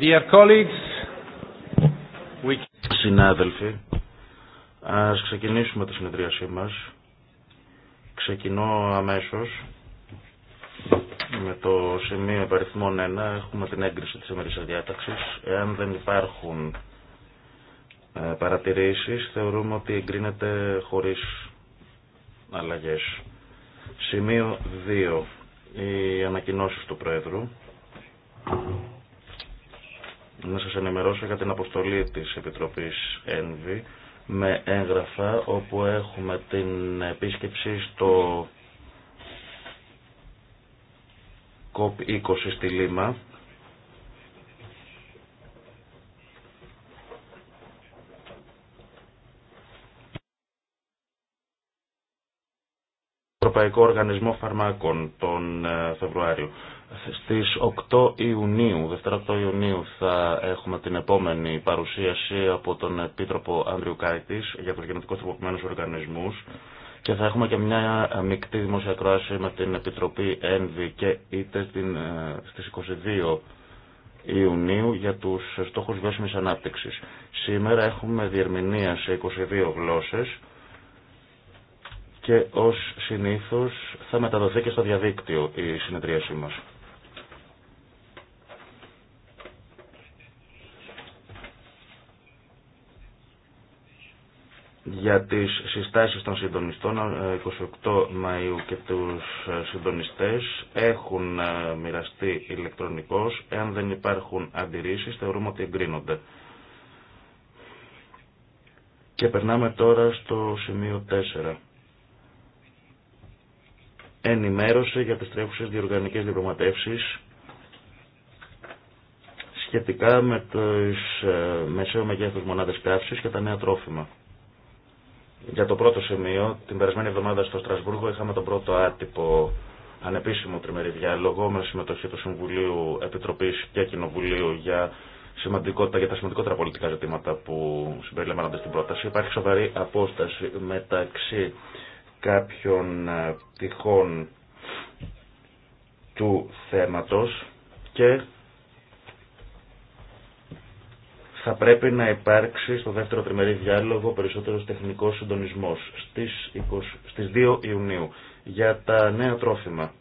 Dear colleagues, we... Συνάδελφοι, ας ξεκινήσουμε τη συνεδρίασή μας. Ξεκινώ αμέσως με το σημείο επαριθμών 1. Έχουμε την έγκριση της ημερήσιας διάταξης. Εάν δεν υπάρχουν ε, παρατηρήσεις, θεωρούμε ότι εγκρίνεται χωρίς αλλαγές. Σημείο 2. Οι ανακοινώσεις του Πρόεδρου να σας ενημερώσω για την αποστολή της Επιτροπής ΕΝΒΗ με έγγραφα όπου έχουμε την επίσκεψη στο COP20 στη Λίμα Ευρωπαϊκό Οργανισμό Φαρμάκων τον ε, Φεβρουάριο. Στις 8 Ιουνίου, Δευτέρα 8 Ιουνίου, θα έχουμε την επόμενη παρουσίαση από τον Επίτροπο Άνδριου Κάιτης για τους Γενετικούς τροποποιημένους οργανισμούς και θα έχουμε και μια μεικτή δημόσια κράση με την Επιτροπή ΕΝΒΙ και είτε στην, ε, στις 22 Ιουνίου για τους στόχους βιώσιμης ανάπτυξης. Σήμερα έχουμε διερμηνία σε 22 γλώσσες και ως συνήθως θα μεταδοθεί και στο διαδίκτυο η συνεδρίασή μας. για τις συστάσεις των συντονιστών 28 ε, Μαΐου και τους ε, συντονιστές έχουν ε, μοιραστεί ηλεκτρονικώς. Εάν δεν υπάρχουν αντιρρήσεις θεωρούμε ότι εγκρίνονται. Και περνάμε τώρα στο σημείο 4. Ενημέρωση για τις τρέχουσες διοργανικές διαπραγματεύσεις σχετικά με τις Μεσαίο μεγέθους μονάδες καύσης και τα νέα τρόφιμα. Για το πρώτο σημείο, την περασμένη εβδομάδα στο Στρασβούργο είχαμε τον πρώτο άτυπο ανεπίσημο τριμερή διάλογο με συμμετοχή του Συμβουλίου Επιτροπής και Κοινοβουλίου για σημαντικότητα για τα σημαντικότερα πολιτικά ζητήματα που συμπεριλαμβάνονται στην πρόταση. Υπάρχει σοβαρή απόσταση μεταξύ κάποιων ε, πτυχών του θέματος και θα πρέπει να υπάρξει στο δεύτερο τριμερή διάλογο περισσότερος τεχνικός συντονισμός στις, στις 2 Ιουνίου για τα νέα τρόφιμα.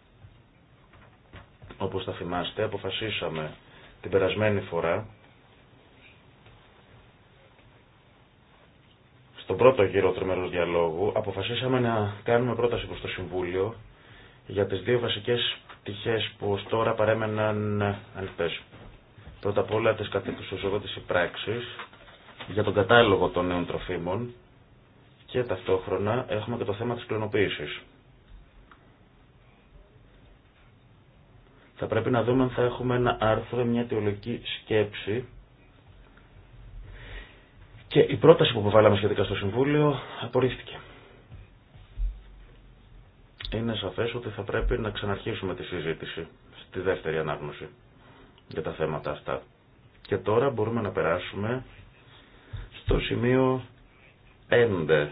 Όπως θα θυμάστε αποφασίσαμε την περασμένη φορά στον πρώτο γύρο τριμερούς διαλόγου αποφασίσαμε να κάνουμε πρόταση προς το Συμβούλιο για τις δύο βασικές πτυχές που ως τώρα παρέμεναν ανοιχτές. Πρώτα απ' όλα τις κατοίκους της πράξης για τον κατάλογο των νέων τροφίμων και ταυτόχρονα έχουμε και το θέμα της κλωνοποίησης. Θα πρέπει να δούμε αν θα έχουμε ένα άρθρο, μια αιτιολογική σκέψη και η πρόταση που βάλαμε σχετικά στο Συμβούλιο απορρίφθηκε. Είναι σαφές ότι θα πρέπει να ξαναρχίσουμε τη συζήτηση στη δεύτερη ανάγνωση για τα θέματα αυτά. Και τώρα μπορούμε να περάσουμε στο σημείο 5.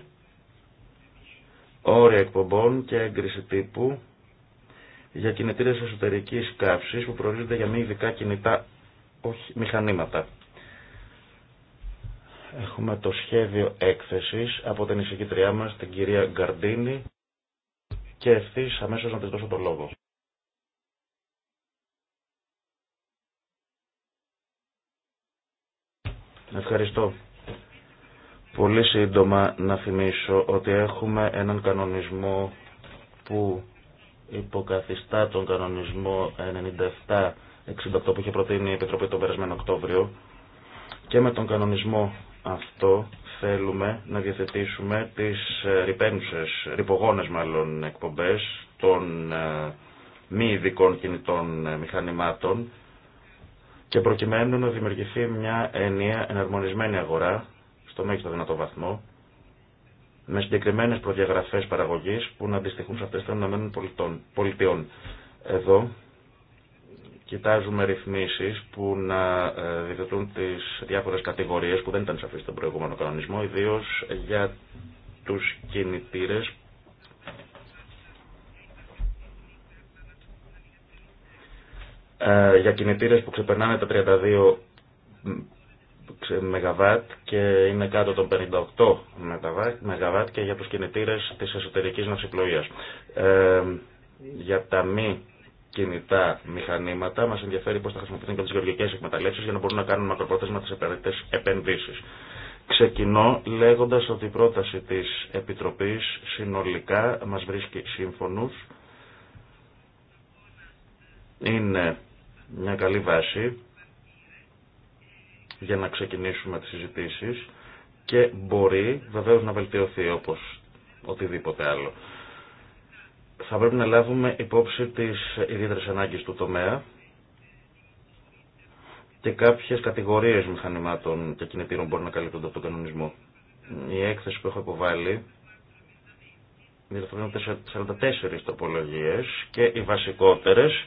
Όρια εκπομπών και έγκριση τύπου για κινητήρες εσωτερικής καύσης που προορίζονται για μη ειδικά κινητά όχι, μηχανήματα. Έχουμε το σχέδιο έκθεσης από την εισηγητριά μας, την κυρία Γκαρντίνη και ευθύ αμέσως να της δώσω το λόγο. Ευχαριστώ. Πολύ σύντομα να θυμίσω ότι έχουμε έναν κανονισμό που υποκαθιστά τον κανονισμό 97-68 που είχε προτείνει η Επιτροπή τον περασμένο Οκτώβριο και με τον κανονισμό αυτό θέλουμε να διαθετήσουμε τις ε, ρυπένουσες, ρηπογόνες μάλλον εκπομπές των ε, μη ειδικών κινητών ε, μηχανημάτων και προκειμένου να δημιουργηθεί μια ενιαία εναρμονισμένη αγορά στο μέγιστο δυνατό βαθμό με συγκεκριμένες προδιαγραφές παραγωγής που να αντιστοιχούν σε αυτές των πολιτείων. Εδώ κοιτάζουμε ρυθμίσεις που να ε, διδετούν τις διάφορες κατηγορίες που δεν ήταν σαφείς στον προηγούμενο κανονισμό, ιδίως για τους κινητήρες Ε, για κινητήρες που ξεπερνάνε τα 32 ΜΒ και είναι κάτω των 58 ΜΒ και για τους κινητήρες της εσωτερικής ναυσιπλοείας. Ε, για τα μη κινητά μηχανήματα μας ενδιαφέρει πώς θα χρησιμοποιηθούν και τις γεωργικές εκμεταλλεύσεις για να μπορούν να κάνουν μακροπρόθεσμα τις επενδύσεις. επενδύσεις. Ξεκινώ λέγοντας ότι η πρόταση της Επιτροπής συνολικά μας βρίσκει σύμφωνους είναι μια καλή βάση για να ξεκινήσουμε τις συζητήσεις και μπορεί βεβαίως να βελτιωθεί όπως οτιδήποτε άλλο. Θα πρέπει να λάβουμε υπόψη τις ιδιαίτερες ανάγκες του τομέα και κάποιες κατηγορίες μηχανημάτων και κινητήρων μπορεί να καλύπτονται από τον κανονισμό. Η έκθεση που έχω υποβάλει διορθώνει 44 τοπολογίες και οι βασικότερες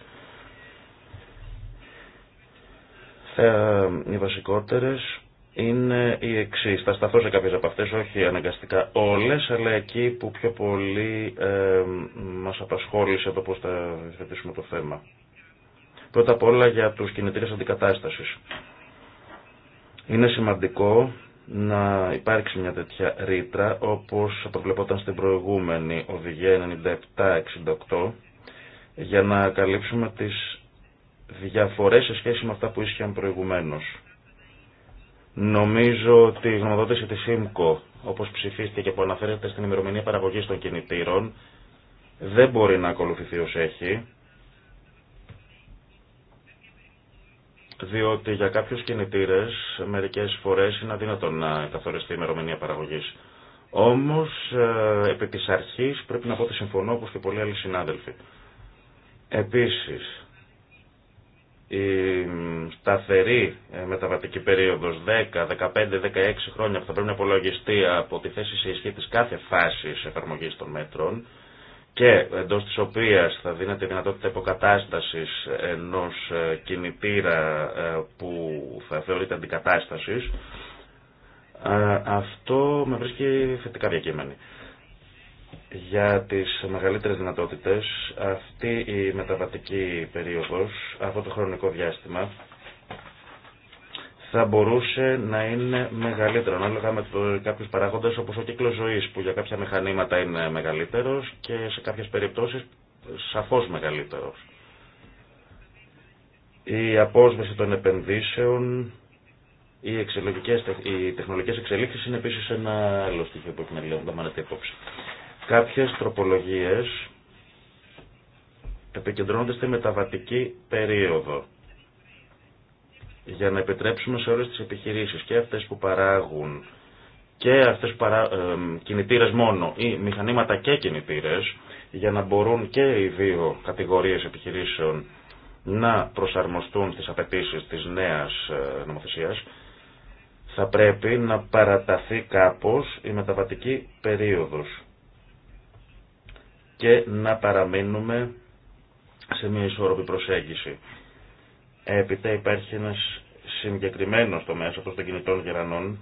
Ε, οι βασικότερες είναι οι εξή. Θα σταθώ σε κάποιε από αυτέ, όχι αναγκαστικά όλε, αλλά εκεί που πιο πολύ ε, μα απασχόλησε το πώς θα θετήσουμε το θέμα. Πρώτα απ' όλα για του κινητήρε αντικατάσταση. Είναι σημαντικό να υπάρξει μια τέτοια ρήτρα όπως προβλεπόταν στην προηγούμενη οδηγία 97-68 για να καλύψουμε τις διαφορές σε σχέση με αυτά που ίσχυαν προηγουμένως. Νομίζω ότι η γνωμοδότηση της ΣΥΜΚΟ, όπως ψηφίστηκε που αναφέρεται στην ημερομηνία παραγωγής των κινητήρων, δεν μπορεί να ακολουθηθεί ως έχει, διότι για κάποιους κινητήρες μερικές φορές είναι αδύνατο να καθοριστεί η ημερομηνία παραγωγής. Όμως, ε, επί της αρχής πρέπει να πω ότι συμφωνώ όπως και πολλοί άλλοι συνάδελφοι. Επίσης, η σταθερή ε, μεταβατική περίοδος 10, 15, 16 χρόνια που θα πρέπει να απολογιστεί από τη θέση σε ισχύ της κάθε φάσης εφαρμογής των μέτρων και εντός της οποίας θα δίνεται η δυνατότητα υποκατάστασης ενός ε, κινητήρα ε, που θα θεωρείται αντικατάστασης, αυτό με βρίσκει θετικά διακείμενη για τις μεγαλύτερες δυνατότητες αυτή η μεταβατική περίοδος, αυτό το χρονικό διάστημα θα μπορούσε να είναι μεγαλύτερο ανάλογα με κάποιους παράγοντες όπως ο κύκλος ζωής που για κάποια μηχανήματα είναι μεγαλύτερος και σε κάποιες περιπτώσεις σαφώς μεγαλύτερος. Η απόσβεση των επενδύσεων, οι, οι τεχνολογικές εξελίξεις είναι επίσης ένα άλλο στοιχείο που έχει να την υπόψη. Κάποιες τροπολογίες επικεντρώνονται στη μεταβατική περίοδο για να επιτρέψουμε σε όλες τις επιχειρήσεις και αυτές που παράγουν και αυτές που παρά, ε, κινητήρες μόνο ή μηχανήματα και κινητήρες για να μπορούν και οι δύο κατηγορίες επιχειρήσεων να προσαρμοστούν στις απαιτήσεις της νέας ε, νομοθεσίας θα πρέπει να παραταθεί κάπως η μεταβατική περίοδος και να παραμείνουμε σε μια ισόρροπη προσέγγιση. Έπειτα υπάρχει ένας συγκεκριμένος τομέας αυτός των κινητών γερανών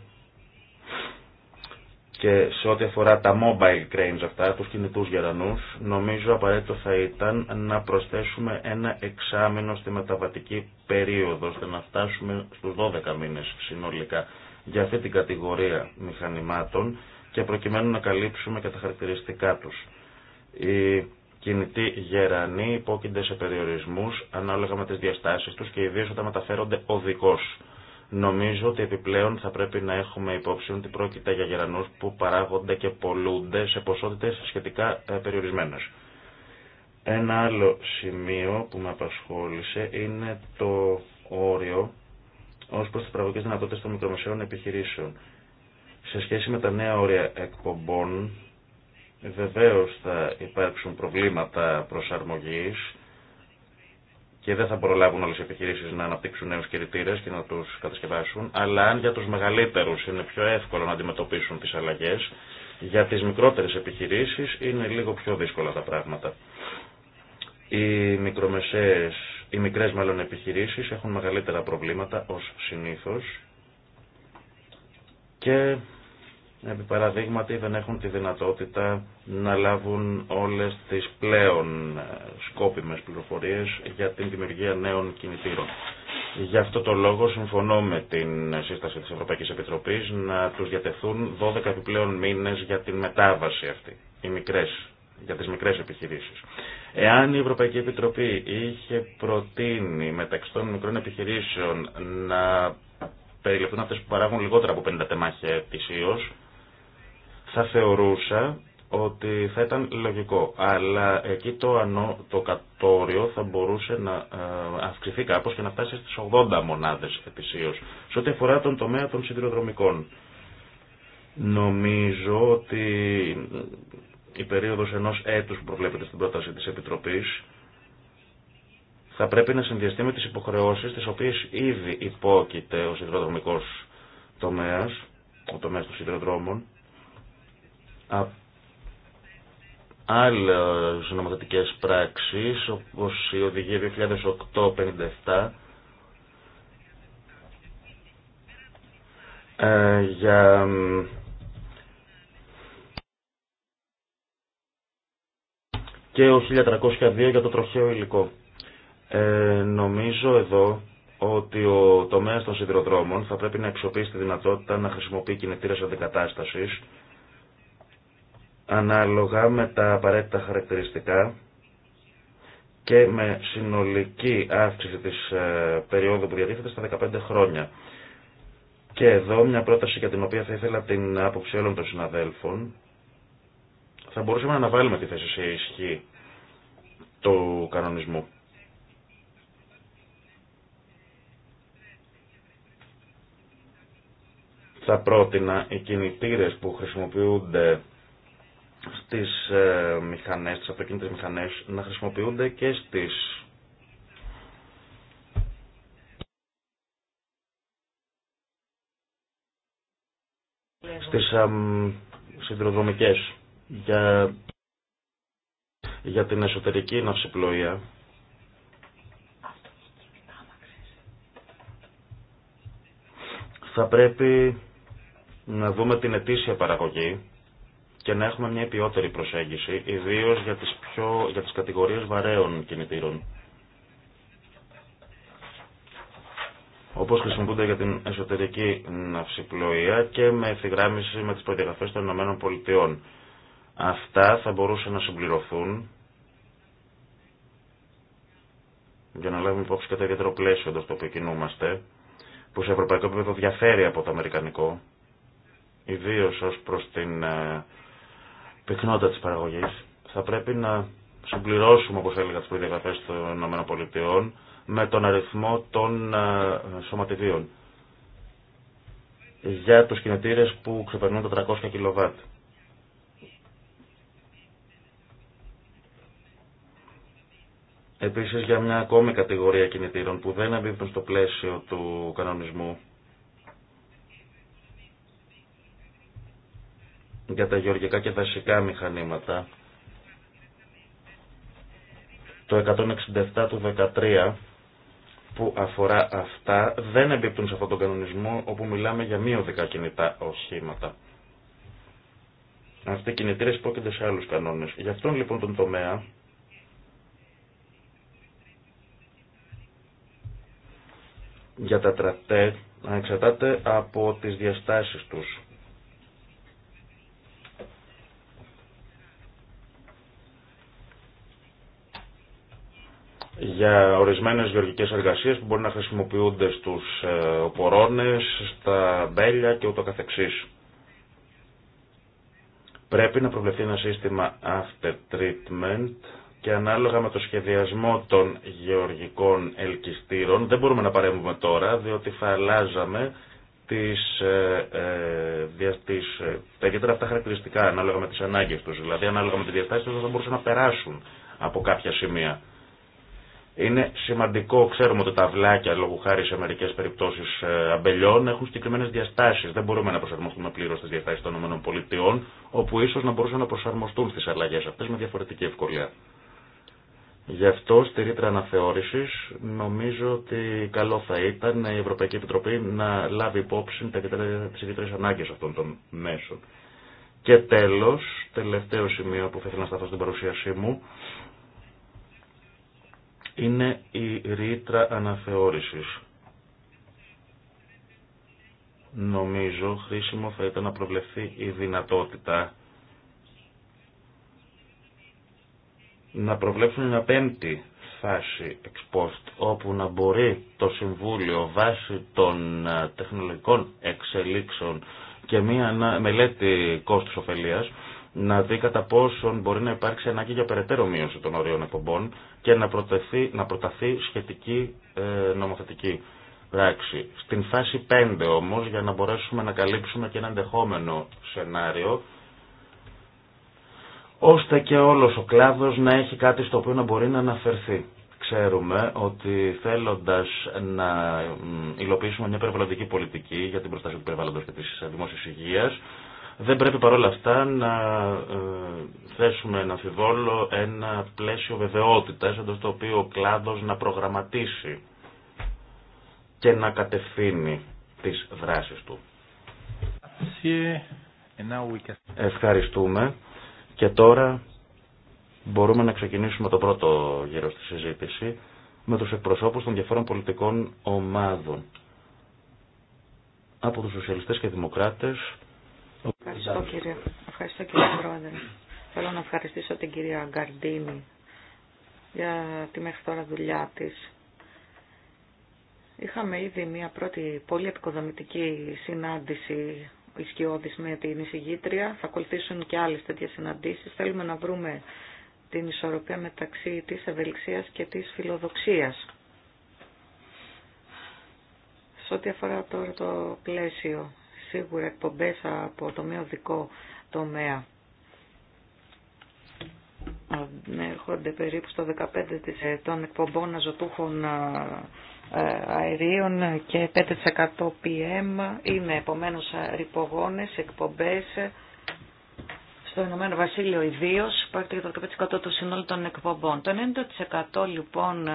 και σε ό,τι αφορά τα mobile cranes αυτά, τους κινητούς γερανούς, νομίζω απαραίτητο θα ήταν να προσθέσουμε ένα εξάμεινο στη μεταβατική περίοδο, ώστε να φτάσουμε στους 12 μήνες συνολικά για αυτή την κατηγορία μηχανημάτων και προκειμένου να καλύψουμε και τα χαρακτηριστικά τους. Οι κινητοί γερανοί υπόκεινται σε περιορισμούς ανάλογα με τις διαστάσεις τους και ιδίως όταν μεταφέρονται οδικώς. Νομίζω ότι επιπλέον θα πρέπει να έχουμε υπόψη ότι πρόκειται για γερανούς που παράγονται και πολλούνται σε ποσότητες σχετικά ε, περιορισμένες. Ένα άλλο σημείο που με απασχόλησε είναι το όριο ως προς τις πραγματικές δυνατότητες των μικρομεσαίων επιχειρήσεων. Σε σχέση με τα νέα όρια εκπομπών Βεβαίως θα υπάρξουν προβλήματα προσαρμογής και δεν θα προλάβουν όλες οι επιχειρήσεις να αναπτύξουν νέους κινητήρε και να τους κατασκευάσουν, αλλά αν για τους μεγαλύτερους είναι πιο εύκολο να αντιμετωπίσουν τις αλλαγές, για τις μικρότερες επιχειρήσεις είναι λίγο πιο δύσκολα τα πράγματα. Οι μικρομεσαίες, οι μικρές μάλλον επιχειρήσεις έχουν μεγαλύτερα προβλήματα ως συνήθως και επί παραδείγματι δεν έχουν τη δυνατότητα να λάβουν όλες τις πλέον ε, σκόπιμες πληροφορίες για την δημιουργία νέων κινητήρων. Γι' αυτό το λόγο συμφωνώ με την σύσταση της Ευρωπαϊκής Επιτροπής να τους διατεθούν 12 επιπλέον μήνες για την μετάβαση αυτή, οι μικρές, για τις μικρές επιχειρήσεις. Εάν η Ευρωπαϊκή Επιτροπή είχε προτείνει μεταξύ των μικρών επιχειρήσεων να περιληφθούν αυτές που παράγουν λιγότερα από 50 τεμάχια ετησίως, θα θεωρούσα ότι θα ήταν λογικό. Αλλά εκεί το, ανώ, το κατόριο θα μπορούσε να ε, αυξηθεί κάπως και να φτάσει στις 80 μονάδες ετησίως. Σε ό,τι αφορά τον τομέα των σιδηροδρομικών. Νομίζω ότι η περίοδος ενός έτους που προβλέπεται στην πρόταση της Επιτροπής θα πρέπει να συνδυαστεί με τις υποχρεώσεις τις οποίες ήδη υπόκειται ο σιδηροδρομικός τομέας, ο τομέας των σιδηροδρόμων, άλλες νομοθετικές πράξεις όπως η οδηγία 2008-57 ε, για και ο 1302 για το τροχαίο υλικό. Ε, νομίζω εδώ ότι ο τομέας των σιδηροδρόμων θα πρέπει να εξοπλίσει τη δυνατότητα να χρησιμοποιεί κινητήρες αντικατάσταση ανάλογα με τα απαραίτητα χαρακτηριστικά και με συνολική αύξηση της ε, περίοδου που διατίθεται στα 15 χρόνια. Και εδώ μια πρόταση για την οποία θα ήθελα την άποψη όλων των συναδέλφων. Θα μπορούσαμε να αναβάλουμε τη θέση σε ισχύ του κανονισμού. Θα πρότεινα οι κινητήρες που χρησιμοποιούνται στις ε, μηχανές, τις αυτοκίνητες μηχανές να χρησιμοποιούνται και στις στις για, για την εσωτερική ναυσιπλοεία θα πρέπει να δούμε την ετήσια παραγωγή και να έχουμε μια ποιότερη προσέγγιση, ιδίω για τι πιο, για τις κατηγορίες βαρέων κινητήρων. όπως χρησιμοποιούνται για την εσωτερική ναυσιπλοεία και με ευθυγράμμιση με τις προδιαγραφές των ΗΠΑ. Αυτά θα μπορούσαν να συμπληρωθούν για να λάβουμε υπόψη και το ιδιαίτερο πλαίσιο εντός το κινούμαστε, που σε ευρωπαϊκό επίπεδο διαφέρει από το αμερικανικό, ιδίω ως προς την ε, πυκνότητα της παραγωγής. Θα πρέπει να συμπληρώσουμε, όπως έλεγα, τις προδιαγραφές των ΗΠΑ με τον αριθμό των ε, σωματιδίων για τους κινητήρες που ξεπερνούν τα 300 κιλοβάτ. Επίσης για μια ακόμη κατηγορία κινητήρων που δεν εμπίπτουν στο πλαίσιο του κανονισμού για τα γεωργικά και δασικά μηχανήματα. Το 167 του 13 που αφορά αυτά δεν εμπίπτουν σε αυτόν τον κανονισμό όπου μιλάμε για μειωδικά κινητά οχήματα. Αυτοί οι κινητήρες υπόκεινται σε άλλους κανόνες. Γι' αυτόν λοιπόν τον τομέα για τα τρατέ εξαρτάται από τις διαστάσεις τους για ορισμένες γεωργικές εργασίες που μπορεί να χρησιμοποιούνται στους ε, οπορώνες, στα μπέλια και ούτω καθεξής. Πρέπει να προβλεφθεί ένα σύστημα after treatment και ανάλογα με το σχεδιασμό των γεωργικών ελκυστήρων δεν μπορούμε να παρέμβουμε τώρα διότι θα αλλάζαμε τις, ε, ε, δια, τις, τα ιδιαίτερα αυτά χαρακτηριστικά ανάλογα με τις ανάγκες τους. Δηλαδή ανάλογα με τη διαστάση τους θα μπορούσαν να περάσουν από κάποια σημεία. Είναι σημαντικό, ξέρουμε ότι τα βλάκια λόγω χάρη σε μερικέ περιπτώσει ε, αμπελιών έχουν συγκεκριμένε διαστάσει. Δεν μπορούμε να προσαρμοστούμε πλήρω στι διαστάσει των ΗΠΑ, όπου ίσω να μπορούσαν να προσαρμοστούν στι αλλαγέ αυτέ με διαφορετική ευκολία. Γι' αυτό στη ρήτρα αναθεώρηση νομίζω ότι καλό θα ήταν η Ευρωπαϊκή Επιτροπή να λάβει υπόψη τι ιδιαίτερε ανάγκε αυτών των μέσων. Και τέλο, τελευταίο σημείο που θα ήθελα να σταθώ στην παρουσίασή μου, είναι η ρήτρα αναθεώρησης. Νομίζω χρήσιμο θα ήταν να προβλεφθεί η δυνατότητα να προβλέψουν μια πέμπτη φάση εξπόστ όπου να μπορεί το Συμβούλιο βάσει των ε, τεχνολογικών εξελίξεων και μια μελέτη κόστους ωφελίας να δει κατά πόσον μπορεί να υπάρξει ανάγκη για περαιτέρω μείωση των ορίων εκπομπών και να, να προταθεί σχετική ε, νομοθετική πράξη. Στην φάση 5 όμως, για να μπορέσουμε να καλύψουμε και ένα ενδεχόμενο σενάριο, ώστε και όλος ο κλάδος να έχει κάτι στο οποίο να μπορεί να αναφερθεί. Ξέρουμε ότι θέλοντας να υλοποιήσουμε μια περιβαλλοντική πολιτική για την προστασία του περιβάλλοντος και της δημόσιας υγείας, δεν πρέπει παρόλα αυτά να ε, θέσουμε ένα αμφιβόλο ένα πλαίσιο βεβαιότητας εντός το οποίο ο κλάδος να προγραμματίσει και να κατευθύνει τις δράσεις του. Ευχαριστούμε και τώρα μπορούμε να ξεκινήσουμε το πρώτο γύρο στη συζήτηση με τους εκπροσώπους των διαφόρων πολιτικών ομάδων. Από τους σοσιαλιστές και δημοκράτες Ευχαριστώ κύριε, Ευχαριστώ, κύριε Πρόεδρε. Θέλω να ευχαριστήσω την κυρία Γκαρντίνη για τη μέχρι τώρα δουλειά της. Είχαμε ήδη μια πρώτη πολύ επικοδομητική συνάντηση ισχυώδης με την εισηγήτρια. Θα ακολουθήσουν και άλλες τέτοιες συναντήσεις. Θέλουμε να βρούμε την ισορροπία μεταξύ της ευελιξίας και της φιλοδοξίας. Σε ό,τι αφορά τώρα το πλαίσιο σίγουρα εκπομπές από το μειωδικό τομέα έρχονται περίπου στο 15% των εκπομπών αζωτούχων ε, αερίων και 5% PM είναι επομένως ρηπογόνες εκπομπές στο Ηνωμένο Βασίλειο ιδίω υπάρχει για το 15% του συνόλου των εκπομπών. Το 90% λοιπόν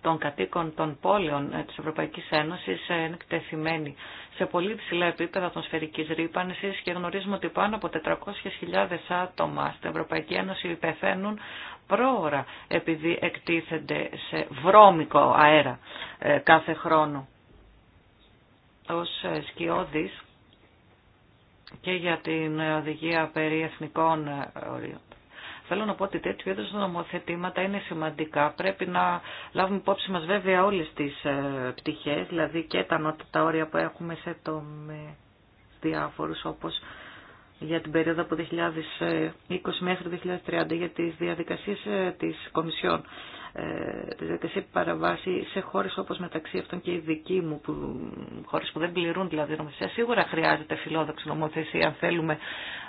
των κατοίκων των πόλεων ε, της Ευρωπαϊκής Ένωσης ε, είναι εκτεθειμένη σε πολύ ψηλά επίπεδα ατμοσφαιρικής ρήπανσης και γνωρίζουμε ότι πάνω από 400.000 άτομα στην Ευρωπαϊκή Ένωση πεθαίνουν πρόωρα επειδή εκτίθενται σε βρώμικο αέρα ε, κάθε χρόνο. Ως σκιώδης και για την οδηγία περί εθνικών ορίων Θέλω να πω ότι τέτοιου είδου νομοθετήματα είναι σημαντικά. Πρέπει να λάβουμε υπόψη μα βέβαια όλε τι ε, πτυχέ, δηλαδή και τα, τα όρια που έχουμε σε το διάφορου όπω για την περίοδο από 2020 μέχρι 2030 για τι διαδικασίες ε, τη Κομισιόν ε, διαδικασία δηλαδή παραβάσει σε χώρες όπως μεταξύ αυτών και οι δική μου, που, χώρες που δεν πληρούν δηλαδή νομοθεσία. Σίγουρα χρειάζεται φιλόδοξη νομοθεσία αν θέλουμε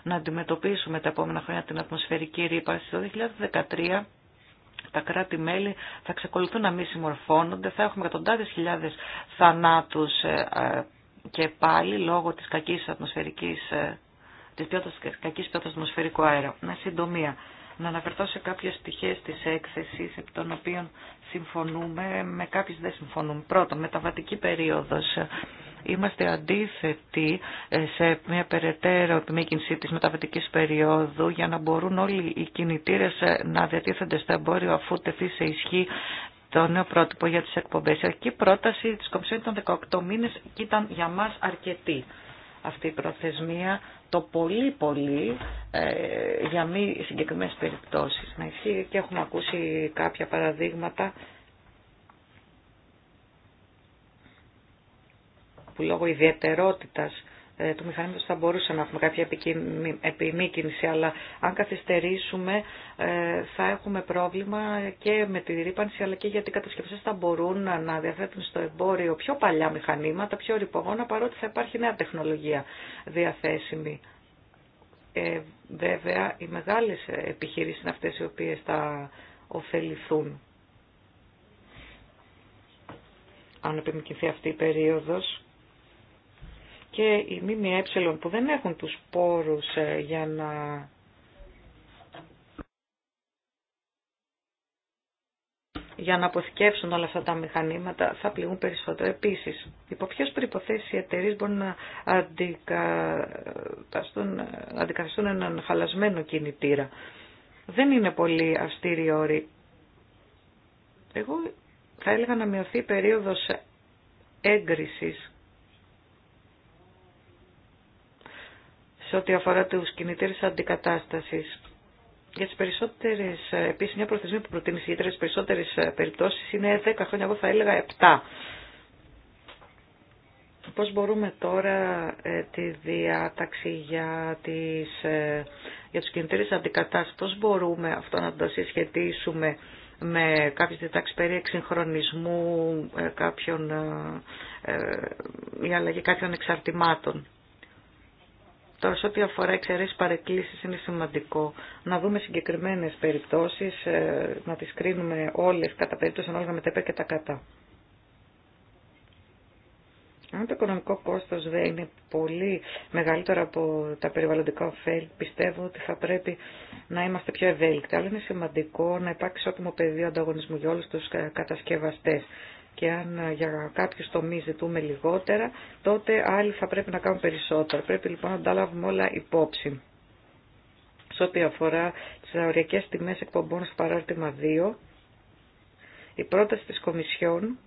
να αντιμετωπίσουμε τα επόμενα χρόνια την ατμοσφαιρική ρήπαση. Το 2013 τα κράτη-μέλη θα ξεκολουθούν να μη συμμορφώνονται, θα έχουμε εκατοντάδες χιλιάδες θανάτους ε, και πάλι λόγω της κακής ατμοσφαιρικής ε, της ποιότητας, κακής ποιότητας ατμοσφαιρικού αέρα. Με συντομία, να αναφερθώ σε κάποιες πτυχές της έκθεσης επί των οποίων συμφωνούμε, με κάποιες δεν συμφωνούμε. Πρώτον, μεταβατική περίοδος. Είμαστε αντίθετοι ε, σε μια περαιτέρω επιμήκυνση της μεταβατικής περίοδου για να μπορούν όλοι οι κινητήρες ε, να διατίθενται στο εμπόριο αφού τεθεί σε ισχύ το νέο πρότυπο για τις εκπομπές. Η αρχική πρόταση της Κομισιόν ήταν 18 μήνες και ήταν για μας αρκετή αυτή η προθεσμία το πολύ πολύ ε, για μη συγκεκριμένες περιπτώσεις. Να ισχύει και έχουμε ακούσει κάποια παραδείγματα που λόγω ιδιαιτερότητας ε, του μηχανήματος θα μπορούσε να έχουμε κάποια επιμήκυνση, αλλά αν καθυστερήσουμε ε, θα έχουμε πρόβλημα και με τη ρήπανση, αλλά και γιατί οι κατασκευαστές θα μπορούν να διαθέτουν στο εμπόριο πιο παλιά μηχανήματα, πιο ρηπογόνα, παρότι θα υπάρχει νέα τεχνολογία διαθέσιμη. Ε, βέβαια, οι μεγάλες επιχειρήσεις είναι αυτές οι οποίες θα ωφεληθούν αν επιμηκυνθεί αυτή η περίοδος και οι ΜΜΕ που δεν έχουν τους πόρους ε, για να για να αποθηκεύσουν όλα αυτά τα μηχανήματα θα πληγούν περισσότερο. Επίσης, υπό ποιε προϋποθέσεις οι εταιρείε μπορούν να αντικαταστούν, ε, έναν χαλασμένο κινητήρα. Δεν είναι πολύ αυστήρη όρη. Εγώ θα έλεγα να μειωθεί η περίοδος έγκρισης σε ό,τι αφορά του κινητήρε αντικατάσταση. Για τις περισσότερες, επίσης μια προθεσμία που προτείνει η στι περισσότερε περισσότερες ε, είναι 10 χρόνια, εγώ θα έλεγα 7. Πώς μπορούμε τώρα ε, τη διάταξη για, τις, ε, για τους κινητήρες αντικατάστασης, πώς μπορούμε αυτό να το συσχετίσουμε με κάποιες διτάξεις περί εξυγχρονισμού ε, κάποιων, ε, ε η αλλαγή κάποιων εξαρτημάτων. Τώρα, σε ό,τι αφορά εξαιρέσει παρεκκλήσεις είναι σημαντικό να δούμε συγκεκριμένες περιπτώσεις, ε, να τις κρίνουμε όλες, κατά περίπτωση ανάλογα με τα και τα κατά. Αν το οικονομικό κόστος δεν είναι πολύ μεγαλύτερο από τα περιβαλλοντικά ωφέλη, πιστεύω ότι θα πρέπει να είμαστε πιο ευέλικτοι. Αλλά είναι σημαντικό να υπάρξει ότιμο πεδίο ανταγωνισμού για όλους τους κατασκευαστέ και αν ε, για κάποιους τομείς ζητούμε λιγότερα, τότε άλλοι θα πρέπει να κάνουν περισσότερα. Πρέπει λοιπόν να τα λάβουμε όλα υπόψη. Σε ό,τι αφορά τις αοριακές τιμές εκπομπών στο παράρτημα 2, η πρόταση της Κομισιόν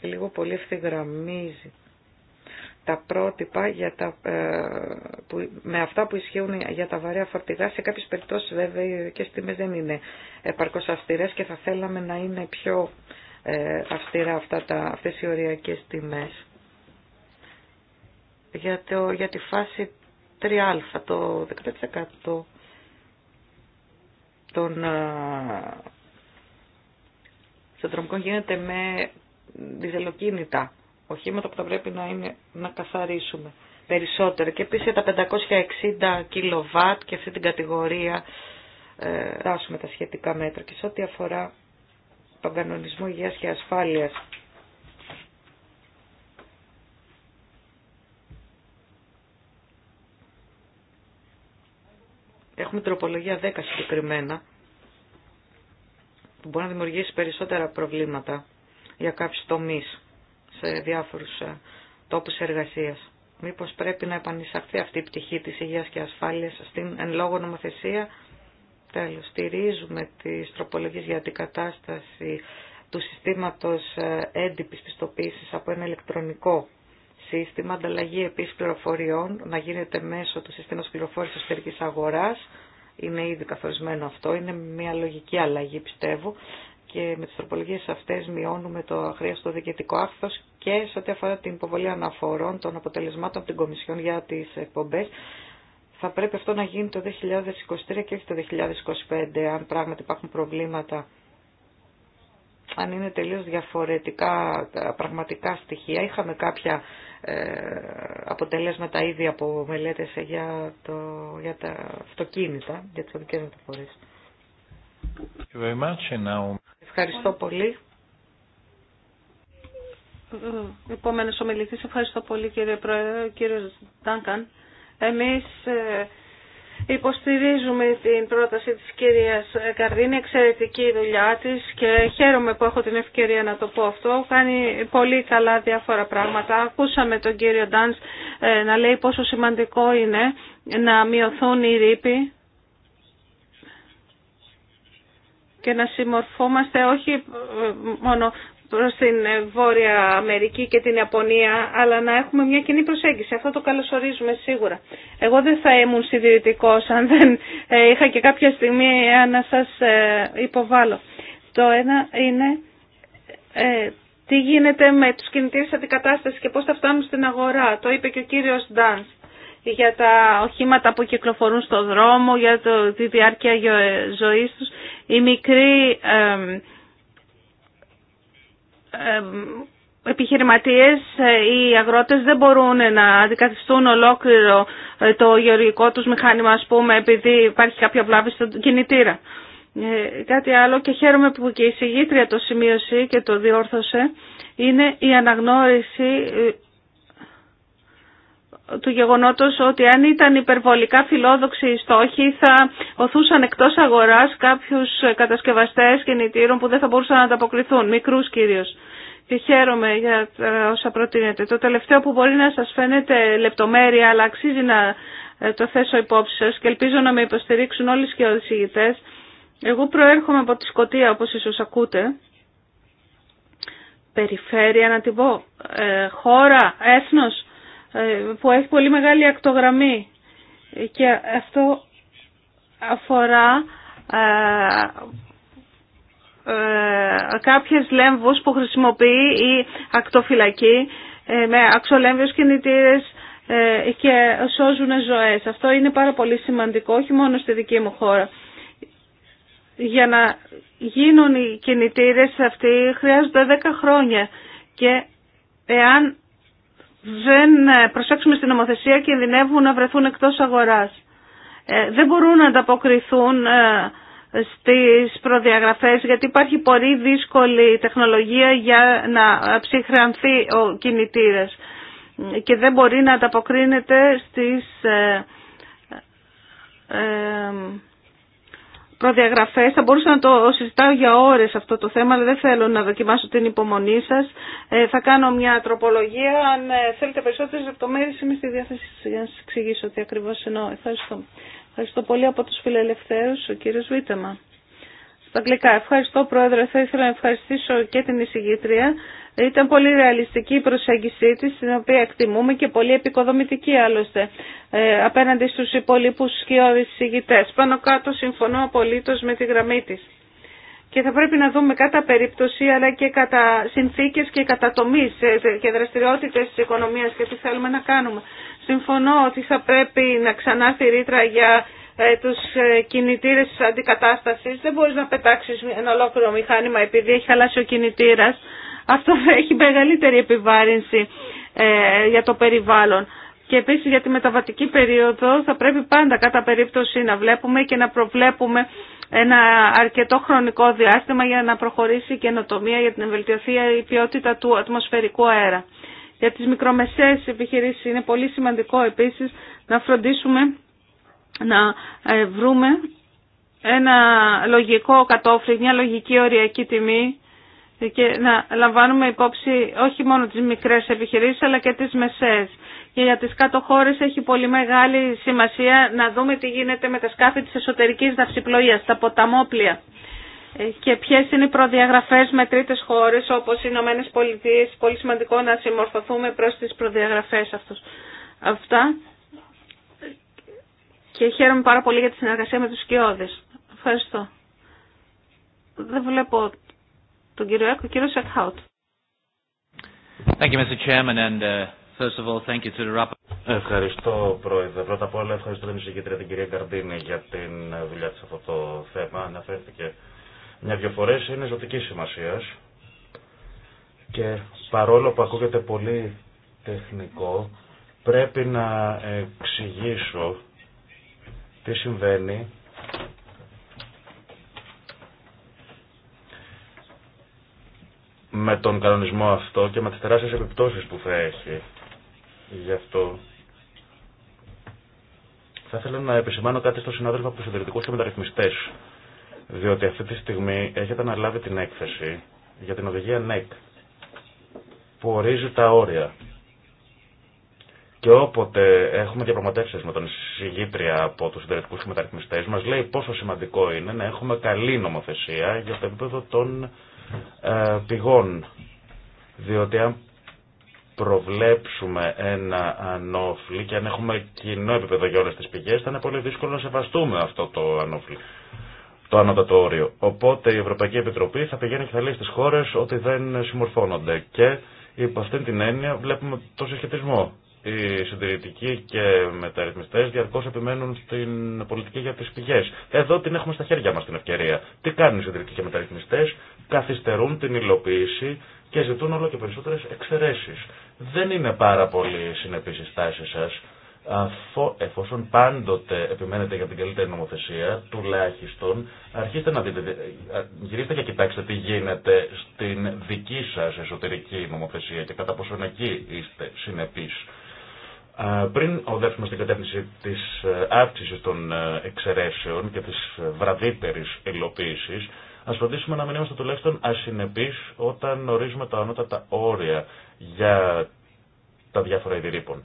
λίγο πολύ ευθυγραμμίζει τα πρότυπα για τα, ε, με αυτά που ισχύουν για τα βαρέα φορτηγά. Σε κάποιες περιπτώσεις βέβαια οι και τιμές δεν είναι επαρκώς αυστηρές και θα θέλαμε να είναι πιο ε, αυστηρά αυτά τα, αυτές οι οριακές τιμές. Για, για τη φάση 3α, το 15% των συνδρομικών ε, γίνεται με διζελοκίνητα οχήματα που θα πρέπει να, είναι, να καθαρίσουμε περισσότερο. Και επίσης τα 560 κιλοβάτ και αυτή την κατηγορία ε, τα σχετικά μέτρα. Και σε ό,τι αφορά τον κανονισμό υγείας και ασφάλειας, Έχουμε τροπολογία 10 συγκεκριμένα που μπορεί να δημιουργήσει περισσότερα προβλήματα για κάποιους τομείς σε διάφορους ε, τόπους εργασίας. Μήπως πρέπει να επανεισαχθεί αυτή η πτυχή της υγείας και ασφάλειας στην εν λόγω νομοθεσία. Τέλος, στηρίζουμε τις τροπολογίες για την κατάσταση του συστήματος ε, έντυπης πιστοποίησης από ένα ηλεκτρονικό σύστημα, ανταλλαγή επίσης πληροφοριών, να γίνεται μέσω του συστήματος πληροφόρησης της αγοράς, είναι ήδη καθορισμένο αυτό, είναι μια λογική αλλαγή πιστεύω και με τις τροπολογίες αυτές μειώνουμε το αχρίαστο διοικητικό άρθρος και σε ό,τι αφορά την υποβολή αναφορών των αποτελεσμάτων από την Κομισιόν για τις εκπομπές. Θα πρέπει αυτό να γίνει το 2023 και όχι το 2025, αν πράγματι υπάρχουν προβλήματα αν είναι τελείως διαφορετικά πραγματικά στοιχεία. Είχαμε κάποια ε, αποτελέσματα ήδη από μελέτες για, το, για τα αυτοκίνητα, για τις οδικές μεταφορές. Ευχαριστώ πολύ. Ε, Επόμενο ομιλητή, ευχαριστώ πολύ κύριε Πρόεδρε, κύριο Ντάνκαν. Εμεί ε, υποστηρίζουμε την πρόταση της κυρίας Καρδίνη, εξαιρετική η δουλειά της και χαίρομαι που έχω την ευκαιρία να το πω αυτό. Κάνει πολύ καλά διάφορα πράγματα. Ακούσαμε τον κύριο Ντάνς ε, να λέει πόσο σημαντικό είναι να μειωθούν οι ρήποι και να συμμορφόμαστε όχι ε, μόνο προς την Βόρεια Αμερική και την Ιαπωνία, αλλά να έχουμε μια κοινή προσέγγιση. Αυτό το καλωσορίζουμε σίγουρα. Εγώ δεν θα ήμουν συντηρητικός αν δεν ε, είχα και κάποια στιγμή να σας ε, υποβάλω. Το ένα είναι τι γίνεται με τους κινητήρες αντικατάστασης και πώς θα φτάνουν στην αγορά. Το είπε και ο κύριος Ντάνς για τα οχήματα που κυκλοφορούν στο δρόμο, για το, τη διάρκεια ε, ζωής τους. Οι μικροί ε, ε, επιχειρηματίες οι αγρότες δεν μπορούν να αντικαθιστούν ολόκληρο ε, το γεωργικό τους μηχάνημα ας πούμε επειδή υπάρχει κάποια βλάβη στον κινητήρα. Ε, κάτι άλλο και χαίρομαι που και η συγγήτρια το σημείωσε και το διόρθωσε είναι η αναγνώριση του γεγονότος ότι αν ήταν υπερβολικά φιλόδοξοι οι στόχοι θα οθούσαν εκτός αγοράς κάποιους κατασκευαστές κινητήρων που δεν θα μπορούσαν να ανταποκριθούν, μικρούς κυρίως. Και χαίρομαι για όσα προτείνετε. Το τελευταίο που μπορεί να σας φαίνεται λεπτομέρεια, αλλά αξίζει να ε, το θέσω υπόψη σας και ελπίζω να με υποστηρίξουν όλοι και οι ηγητές. Εγώ προέρχομαι από τη Σκωτία, όπως ίσως ακούτε. Περιφέρεια να την πω. Ε, χώρα, έθνος ε, που έχει πολύ μεγάλη ακτογραμμή και αυτό αφορά ε, ε, κάποιες λέμβους που χρησιμοποιεί η ακτοφυλακή με αξιολέμβιους κινητήρες και σώζουν ζωές. Αυτό είναι πάρα πολύ σημαντικό, όχι μόνο στη δική μου χώρα. Για να γίνουν οι κινητήρες αυτοί χρειάζονται 10 χρόνια και εάν δεν ε, προσέξουμε στην νομοθεσία ενδυνεύουν να βρεθούν εκτός αγοράς. Ε, δεν μπορούν να ανταποκριθούν ε, στις προδιαγραφές γιατί υπάρχει πολύ δύσκολη τεχνολογία για να ψυχρανθεί ο κινητήρας και δεν μπορεί να ανταποκρίνεται στις προδιαγραφές. Θα μπορούσα να το συζητάω για ώρες αυτό το θέμα, αλλά δεν θέλω να δοκιμάσω την υπομονή σας. Ε, θα κάνω μια τροπολογία. Αν ε, θέλετε περισσότερες λεπτομέρειες είμαι στη διάθεση για να σας εξηγήσω τι ακριβώς εννοώ. Ευχαριστώ. Ευχαριστώ πολύ από τους φιλελευθέρους, ο κύριος Βίτεμα. Στα αγγλικά, ευχαριστώ Πρόεδρε. Θα ήθελα να ευχαριστήσω και την εισηγήτρια ήταν πολύ ρεαλιστική η προσέγγιση της, την οποία εκτιμούμε και πολύ επικοδομητική άλλωστε ε, απέναντι στους υπολείπους και συγητές. Πάνω κάτω συμφωνώ απολύτως με τη γραμμή της. Και θα πρέπει να δούμε κατά περίπτωση αλλά και κατά συνθήκες και κατά τομείς ε, και δραστηριότητες της οικονομίας και τι θέλουμε να κάνουμε. Συμφωνώ ότι θα πρέπει να ξανάρθει ρήτρα για ε, τους κινητήρες αντικατάστασης. Δεν μπορείς να πετάξεις ένα ολόκληρο μηχάνημα επειδή έχει χαλάσει ο κινητήρας αυτό θα έχει μεγαλύτερη επιβάρυνση ε, για το περιβάλλον. Και επίσης για τη μεταβατική περίοδο θα πρέπει πάντα κατά περίπτωση να βλέπουμε και να προβλέπουμε ένα αρκετό χρονικό διάστημα για να προχωρήσει η καινοτομία, για την βελτιωθεί η ποιότητα του ατμοσφαιρικού αέρα. Για τις μικρομεσαίες επιχειρήσεις είναι πολύ σημαντικό επίσης να φροντίσουμε να ε, βρούμε ένα λογικό κατόφλι, μια λογική οριακή τιμή και να λαμβάνουμε υπόψη όχι μόνο τις μικρές επιχειρήσεις αλλά και τις μεσές. Και για τις κάτω χώρες έχει πολύ μεγάλη σημασία να δούμε τι γίνεται με τα σκάφη της εσωτερικής δαυσιπλοείας, τα ποταμόπλια ε, και ποιε είναι οι προδιαγραφέ με τρίτες χώρε όπω οι Ηνωμένε Πολιτείε. Πολύ σημαντικό να συμμορφωθούμε προ τι προδιαγραφέ Αυτά. Και χαίρομαι πάρα πολύ για τη συνεργασία με του Σκιώδες. Ευχαριστώ. Δεν βλέπω τον κύριο Έκο, κύριο Σεκχάουτ. Uh, ευχαριστώ, Πρόεδρε. Πρώτα απ' όλα ευχαριστώ την εισηγήτρια την κυρία Καρδίνη για την ε, δουλειά της σε αυτό το θέμα. Αναφέρθηκε μια-δυο φορές, είναι ζωτική σημασία. Και παρόλο που ακούγεται πολύ τεχνικό, πρέπει να εξηγήσω τι συμβαίνει με τον κανονισμό αυτό και με τις τεράστιες επιπτώσεις που θα έχει. Γι' αυτό θα ήθελα να επισημάνω κάτι στον συνάδελφο από του συντηρητικού και μεταρρυθμιστές, Διότι αυτή τη στιγμή έχετε αναλάβει την έκθεση για την οδηγία ΝΕΚ που ορίζει τα όρια. Και όποτε έχουμε διαπραγματεύσει με τον συγγήτρια από του συντηρητικού και μεταρρυθμιστέ, μα λέει πόσο σημαντικό είναι να έχουμε καλή νομοθεσία για το επίπεδο των ε, πηγών. Διότι αν προβλέψουμε ένα ανώφλι και αν έχουμε κοινό επίπεδο για όλε τι πηγέ, θα είναι πολύ δύσκολο να σεβαστούμε αυτό το ανώφλι, το ανώτατο όριο. Οπότε η Ευρωπαϊκή Επιτροπή θα πηγαίνει και θα λέει στι χώρε ότι δεν συμμορφώνονται. Και υπό αυτήν την έννοια βλέπουμε το συσχετισμό οι συντηρητικοί και μεταρρυθμιστέ διαρκώ επιμένουν στην πολιτική για τι πηγέ. Εδώ την έχουμε στα χέρια μα την ευκαιρία. Τι κάνουν οι συντηρητικοί και μεταρρυθμιστέ, καθυστερούν την υλοποίηση και ζητούν όλο και περισσότερε εξαιρέσει. Δεν είναι πάρα πολύ συνεπή η στάση σα. Εφόσον πάντοτε επιμένετε για την καλύτερη νομοθεσία, τουλάχιστον αρχίστε να δείτε, γυρίστε και κοιτάξτε τι γίνεται στην δική σα εσωτερική νομοθεσία και κατά πόσο εκεί είστε συνεπεί πριν οδεύσουμε στην κατεύθυνση της ε, αύξησης των ε, εξαιρέσεων και της ε, βραδύτερης υλοποίησης, ας φροντίσουμε να μην είμαστε τουλάχιστον ασυνεπείς όταν ορίζουμε τα ανώτατα όρια για τα διάφορα ειδηρήπων,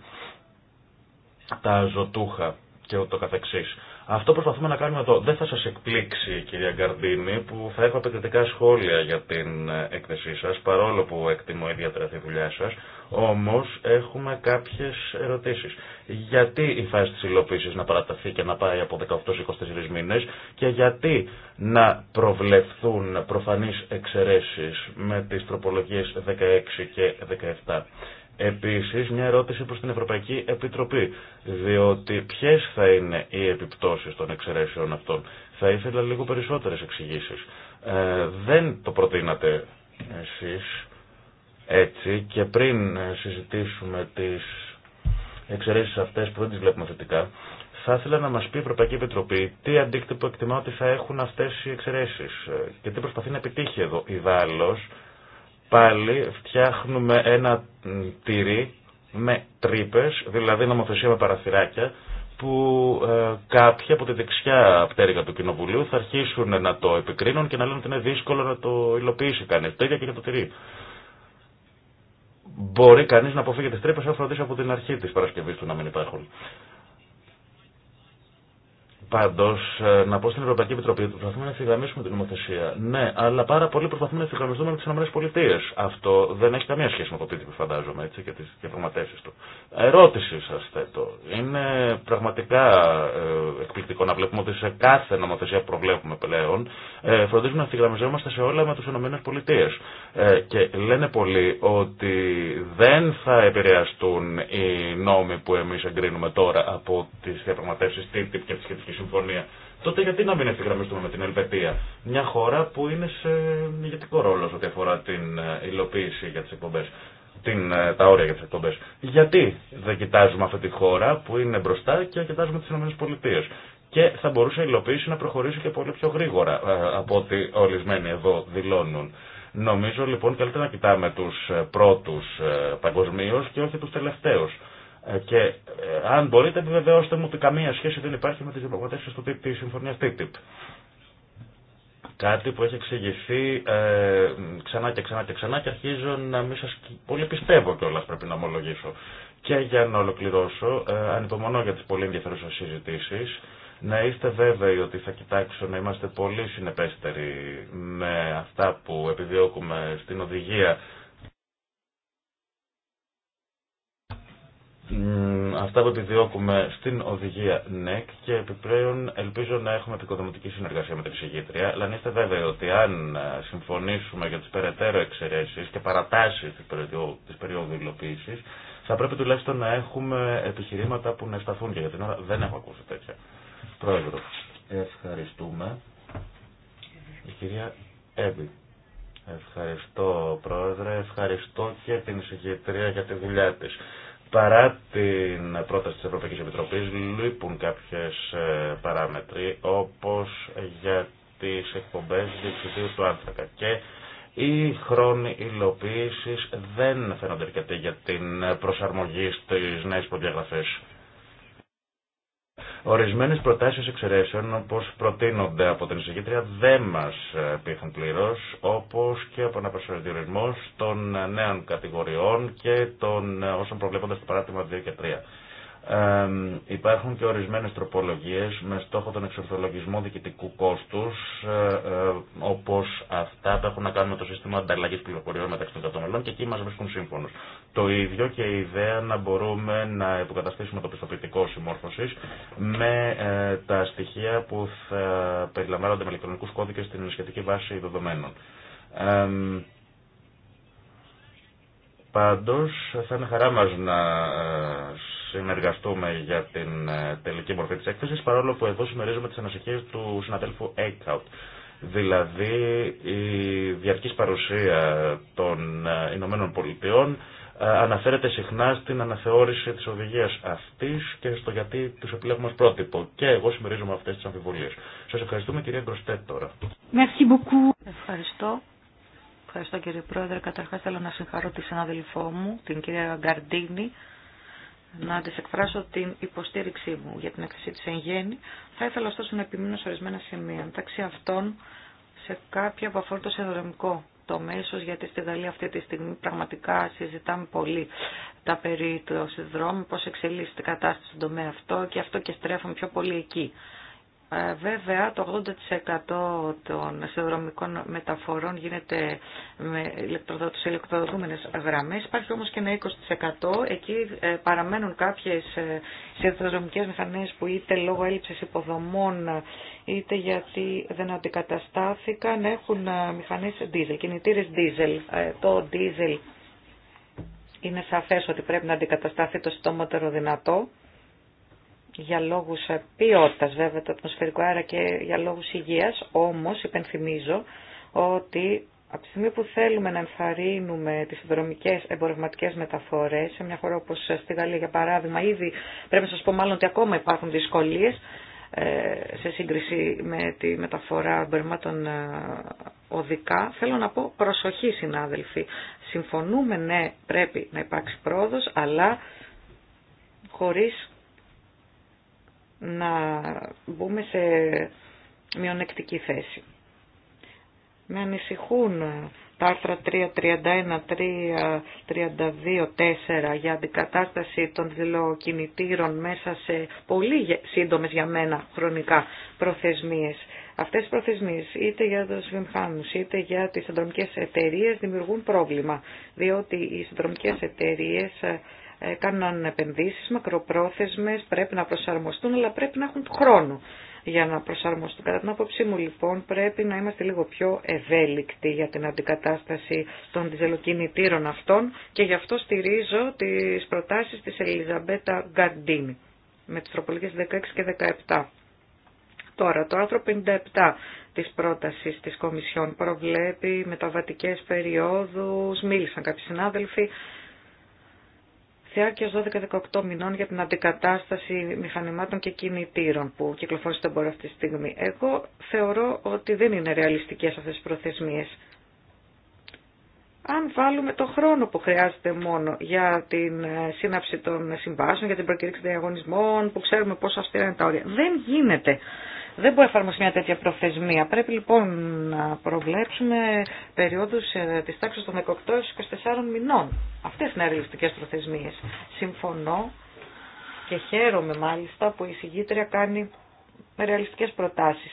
τα ζωτούχα και ούτω καθεξής. Αυτό προσπαθούμε να κάνουμε εδώ. Δεν θα σας εκπλήξει, κυρία Γκαρντίνη, που θα έχω απαιτητικά σχόλια για την έκθεσή σας, παρόλο που εκτιμώ ιδιαίτερα τη δουλειά σας, όμως έχουμε κάποιες ερωτήσεις. Γιατί η φάση της υλοποίησης να παραταθεί και να πάει από 18-24 μήνες και γιατί να προβλεφθούν προφανείς εξαιρέσεις με τις τροπολογίες 16 και 17. Επίσης, μια ερώτηση προς την Ευρωπαϊκή Επιτροπή, διότι ποιες θα είναι οι επιπτώσεις των εξαιρέσεων αυτών. Θα ήθελα λίγο περισσότερες εξηγήσει. Ε, δεν το προτείνατε εσείς έτσι και πριν ε, συζητήσουμε τις εξαιρέσεις αυτές που δεν τις βλέπουμε θετικά, θα ήθελα να μας πει η Ευρωπαϊκή Επιτροπή τι αντίκτυπο εκτιμά ότι θα έχουν αυτές οι εξαιρέσεις ε, και τι προσπαθεί να επιτύχει εδώ. Ιδάλλως, πάλι φτιάχνουμε ένα τυρί με τρύπε, δηλαδή νομοθεσία με παραθυράκια, που ε, κάποιοι από τη δεξιά πτέρυγα του Κοινοβουλίου θα αρχίσουν να το επικρίνουν και να λένε ότι είναι δύσκολο να το υλοποιήσει κανεί. Το ίδιο και για το τυρί. Μπορεί κανεί να αποφύγει τι τρύπε αν φροντίσει από την αρχή τη Παρασκευή του να μην υπάρχουν. Πάντω, ε, να πω στην Ευρωπαϊκή Επιτροπή ότι προσπαθούμε να ευθυγραμμίσουμε την νομοθεσία. Ναι, αλλά πάρα πολύ προσπαθούμε να ευθυγραμμιστούμε με τι ΗΠΑ. Αυτό δεν έχει καμία σχέση με το TTIP, φαντάζομαι, έτσι, και τι διαπραγματεύσει του. Ερώτηση σα θέτω. Είναι πραγματικά ε, εκπληκτικό να βλέπουμε ότι σε κάθε νομοθεσία που προβλέπουμε πλέον ε, φροντίζουμε να ευθυγραμμιζόμαστε σε όλα με τι ΗΠΑ. Ε, και λένε πολλοί ότι δεν θα επηρεαστούν οι νόμοι που εμεί εγκρίνουμε τώρα από τι διαπραγματεύσει TTIP και τη συμφωνία. Τότε γιατί να μην ευθυγραμμιστούμε με την Ελβετία, μια χώρα που είναι σε ηγετικό ρόλο σε ό,τι αφορά την ε, υλοποίηση για τι εκπομπέ, την, ε, τα όρια για τι εκπομπέ. Γιατί δεν κοιτάζουμε αυτή τη χώρα που είναι μπροστά και κοιτάζουμε τι. ΗΠΑ. Και θα μπορούσε η υλοποίηση να προχωρήσει και πολύ πιο γρήγορα ε, από ό,τι ορισμένοι εδώ δηλώνουν. Νομίζω λοιπόν καλύτερα να κοιτάμε τους πρώτους παγκοσμίω και όχι του τελευταίου. Ε, και ε, αν μπορείτε, επιβεβαιώστε μου ότι καμία σχέση δεν υπάρχει με τι του τη συμφωνία TTIP. Κάτι που έχει εξηγηθεί ε, ξανά και ξανά και ξανά και αρχίζω να μην σας... Πολύ πιστεύω κιόλα πρέπει να ομολογήσω. Και για να ολοκληρώσω, ε, ανυπομονώ για τις πολύ ενδιαφέρουσες συζητήσεις, να είστε βέβαιοι ότι θα κοιτάξω να είμαστε πολύ συνεπέστεροι με αυτά που επιδιώκουμε στην οδηγία αυτά που επιδιώκουμε στην οδηγία ΝΕΚ και επιπλέον ελπίζω να έχουμε επικοδομητική συνεργασία με την εισηγήτρια, αλλά είστε βέβαιοι ότι αν ε, συμφωνήσουμε για τι περαιτέρω εξαιρέσει και παρατάσει τη περίοδου, υλοποίηση, θα πρέπει τουλάχιστον να έχουμε επιχειρήματα που να σταθούν και για την ώρα δεν έχω ακούσει τέτοια. Πρόεδρο, ευχαριστούμε. Η κυρία Εμπι Ευχαριστώ πρόεδρε, ευχαριστώ και την εισηγήτρια για τη δουλειά τη. Παρά την πρόταση της Ευρωπαϊκής Επιτροπής λείπουν κάποιες ε, παράμετροι όπως για τις εκπομπές διεξιδίου του άνθρακα και οι χρόνοι υλοποίησης δεν φαίνονται αρκετοί για την προσαρμογή στις νέες προδιαγραφές. Ορισμένε προτάσει εξαιρέσεων, όπω προτείνονται από την εισηγήτρια, δεν μα ε, πείθουν πλήρω, όπω και από ένα επαναπροσδιορισμό των ε, νέων κατηγοριών και των ε, όσων προβλέπονται στο παράδειγμα 2 και 3 υπάρχουν και ορισμένες τροπολογίες με στόχο τον εξορθολογισμό διοικητικού κόστους ε, ε, όπως αυτά που έχουν να κάνουν με το σύστημα ανταλλαγής πληροφοριών μεταξύ των κατομελών και εκεί μας βρίσκουν σύμφωνος. Το ίδιο και η ιδέα να μπορούμε να υποκαταστήσουμε το πιστοποιητικό συμμόρφωσης με ε, τα στοιχεία που θα περιλαμβάνονται με ηλεκτρονικούς κώδικες στην σχετική βάση δεδομένων. Πάντως θα είναι χαρά μας να ε, συνεργαστούμε για την ε, τελική μορφή της έκθεσης, παρόλο που εδώ συμμερίζουμε τις ανασυχίες του συναδέλφου Eckhout. Δηλαδή η διαρκής παρουσία των ε, Ηνωμένων Πολιτειών ε, αναφέρεται συχνά στην αναθεώρηση της οδηγίας αυτής και στο γιατί τους επιλέγουμε ως πρότυπο. Και εγώ συμμερίζομαι αυτές τις αμφιβολίες. Σας ευχαριστούμε κυρία Γκροστέ τώρα. Ευχαριστώ. Ευχαριστώ κύριε Πρόεδρε. Καταρχάς θέλω να συγχαρώ τη συνάδελφό μου, την κυρία Γκαρντίνη, να τη εκφράσω την υποστήριξή μου για την έκθεσή της εν Θα ήθελα ωστόσο να επιμείνω σε ορισμένα σημεία. Μεταξύ αυτών σε κάποια που αφορούν το συνδρομικό τομέα, ίσως γιατί στη Γαλλία αυτή τη στιγμή πραγματικά συζητάμε πολύ τα περί του συνδρόμου, πώς εξελίσσεται η κατάσταση στον τομέα αυτό και αυτό και στρέφουμε πιο πολύ εκεί. Ε, βέβαια, το 80% των σιδηροδρομικών μεταφορών γίνεται με ηλεκτροδότηση, ηλεκτροδοτούμενες γραμμές. Υπάρχει όμως και ένα 20%. Εκεί ε, παραμένουν κάποιες ε, σιδηροδρομικές μηχανές που είτε λόγω έλλειψης υποδομών, είτε γιατί δεν αντικαταστάθηκαν, έχουν μηχανές diesel, κινητήρες diesel. Το diesel είναι σαφές ότι πρέπει να αντικαταστάθει το συντομότερο δυνατό για λόγους ποιότητας βέβαια του ατμοσφαιρικού αέρα και για λόγους υγείας, όμως υπενθυμίζω ότι από τη στιγμή που θέλουμε να εμφαρίνουμε τις δρομικές εμπορευματικές μεταφορές σε μια χώρα όπως στη Γαλλία για παράδειγμα, ήδη πρέπει να σας πω μάλλον ότι ακόμα υπάρχουν δυσκολίες ε, σε σύγκριση με τη μεταφορά εμπορευμάτων ε, οδικά, θέλω να πω προσοχή συνάδελφοι. Συμφωνούμε, ναι, πρέπει να υπάρξει πρόοδος, αλλά χωρίς να μπούμε σε μειονεκτική θέση. Με ανησυχούν τα άρθρα 3.31, 31, 3, 4 για αντικατάσταση των δηλοκινητήρων μέσα σε πολύ σύντομες για μένα χρονικά προθεσμίες. Αυτές οι προθεσμίες είτε για τους βιομηχάνους είτε για τις συνδρομικές εταιρείες δημιουργούν πρόβλημα, διότι οι συνδρομικές εταιρείες έκαναν επενδύσεις μακροπρόθεσμες, πρέπει να προσαρμοστούν, αλλά πρέπει να έχουν χρόνο για να προσαρμοστούν. Κατά την άποψή μου λοιπόν πρέπει να είμαστε λίγο πιο ευέλικτοι για την αντικατάσταση των διζελοκινητήρων αυτών και γι' αυτό στηρίζω τις προτάσεις της Ελιζαμπέτα Γκαντίνη με τις τροπολογίες 16 και 17. Τώρα, το άρθρο 57 της πρότασης της Κομισιόν προβλέπει μεταβατικές περιόδους, μίλησαν κάποιοι συνάδελφοι, διάρκεια 12-18 μηνών για την αντικατάσταση μηχανημάτων και κινητήρων που κυκλοφόρησε τον εμπόριο αυτή τη στιγμή. Εγώ θεωρώ ότι δεν είναι ρεαλιστικές αυτές οι προθεσμίες. Αν βάλουμε το χρόνο που χρειάζεται μόνο για την ε, σύναψη των συμβάσεων, για την προκήρυξη διαγωνισμών, που ξέρουμε πόσο αυστηρά είναι τα όρια, δεν γίνεται δεν μπορεί να εφαρμοστεί μια τέτοια προθεσμία. Πρέπει λοιπόν να προβλέψουμε περιόδους ε, τη τάξη των 18-24 μηνών. Αυτέ είναι ρεαλιστικές προθεσμίε. Συμφωνώ και χαίρομαι μάλιστα που η συγκήτρια κάνει ρεαλιστικέ προτάσει.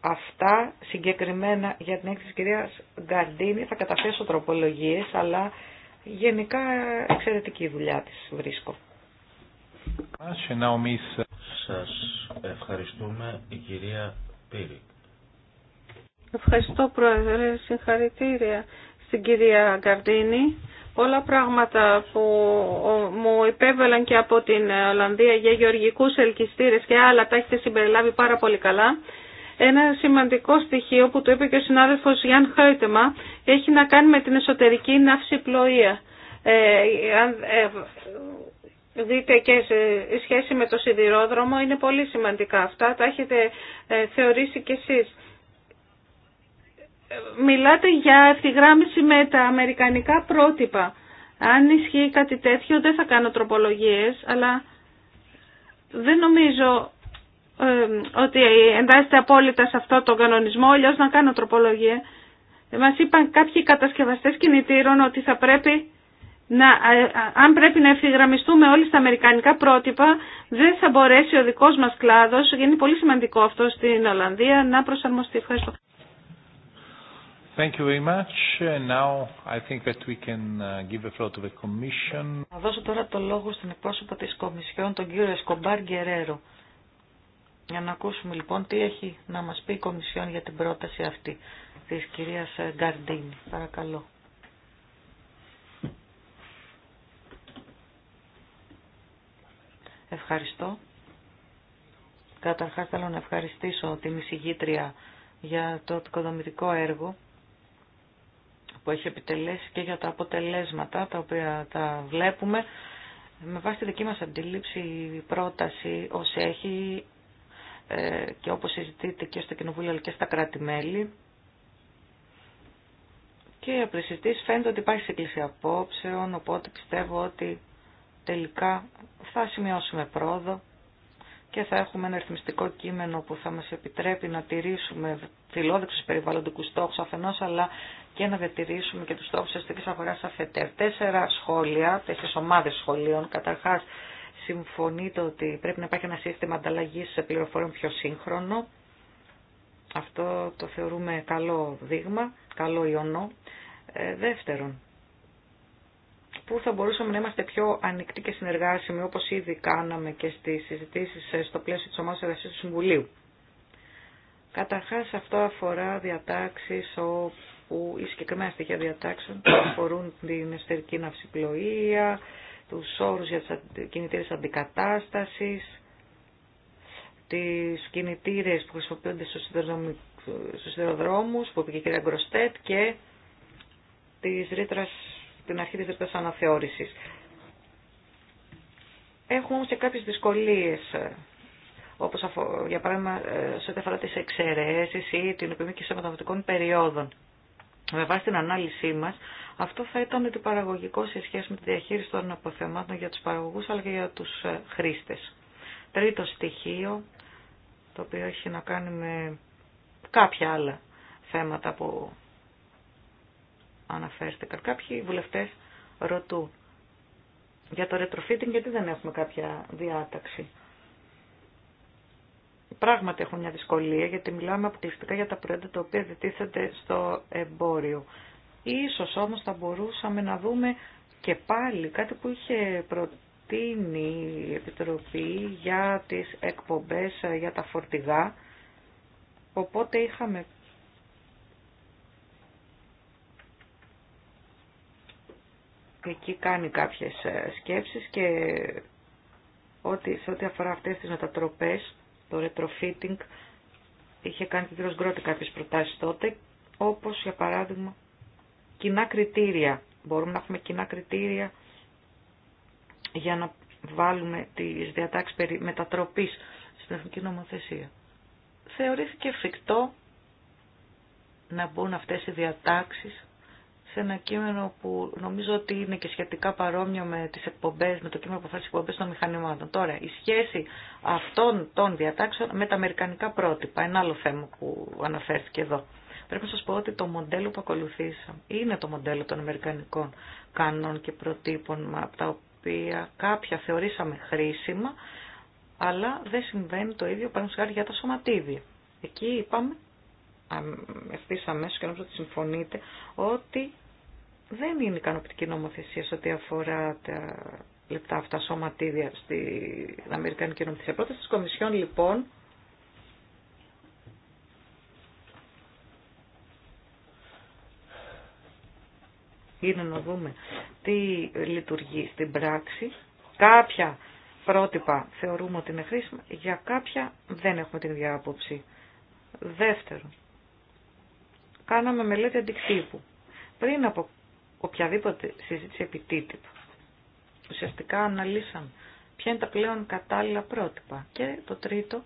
Αυτά συγκεκριμένα για την έκθεση κυρία Γκαρντίνη θα καταθέσω τροπολογίε, αλλά γενικά εξαιρετική δουλειά τη βρίσκω. Σας ευχαριστούμε, η κυρία Πύρη. Ευχαριστώ, Πρόεδρε. Συγχαρητήρια στην κυρία Γκαρδίνη. Όλα πράγματα που μου υπέβαλαν και από την Ολλανδία για γεωργικούς ελκυστήρες και άλλα τα έχετε συμπεριλάβει πάρα πολύ καλά. Ένα σημαντικό στοιχείο που το είπε και ο συνάδελφος Γιάν Χαϊτεμα έχει να κάνει με την εσωτερική ναυσιπλοεία. Ε, ε δείτε και σε σχέση με το σιδηρόδρομο είναι πολύ σημαντικά αυτά. Τα έχετε ε, θεωρήσει κι εσείς. Μιλάτε για ευθυγράμμιση με τα αμερικανικά πρότυπα. Αν ισχύει κάτι τέτοιο δεν θα κάνω τροπολογίες, αλλά δεν νομίζω ότι εντάσσεται απόλυτα σε αυτό το κανονισμό, αλλιώς να κάνω τροπολογία. Μας είπαν κάποιοι κατασκευαστές κινητήρων ότι θα πρέπει να, αν πρέπει να ευθυγραμμιστούμε όλοι στα αμερικανικά πρότυπα, δεν θα μπορέσει ο δικός μας κλάδος, γιατί είναι πολύ σημαντικό αυτό στην Ολλανδία, να προσαρμοστεί. Ευχαριστώ. Thank Θα δώσω τώρα το λόγο στην εκπρόσωπο της Κομισιόν, τον κύριο Εσκομπάρ Γκερέρο. Για να ακούσουμε λοιπόν τι έχει να μας πει η Κομισιόν για την πρόταση αυτή της κυρίας Γκαρντίνη. Παρακαλώ. Ευχαριστώ. Καταρχάς θέλω να ευχαριστήσω την εισηγήτρια για το οικοδομητικό έργο που έχει επιτελέσει και για τα αποτελέσματα τα οποία τα βλέπουμε. Με βάση τη δική μας αντίληψη η πρόταση ως έχει ε, και όπως συζητείται και στο Κοινοβούλιο αλλά και στα κράτη-μέλη και από τις συζητήσεις φαίνεται ότι υπάρχει σύγκληση απόψεων οπότε πιστεύω ότι τελικά θα σημειώσουμε πρόοδο και θα έχουμε ένα ρυθμιστικό κείμενο που θα μας επιτρέπει να τηρήσουμε φιλόδοξους περιβαλλοντικούς στόχους αφενός, αλλά και να διατηρήσουμε και τους στόχους αστικής αγοράς αφετέρ. Τέσσερα σχόλια, τέσσερις ομάδες σχολείων. Καταρχάς, συμφωνείτε ότι πρέπει να υπάρχει ένα σύστημα ανταλλαγής σε πληροφοριών πιο σύγχρονο. Αυτό το θεωρούμε καλό δείγμα, καλό ιονό. Ε, δεύτερον, που θα μπορούσαμε να είμαστε πιο ανοιχτοί και συνεργάσιμοι όπως ήδη κάναμε και στις συζητήσεις ε, στο πλαίσιο της ομάδας εργασίας του Συμβουλίου. Καταρχάς αυτό αφορά διατάξεις όπου οι συγκεκριμένα στοιχεία διατάξεων αφορούν την εσωτερική ναυσιπλοεία, τους όρους για τις κινητήρες αντικατάστασης, τις κινητήρες που χρησιμοποιούνται στους σιδηροδρόμους, που είπε και η κυρία Γκροστέτ, και της ρήτρας την αρχή της δεύτερης αναθεώρησης. Έχουμε όμως και κάποιες δυσκολίες, όπως αφο... για παράδειγμα ε, σε ό,τι αφορά τις εξαιρέσεις ή την επιμήκυση μεταβατικών περιόδων. Με βάση την ανάλυση μας, αυτό θα ήταν παραγωγικό σε σχέση με τη διαχείριση των αποθεμάτων για τους παραγωγούς αλλά και για τους ε, χρήστες. Τρίτο στοιχείο, το οποίο έχει να κάνει με κάποια άλλα θέματα που αναφέρθηκαν. Κάποιοι βουλευτέ ρωτούν για το retrofitting γιατί δεν έχουμε κάποια διάταξη. Πράγματι έχουν μια δυσκολία γιατί μιλάμε αποκλειστικά για τα προϊόντα τα οποία διτίθενται στο εμπόριο. Ίσως όμως θα μπορούσαμε να δούμε και πάλι κάτι που είχε προτείνει η Επιτροπή για τις εκπομπές για τα φορτηγά. Οπότε είχαμε εκεί κάνει κάποιες ε, σκέψεις και ότι, σε ό,τι αφορά αυτές τις μετατροπές, το retrofitting, είχε κάνει κύριος Γκρότη κάποιες προτάσεις τότε, όπως για παράδειγμα κοινά κριτήρια. Μπορούμε να έχουμε κοινά κριτήρια για να βάλουμε τις διατάξεις περί μετατροπής στην εθνική νομοθεσία. Θεωρήθηκε φρικτό να μπουν αυτές οι διατάξεις σε ένα κείμενο που νομίζω ότι είναι και σχετικά παρόμοιο με τις εκπομπές, με το κείμενο που αφορά τις εκπομπές των μηχανημάτων. Τώρα, η σχέση αυτών των διατάξεων με τα αμερικανικά πρότυπα, ένα άλλο θέμα που αναφέρθηκε εδώ. Πρέπει να σας πω ότι το μοντέλο που ακολουθήσαμε είναι το μοντέλο των αμερικανικών κανόνων και προτύπων από τα οποία κάποια θεωρήσαμε χρήσιμα, αλλά δεν συμβαίνει το ίδιο παραδείγματος για τα σωματίδια. Εκεί είπαμε ευθύ αμέσω και νομίζω ότι συμφωνείτε, ότι δεν είναι ικανοποιητική νομοθεσία σε ό,τι αφορά τα λεπτά αυτά σωματίδια στην Αμερικανική νομοθεσία. Πρόταση τη Κομισιόν λοιπόν είναι να δούμε τι λειτουργεί στην πράξη. Κάποια πρότυπα θεωρούμε ότι είναι χρήσιμα, για κάποια δεν έχουμε την διάποψη. Δεύτερον, κάναμε μελέτη αντικτύπου. Πριν από οποιαδήποτε συζήτηση επί Ουσιαστικά αναλύσαμε ποια είναι τα πλέον κατάλληλα πρότυπα. Και το τρίτο,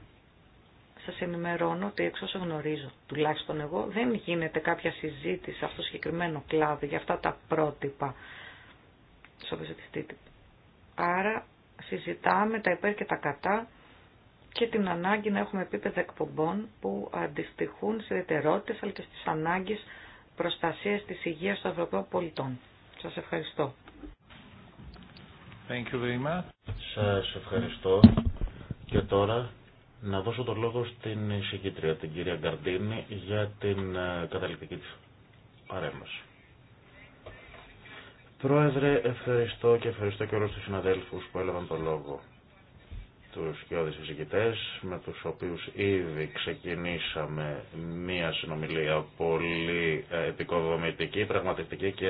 σας ενημερώνω ότι εξ όσο γνωρίζω, τουλάχιστον εγώ, δεν γίνεται κάποια συζήτηση σε αυτό το συγκεκριμένο κλάδο για αυτά τα πρότυπα στο TTIP. Άρα συζητάμε τα υπέρ και τα κατά και την ανάγκη να έχουμε επίπεδα εκπομπών που αντιστοιχούν στις ιδιαιτερότητες αλλά και στις ανάγκες προστασίας της υγείας των Ευρωπαίων πολιτών. Σας ευχαριστώ. Thank you very much. Σας ευχαριστώ. Και τώρα να δώσω το λόγο στην εισηγήτρια, την κυρία Γκαρντίνη, για την ε, καταληκτική της παρέμβαση. Πρόεδρε, ευχαριστώ και ευχαριστώ και όλους τους συναδέλφους που έλαβαν το λόγο τους σκιώδεις συζητητέ, με τους οποίους ήδη ξεκινήσαμε μία συνομιλία πολύ ε, επικοδομητική, πραγματιστική και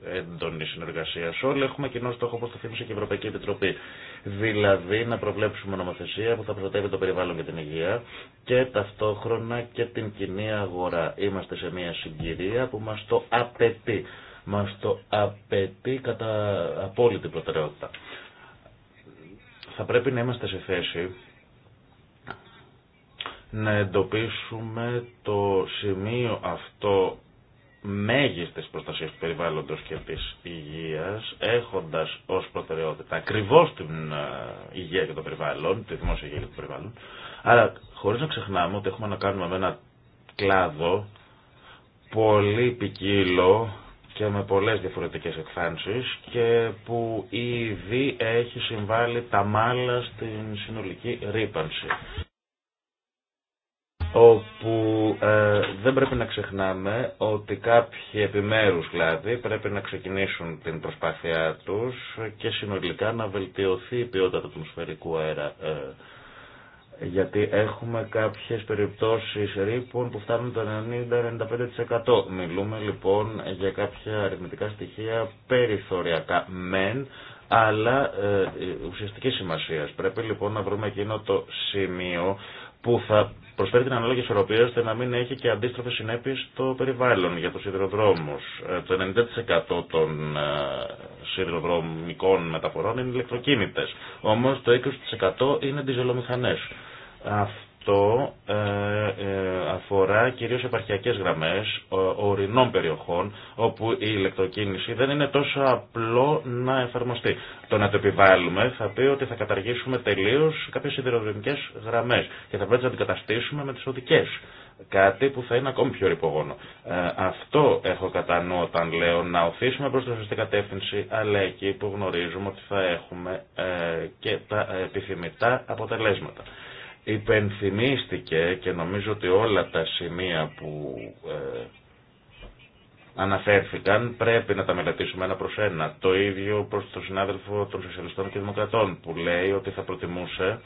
ε, έντονη συνεργασία. Όλοι έχουμε κοινό στόχο, όπω το θύμισε και η Ευρωπαϊκή Επιτροπή. Δηλαδή να προβλέψουμε νομοθεσία που θα προστατεύει το περιβάλλον και την υγεία και ταυτόχρονα και την κοινή αγορά. Είμαστε σε μια συγκυρία που μα το απαιτεί. Μα το απαιτεί κατά απόλυτη προτεραιότητα θα πρέπει να είμαστε σε θέση να εντοπίσουμε το σημείο αυτό μέγιστης προστασίας του περιβάλλοντος και της υγείας έχοντας ως προτεραιότητα ακριβώς την ε, υγεία και το περιβάλλον, τη δημόσια υγεία και το περιβάλλον. Άρα χωρίς να ξεχνάμε ότι έχουμε να κάνουμε με ένα κλάδο πολύ ποικίλο και με πολλές διαφορετικές εκφάνσεις και που ήδη έχει συμβάλει τα μάλα στην συνολική ρήπανση όπου ε, δεν πρέπει να ξεχνάμε ότι κάποιοι επιμέρους κλάδοι πρέπει να ξεκινήσουν την προσπάθειά τους και συνολικά να βελτιωθεί η ποιότητα του ατμοσφαιρικού αέρα ε, γιατί έχουμε κάποιες περιπτώσεις ρήπων που φτάνουν το 90-95%. Μιλούμε λοιπόν για κάποια αριθμητικά στοιχεία περιθωριακά μεν, αλλά ε, ουσιαστική σημασία. Πρέπει λοιπόν να βρούμε εκείνο το σημείο που θα προσφέρει την ανάλογη ισορροπία ώστε να μην έχει και αντίστροφε συνέπειε στο περιβάλλον για του σιδηροδρόμου. Ε, το 90% των ε, σιδηροδρομικών μεταφορών είναι ηλεκτροκίνητε. Όμω το 20% είναι διζελομηχανέ αυτό ε, ε, αφορά κυρίως επαρχιακές γραμμές ορεινών περιοχών όπου η ηλεκτροκίνηση δεν είναι τόσο απλό να εφαρμοστεί. Το να το επιβάλλουμε θα πει ότι θα καταργήσουμε τελείως κάποιες σιδηροδρομικές γραμμές και θα πρέπει να την καταστήσουμε με τις οδικές. Κάτι που θα είναι ακόμη πιο ρηπογόνο. Ε, αυτό έχω κατά νου όταν λέω να οθήσουμε προς τη σωστή κατεύθυνση, αλλά εκεί που γνωρίζουμε ότι θα έχουμε και τα επιθυμητά αποτελέσματα υπενθυμίστηκε και νομίζω ότι όλα τα σημεία που ε, αναφέρθηκαν πρέπει να τα μελετήσουμε ένα προς ένα. Το ίδιο προς τον συνάδελφο των Σοσιαλιστών και Δημοκρατών που λέει ότι θα προτιμούσε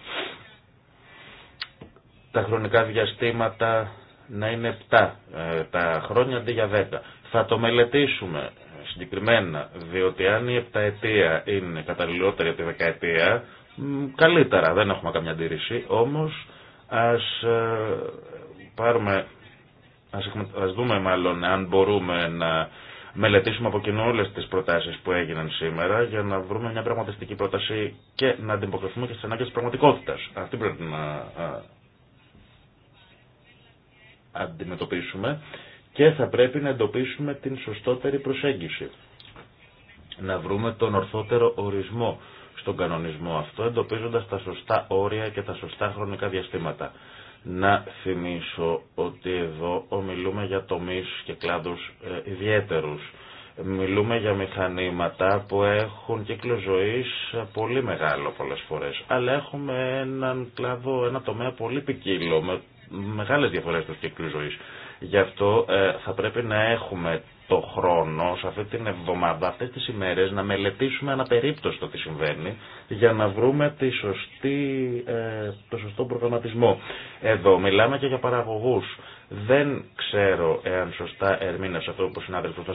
τα χρονικά διαστήματα να είναι 7 ε, τα χρόνια αντί για 10. Θα το μελετήσουμε συγκεκριμένα, διότι αν η επταετία είναι καταλληλότερη από τη δεκαετία, καλύτερα, δεν έχουμε καμιά αντίρρηση, όμως ας ε, πάρουμε, ας, δούμε μάλλον αν μπορούμε να μελετήσουμε από κοινό όλες τις προτάσεις που έγιναν σήμερα για να βρούμε μια πραγματιστική πρόταση και να αντιποκριθούμε και στις ανάγκες της πραγματικότητας. Αυτή πρέπει να αντιμετωπίσουμε και θα πρέπει να εντοπίσουμε την σωστότερη προσέγγιση. Να βρούμε τον ορθότερο ορισμό στον κανονισμό αυτό, εντοπίζοντας τα σωστά όρια και τα σωστά χρονικά διαστήματα. Να θυμίσω ότι εδώ ομιλούμε για τομείς και κλάδους ε, ιδιαίτερους. Μιλούμε για μηχανήματα που έχουν κύκλο ζωής πολύ μεγάλο πολλές φορές, αλλά έχουμε έναν κλάδο, ένα τομέα πολύ ποικίλο, με μεγάλες διαφορές του κύκλου ζωής. Γι' αυτό ε, θα πρέπει να έχουμε το χρόνο, σε αυτή την εβδομάδα, αυτέ τι ημέρε να μελετήσουμε αναπερίπτωση το τι συμβαίνει για να βρούμε τη σωστή, ε, το σωστό προγραμματισμό. Εδώ μιλάμε και για παραγωγού. Δεν ξέρω εάν σωστά ερμήνευσε αυτό που ο συνάδελφο των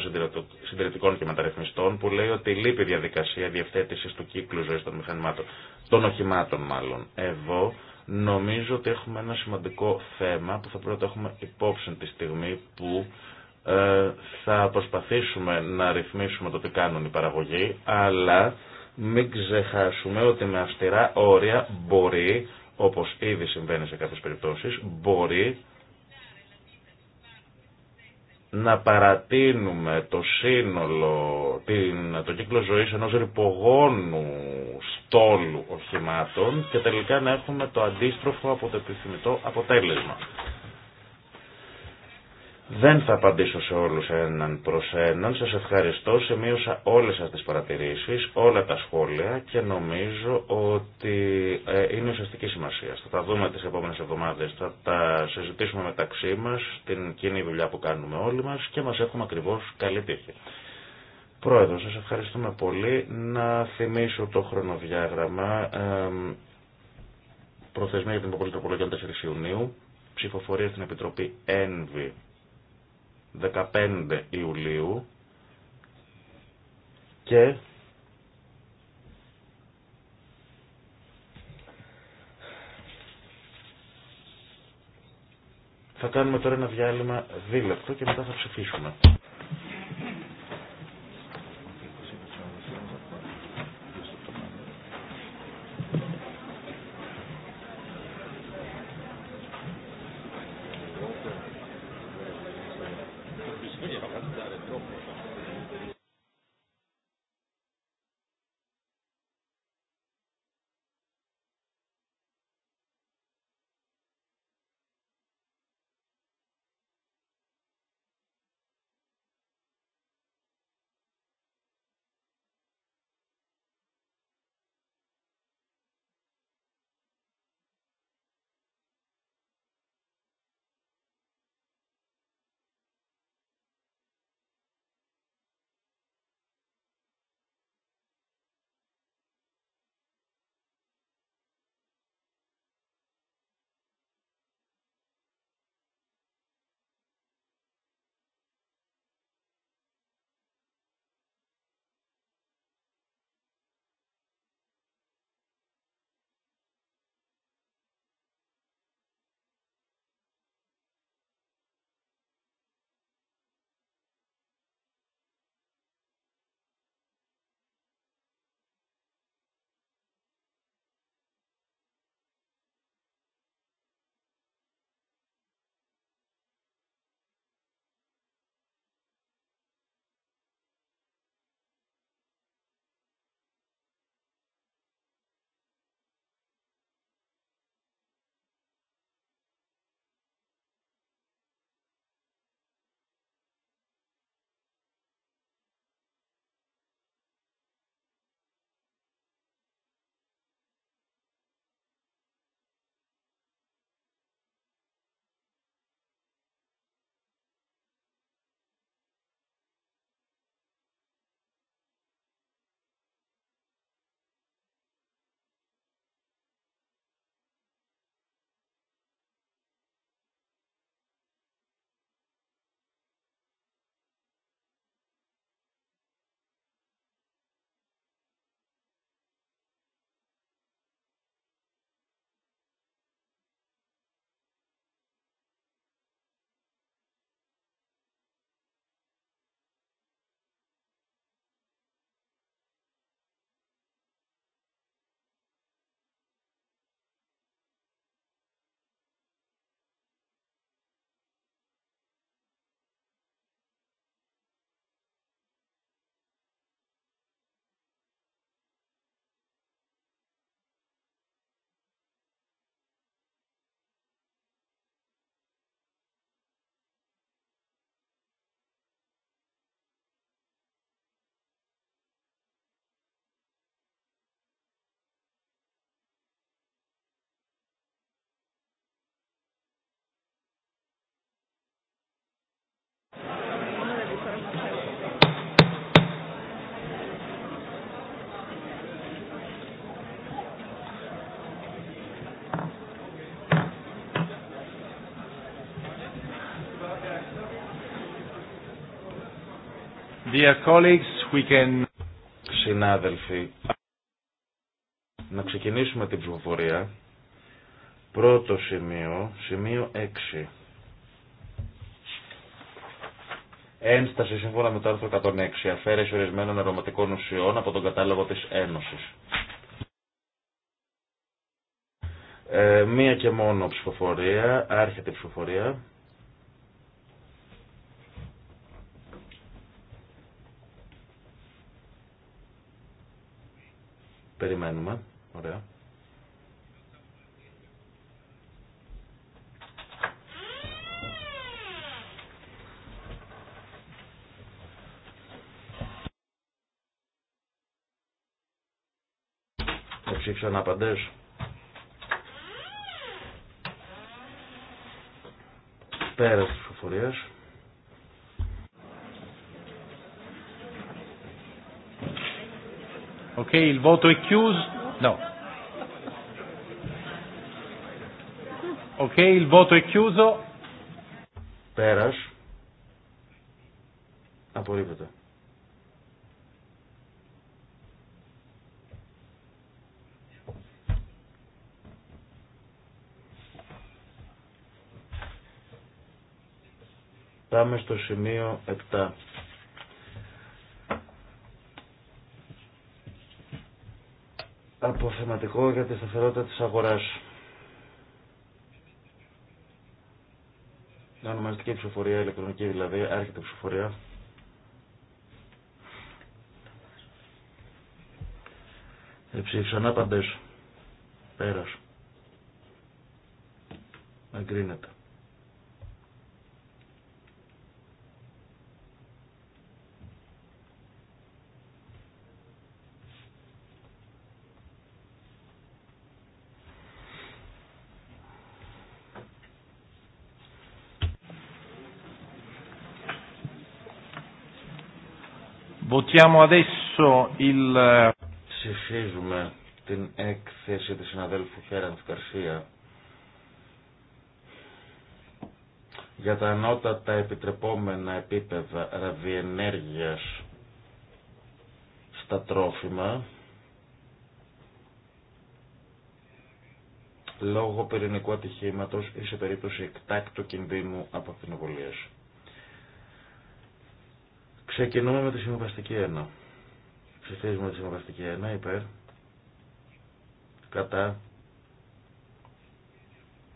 συντηρητικών και μεταρρυθμιστών που λέει ότι λείπει η διαδικασία διευθέτηση του κύκλου ζωή των μηχανημάτων, των οχημάτων μάλλον. Εδώ νομίζω ότι έχουμε ένα σημαντικό θέμα που θα πρέπει να το έχουμε υπόψη τη στιγμή που ε, θα προσπαθήσουμε να ρυθμίσουμε το τι κάνουν οι παραγωγοί, αλλά μην ξεχάσουμε ότι με αυστηρά όρια μπορεί, όπως ήδη συμβαίνει σε κάποιες περιπτώσεις, μπορεί να παρατείνουμε το σύνολο, την, το κύκλο ζωής ενός ρηπογόνου στόλου οχημάτων και τελικά να έχουμε το αντίστροφο από το επιθυμητό αποτέλεσμα. Δεν θα απαντήσω σε όλους έναν προς έναν. Σας ευχαριστώ. Σημείωσα όλες σας τις παρατηρήσεις, όλα τα σχόλια και νομίζω ότι ε, είναι ουσιαστική σημασία. Θα τα δούμε τις επόμενες εβδομάδες. Θα τα συζητήσουμε μεταξύ μας, την κοινή δουλειά που κάνουμε όλοι μας και μας έχουμε ακριβώς καλή τύχη. Πρόεδρο, σας ευχαριστούμε πολύ. Να θυμίσω το χρονοδιάγραμμα. Ε, προθεσμία για την υποβολή 4 Ιουνίου. Ψηφοφορία στην Επιτροπή ΕΝΒΗ 15 Ιουλίου και θα κάνουμε τώρα ένα διάλειμμα δίλεπτο και μετά θα ψηφίσουμε. Dear colleagues, we can... Συνάδελφοι, να ξεκινήσουμε την ψηφοφορία. Πρώτο σημείο, σημείο 6. Ένσταση σύμφωνα με το άρθρο 106. Αφαίρεση ορισμένων αρωματικών ουσιών από τον κατάλογο της Ένωσης. Ε, μία και μόνο ψηφοφορία, άρχεται η ψηφοφορία. περιμένουμε. Ωραία. να απαντήσω. Πέρα τη ψηφοφορίας. Ok, il voto è chiuso. No. Ok, il voto è chiuso. Peras. Απορρίπτεται. Πάμε στο σημείο 7. αποθεματικό για τη σταθερότητα της αγοράς. Ονομαστική ψηφοφορία, ηλεκτρονική δηλαδή, άρχεται ψηφοφορία. Εψήφισαν άπαντες. Πέρας. Αγκρίνεται. Ascoltiamo adesso il... Ψηφίζουμε την έκθεση της συναδέλφου Χέραντ Καρσία για τα ανώτατα επιτρεπόμενα επίπεδα ραδιενέργειας στα τρόφιμα λόγω πυρηνικού ατυχήματος ή σε περίπτωση εκτάκτου κινδύνου από ακτινοβολίες. Ξεκινούμε με τη συμβαστική 1. Ψηφίζουμε τη συμβαστική 1 υπέρ. Κατά.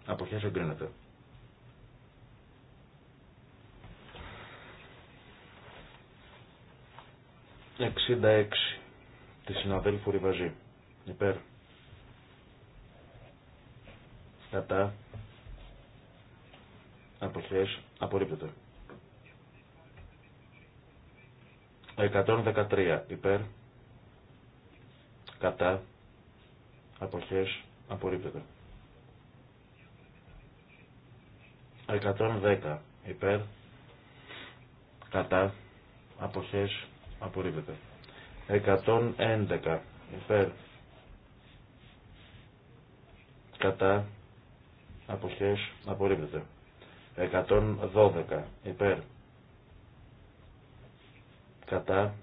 Αποχές εγκρίνεται. 66 τη συναδέλφου Ριβαζή. Υπέρ. Κατά. Αποχές απορρίπτεται. 113 υπέρ κατά αποχές απορρίπτεται 110 υπέρ κατά αποχές απορρίπτεται 111 υπέρ κατά αποχές απορρίπτεται 112 υπέρ κατά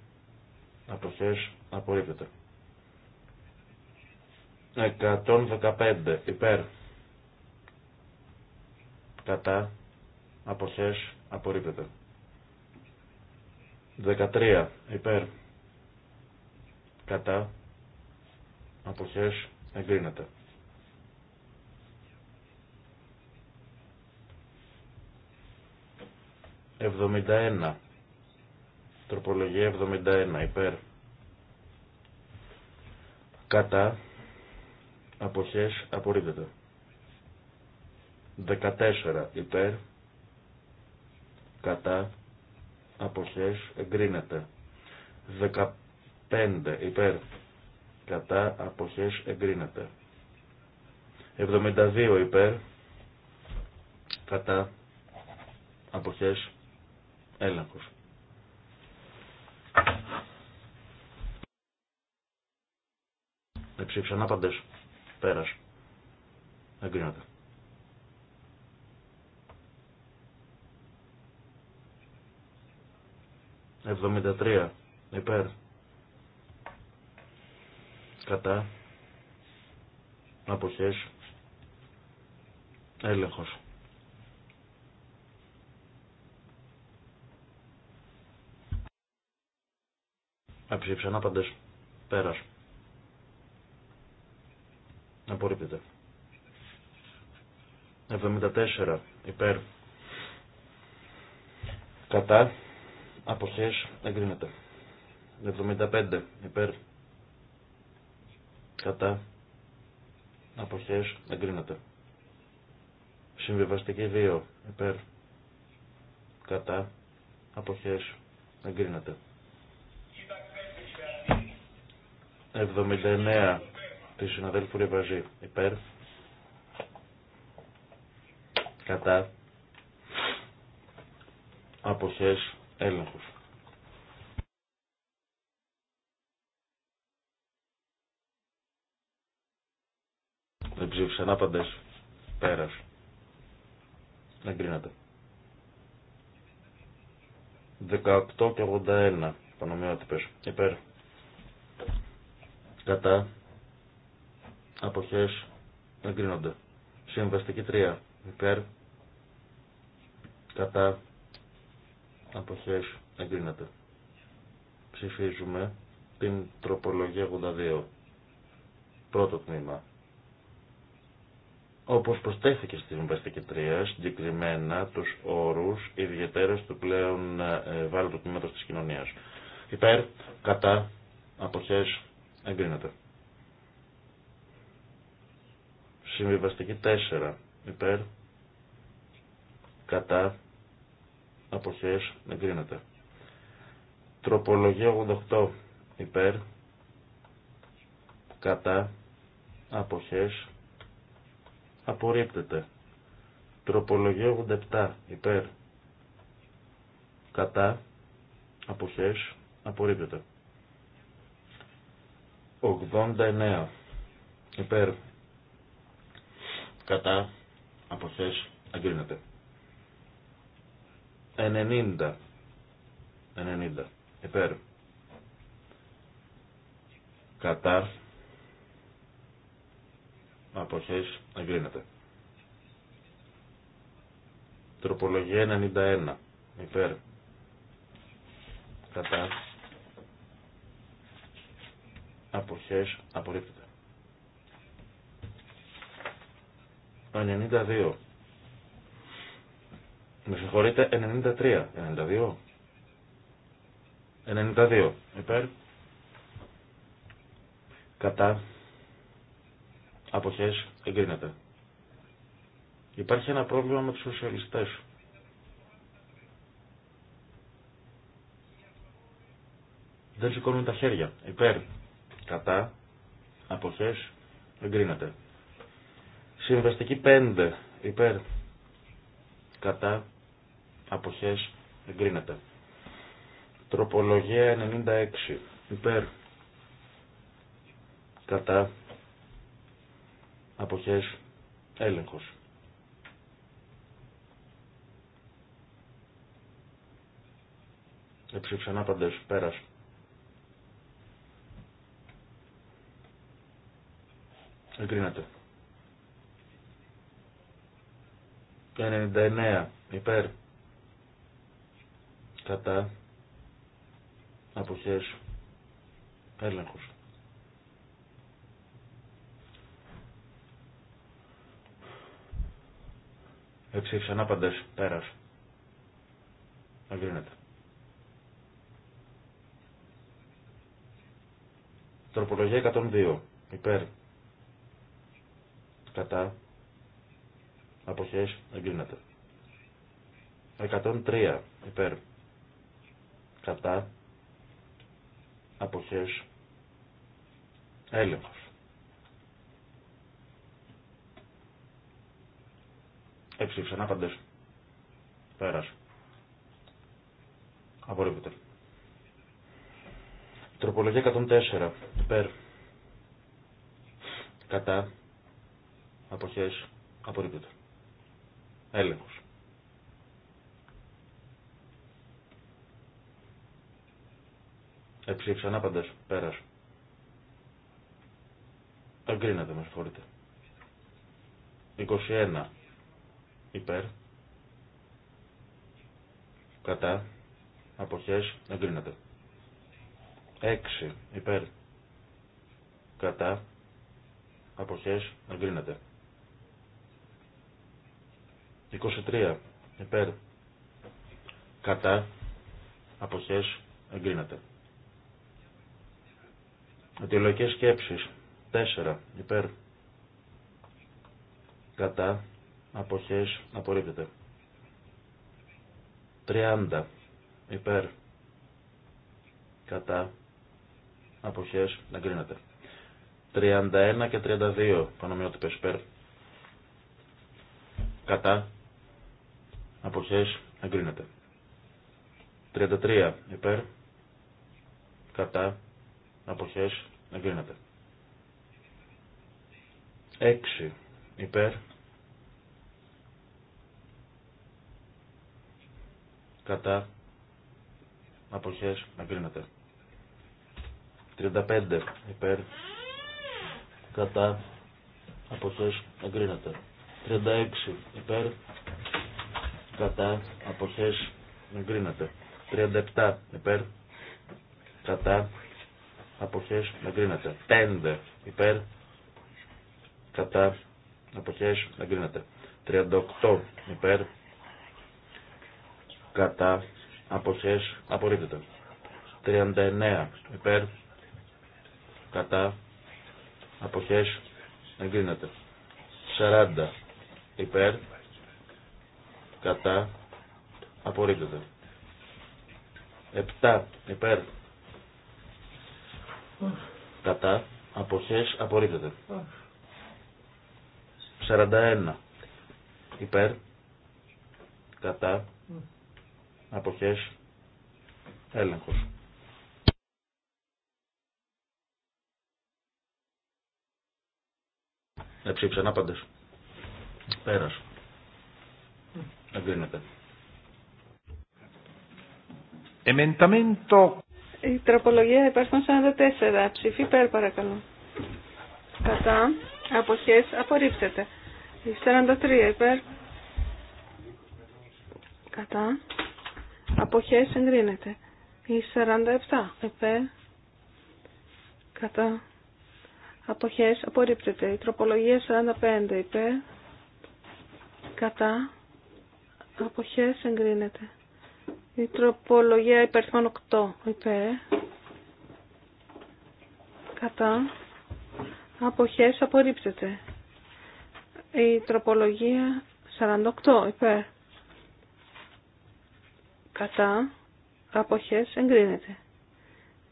αποχές απορρίπτεται. 115 υπέρ κατά αποχές απορρίπτεται. 13 υπέρ κατά αποχές εγκρίνεται. 71 Τροπολογία 71 υπέρ. Κατά. Αποχές απορρίπτεται. 14 υπέρ. Κατά. Αποχές εγκρίνεται. 15 υπέρ. Κατά. Αποχές εγκρίνεται. 72 υπέρ. Κατά. Αποχές έλεγχος. Εψήφισαν άπαντες. Πέρας. Εγκρίνεται. Εβδομήντα τρία. Υπέρ. Κατά. Αποχές. Έλεγχος. Εψήφισαν άπαντες. Πέρας. Απορρίπτεται. 74 υπέρ. Κατά. Αποχές εγκρίνεται. 75 υπέρ. Κατά. Αποχές εγκρίνεται. Συμβιβαστική 2 υπέρ. Κατά. Αποχές εγκρίνεται. 79 του συναδέλφου Ρεβαζή. Υπέρ. Κατά. Αποχές έλεγχος. Δεν ψήφισαν άπαντες. Πέρας. Εγκρίνατε. 18 και 81. Πανομοιότυπες. Υπέρ. Κατά αποχές εγκρίνονται. Συμβαστική 3 υπέρ κατά αποχές εγκρίνονται. Ψηφίζουμε την τροπολογία 82. Πρώτο τμήμα. Όπως προστέθηκε στη συμβαστική 3, συγκεκριμένα τους όρους ιδιαιτέρες του πλέον ε, ευάλωτου του τμήματος της κοινωνίας. Υπέρ, κατά, αποχές, εγκρίνονται. Συμβιβαστική 4 υπέρ κατά αποχές εγκρίνεται. Τροπολογία 88 υπέρ κατά αποχές απορρίπτεται. Τροπολογία 87 υπέρ κατά αποχές απορρίπτεται. 89 υπέρ κατά αποχές αγκρίνεται. 90. 90. Επέρ. Κατά. Αποχέ αγκρίνεται. Τροπολογία 91. Υπέρ. Κατά. Αποχές απορρίπτεται. 92. Με συγχωρείτε, 93. 92. 92. Υπέρ. Κατά. Αποχές. Εγκρίνεται. Υπάρχει ένα πρόβλημα με τους σοσιαλιστές. Δεν σηκώνουν τα χέρια. Υπέρ. Κατά. Αποχές. Εγκρίνεται. Συμβαστική 5 υπέρ κατά αποχές εγκρίνεται. Τροπολογία 96 υπέρ κατά αποχές έλεγχος. Εψήφισαν πέρας. Εγκρίνεται. 99 υπέρ κατά αποχές έλεγχος. ξανά άπαντες πέρας. Αγκρίνεται. Τροπολογία 102 υπέρ κατά αποχές εγκρίνεται. 103 υπέρ κατά αποχές έλεγχος. Έξι άπαντες. Πέρασε. Απορρίπτεται. Τροπολογία 104. Υπέρ. Κατά. Αποχές. Απορρίπτεται έλεγχος. Εψήφισαν πέρα πέρας. Εγκρίνεται, με συγχωρείτε. 21 υπέρ. Κατά. Αποχές, εγκρίνεται. 6 υπέρ. Κατά. Αποχές, εγκρίνεται. 23 υπέρ κατά αποχές εγκρίνεται. Αιτιολογικές σκέψεις 4 υπέρ κατά αποχές απορρίπτεται. 30 υπέρ κατά αποχές εγκρίνεται. 31 και 32 πανομοιότυπες υπέρ κατά Αποχές εγκρίνεται. 33 υπέρ. Κατά. Αποχές εγκρίνεται. 6 υπέρ. Κατά. Αποχές εγκρίνεται. 35 υπέρ. Κατά. Αποχές εγκρίνεται. 36 υπέρ κατά αποχές εγκρίνεται. 37 υπέρ κατά αποχές εγκρίνεται. 5 υπέρ κατά αποχές εγκρίνεται. 38 υπέρ κατά αποχές απορρίπτεται. 39 υπέρ κατά αποχές εγκρίνεται. 40 υπέρ κατά απορρίπτεται. 7 υπέρ κατά αποχές απορρίπτεται. 41 υπέρ κατά αποχές έλεγχος. ξανά άπαντες. Πέρασε. Εμενταμέντο. Η τροπολογία υπάρχουν 44. Ψήφι υπέρ παρακαλώ. Κατά. Αποχές απορρίπτεται. Η 43 υπέρ. Κατά. Αποχές εγκρίνεται. Η 47 υπέρ. Κατά. Αποχές απορρίπτεται. Η τροπολογία 45 υπέρ. Κατά. Αποχές εγκρίνεται. Η τροπολογία υπερθμών 8 υπέρ. Κατά. Αποχές απορρίπτεται. Η τροπολογία 48 υπέρ. Κατά. Αποχές εγκρίνεται.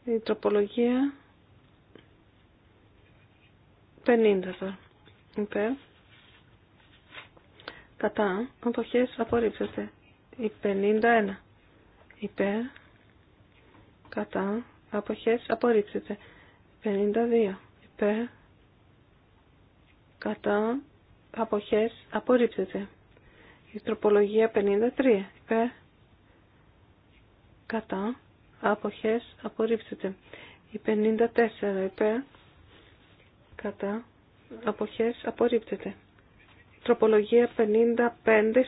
Η τροπολογία 50 Υπέρ. Κατά. Αποχές απορίψετε. Η 51. Υπέρ. Κατά. Αποχές απορρίψετε. 52. Υπέρ. Κατά. Αποχές απορρίψετε. Η τροπολογία 53. Υπέρ. Κατά. Αποχές απορρίψετε. Η 54. Υπέρ. Κατά. Αποχές απορρίπτεται. Τροπολογία 55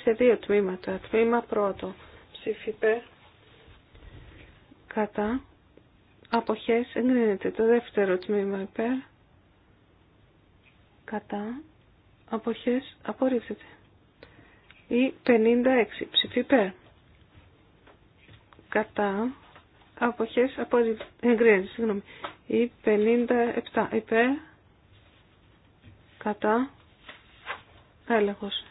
σε δύο τμήματα. Τμήμα πρώτο. ψηφίπε Κατά. Αποχές εγκρίνεται. Το δεύτερο τμήμα υπέρ. Κατά. Αποχές απορρίφθηκε. Ή 56. Ψήφι Κατά. Αποχές εγκρίνεται. Συγγνώμη. Ή 57. Υπέρ. Κατά έλεγχος.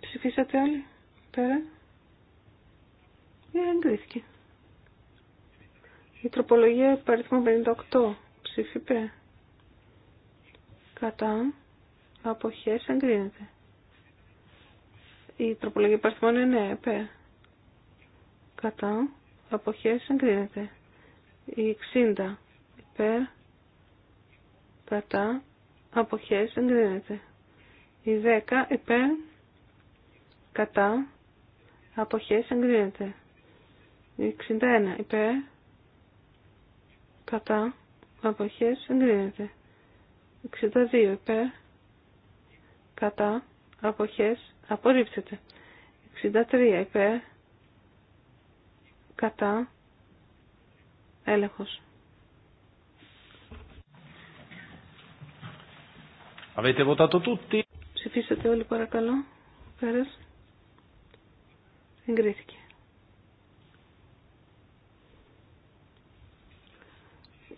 Ψηφίσατε όλοι. Πέρα. Ε, εγκρίθηκε. Η τροπολογία παριθμό 58. Ψήφιπε. Κατά. Αποχές εγκρίνεται. Η τροπολογία ειναι 9. Πέρα. Κατά αποχές εγκρίνεται. Η 60 υπέρ κατά αποχές εγκρίνεται. Η 10 υπέρ κατά αποχές εγκρίνεται. Η 61 υπέρ κατά αποχές εγκρίνεται. 62 υπέρ κατά αποχές απορρίπτεται. 63 υπέρ κατά έλεγχος. Avete Ψηφίσατε όλοι παρακαλώ. Πέρας. Εγκρίθηκε.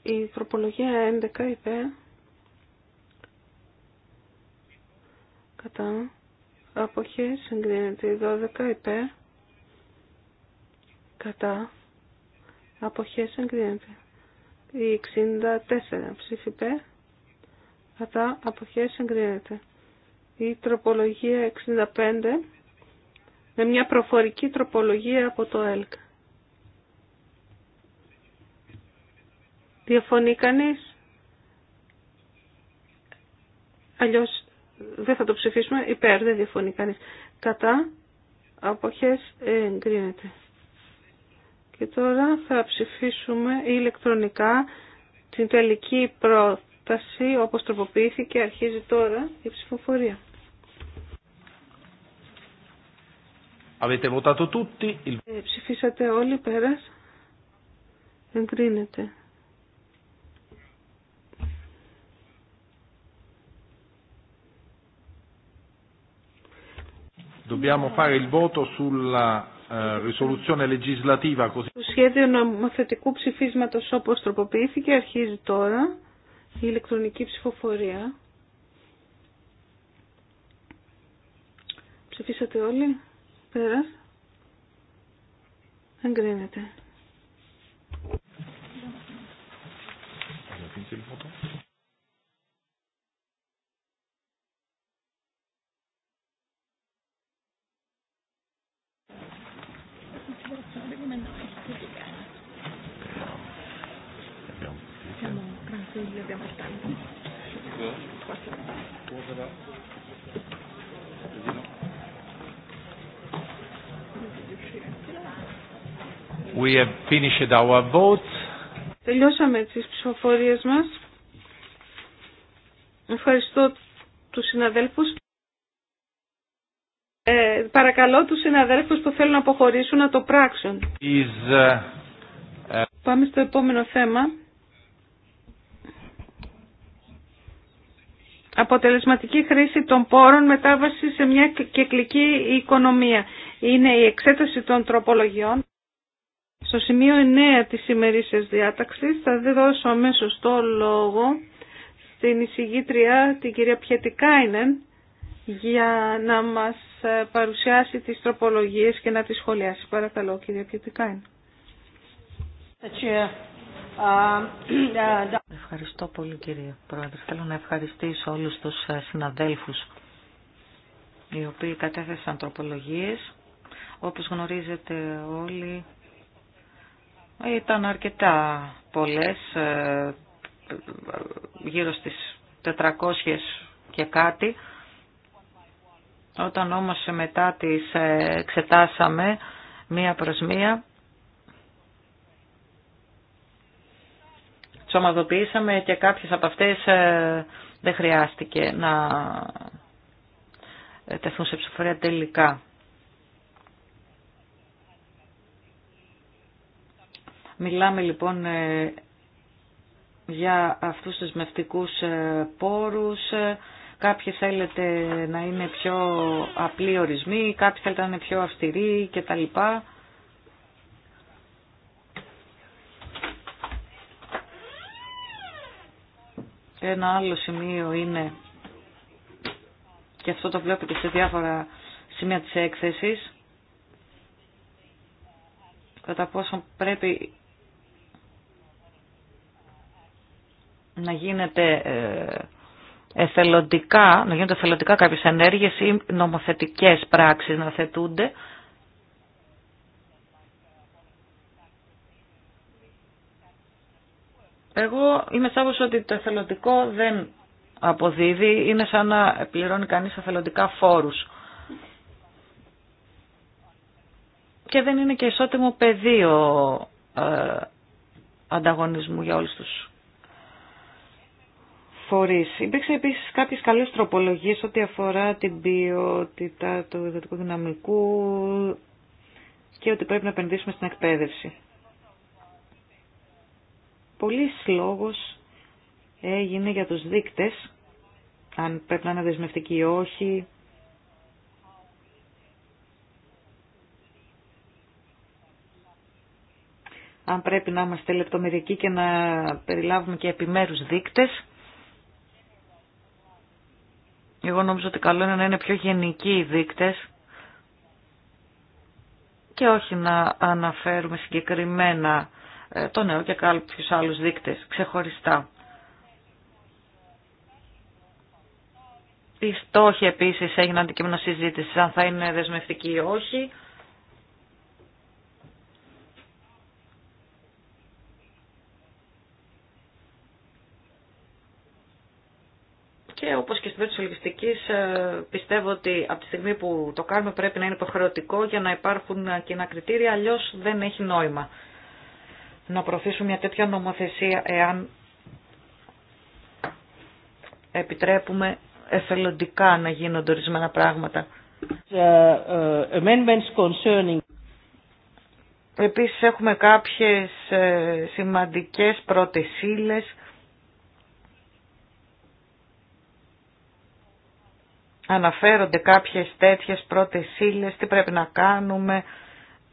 Η τροπολογία 11 υπέρ. Κατά. Αποχές εγκρίνεται. Η 12 υπέρ κατά αποχές εγκρίνεται. Η 64 ψήφιπε. κατά αποχές εγκρίνεται. Η τροπολογία 65 με μια προφορική τροπολογία από το ΕΛΚ. Διαφωνεί κανείς. Αλλιώς δεν θα το ψηφίσουμε. Υπέρ δεν διαφωνεί κανείς. Κατά αποχές εγκρίνεται. Και τώρα θα ψηφίσουμε ηλεκτρονικά την τελική πρόταση όπως τροποποιήθηκε αρχίζει τώρα η ψηφοφορία. Ε, ψηφίσατε όλοι πέρας. Εγκρίνεται. Dobbiamo fare il voto sulla ε, Το σχέδιο νομοθετικού ψηφίσματος όπως τροποποιήθηκε αρχίζει τώρα η ηλεκτρονική ψηφοφορία. Ψηφίσατε όλοι. Πέρας. Εγκρίνεται. Τελειώσαμε τις ψηφοφορίες μας. Ευχαριστώ τους συναδέλφους. Ε, παρακαλώ τους συναδέλφους που θέλουν να αποχωρήσουν να το πράξουν. Ε, ε, Πάμε στο επόμενο θέμα. Αποτελεσματική χρήση των πόρων μετάβαση σε μια κεκλική οικονομία. Είναι η εξέταση των τροπολογιών. Στο σημείο 9 της ημερήσιας διάταξης θα δώσω αμέσω το λόγο στην εισηγήτρια την κυρία Πιετικάινεν για να μας παρουσιάσει τις τροπολογίες και να τις σχολιάσει. Παρακαλώ κυρία Πιετικάινεν. Ευχαριστώ πολύ κύριε Πρόεδρε. Θέλω να ευχαριστήσω όλους τους συναδέλφους οι οποίοι κατέθεσαν τροπολογίες. Όπως γνωρίζετε όλοι, ήταν αρκετά πολλές, ε, γύρω στις 400 και κάτι. Όταν όμως μετά τις ε, εξετάσαμε μία προς μία, τις και κάποιες από αυτές ε, δεν χρειάστηκε να τεθούν σε ψηφορία τελικά. Μιλάμε λοιπόν ε, για αυτούς τους μευτικούς ε, πόρους. Ε, κάποιοι θέλετε να είναι πιο απλοί ορισμοί, κάποιοι θέλετε να είναι πιο αυστηροί κτλ. Ένα άλλο σημείο είναι, και αυτό το βλέπετε σε διάφορα σημεία της έκθεσης, κατά πόσο πρέπει να γίνεται ε, εθελοντικά, να γίνονται εθελοντικά κάποιες ενέργειες ή νομοθετικές πράξεις να θετούνται. Εγώ είμαι σάβος ότι το εθελοντικό δεν αποδίδει, είναι σαν να πληρώνει κανείς εθελοντικά φόρους. Και δεν είναι και ισότιμο πεδίο ε, ανταγωνισμού για όλους τους φορείς. Υπήρξε επίσης κάποιες καλές τροπολογίες ό,τι αφορά την ποιότητα του ιδιωτικού δυναμικού και ότι πρέπει να επενδύσουμε στην εκπαίδευση. Πολλοί λόγος έγινε για τους δείκτες, αν πρέπει να είναι δεσμευτικοί ή όχι, αν πρέπει να είμαστε λεπτομερικοί και να περιλάβουμε και επιμέρους δείκτες. Εγώ νομίζω ότι καλό είναι να είναι πιο γενικοί οι δείκτες και όχι να αναφέρουμε συγκεκριμένα ε, το νέο και κάποιους άλλους δείκτες ξεχωριστά. Οι στόχοι επίσης έγιναν αντικείμενο συζήτηση αν θα είναι δεσμευτική ή όχι. Και όπως και στην περίπτωση λογιστικής ε, πιστεύω ότι από τη στιγμή που το κάνουμε πρέπει να είναι υποχρεωτικό για να υπάρχουν ε, κοινά κριτήρια, αλλιώς δεν έχει νόημα να προωθήσουμε μια τέτοια νομοθεσία εάν επιτρέπουμε εθελοντικά να γίνονται ορισμένα πράγματα. Ε, Επίσης έχουμε κάποιες σημαντικές πρώτες αναφέρονται κάποιες τέτοιες πρώτες ύλε, τι πρέπει να κάνουμε,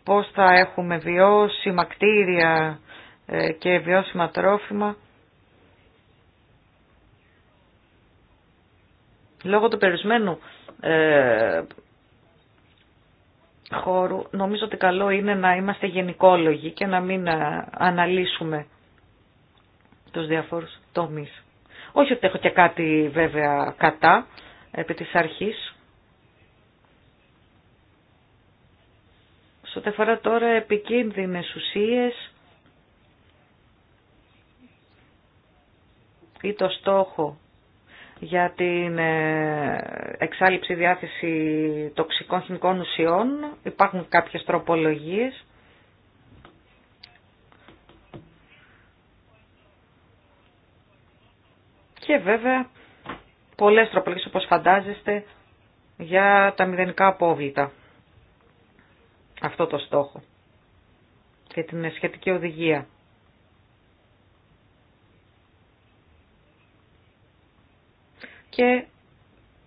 πώς θα έχουμε βιώσιμα κτίρια ε, και βιώσιμα τρόφιμα. Λόγω του περισμένου ε, χώρου, νομίζω ότι καλό είναι να είμαστε γενικόλογοι και να μην ε, αναλύσουμε τους διαφόρους τομείς. Όχι ότι έχω και κάτι βέβαια κατά, επί της αρχής. Σε ό,τι τώρα επικίνδυνες ουσίες ή το στόχο για την ε, εξάλληψη διάθεση τοξικών χημικών ουσιών. Υπάρχουν κάποιες τροπολογίες. Και βέβαια πολλές τροπολογίες όπως φαντάζεστε για τα μηδενικά απόβλητα. Αυτό το στόχο και την σχετική οδηγία. Και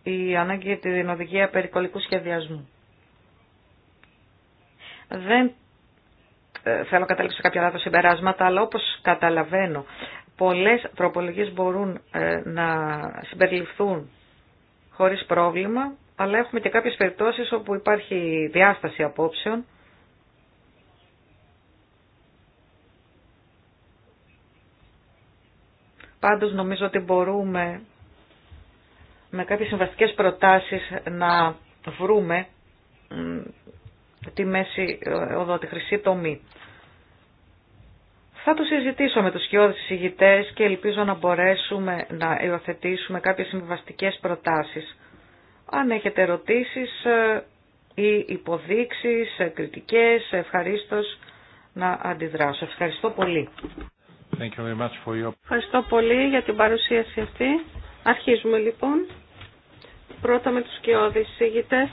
η ανάγκη για την οδηγία περικολικού σχεδιασμού. Δεν ε, θέλω να καταλήξω κάποια λάθος συμπεράσματα, αλλά όπως καταλαβαίνω Πολλές τροπολογίες μπορούν ε, να συμπεριληφθούν χωρίς πρόβλημα, αλλά έχουμε και κάποιες περιπτώσεις όπου υπάρχει διάσταση απόψεων. Πάντως νομίζω ότι μπορούμε με κάποιες συμβαστικές προτάσεις να βρούμε τη μέση ε, οδό, τη χρυσή τομή. Θα το συζητήσω με τους σκιώδεις συγητές και ελπίζω να μπορέσουμε να υιοθετήσουμε κάποιες συμβιβαστικές προτάσεις. Αν έχετε ερωτήσεις ε, ή υποδείξεις, ε, κριτικές, ε, ευχαρίστως να αντιδράσω. Ευχαριστώ πολύ. Thank you very much for your... Ευχαριστώ πολύ για την παρουσίαση αυτή. Αρχίζουμε λοιπόν. Πρώτα με τους σκιώδεις συγητές.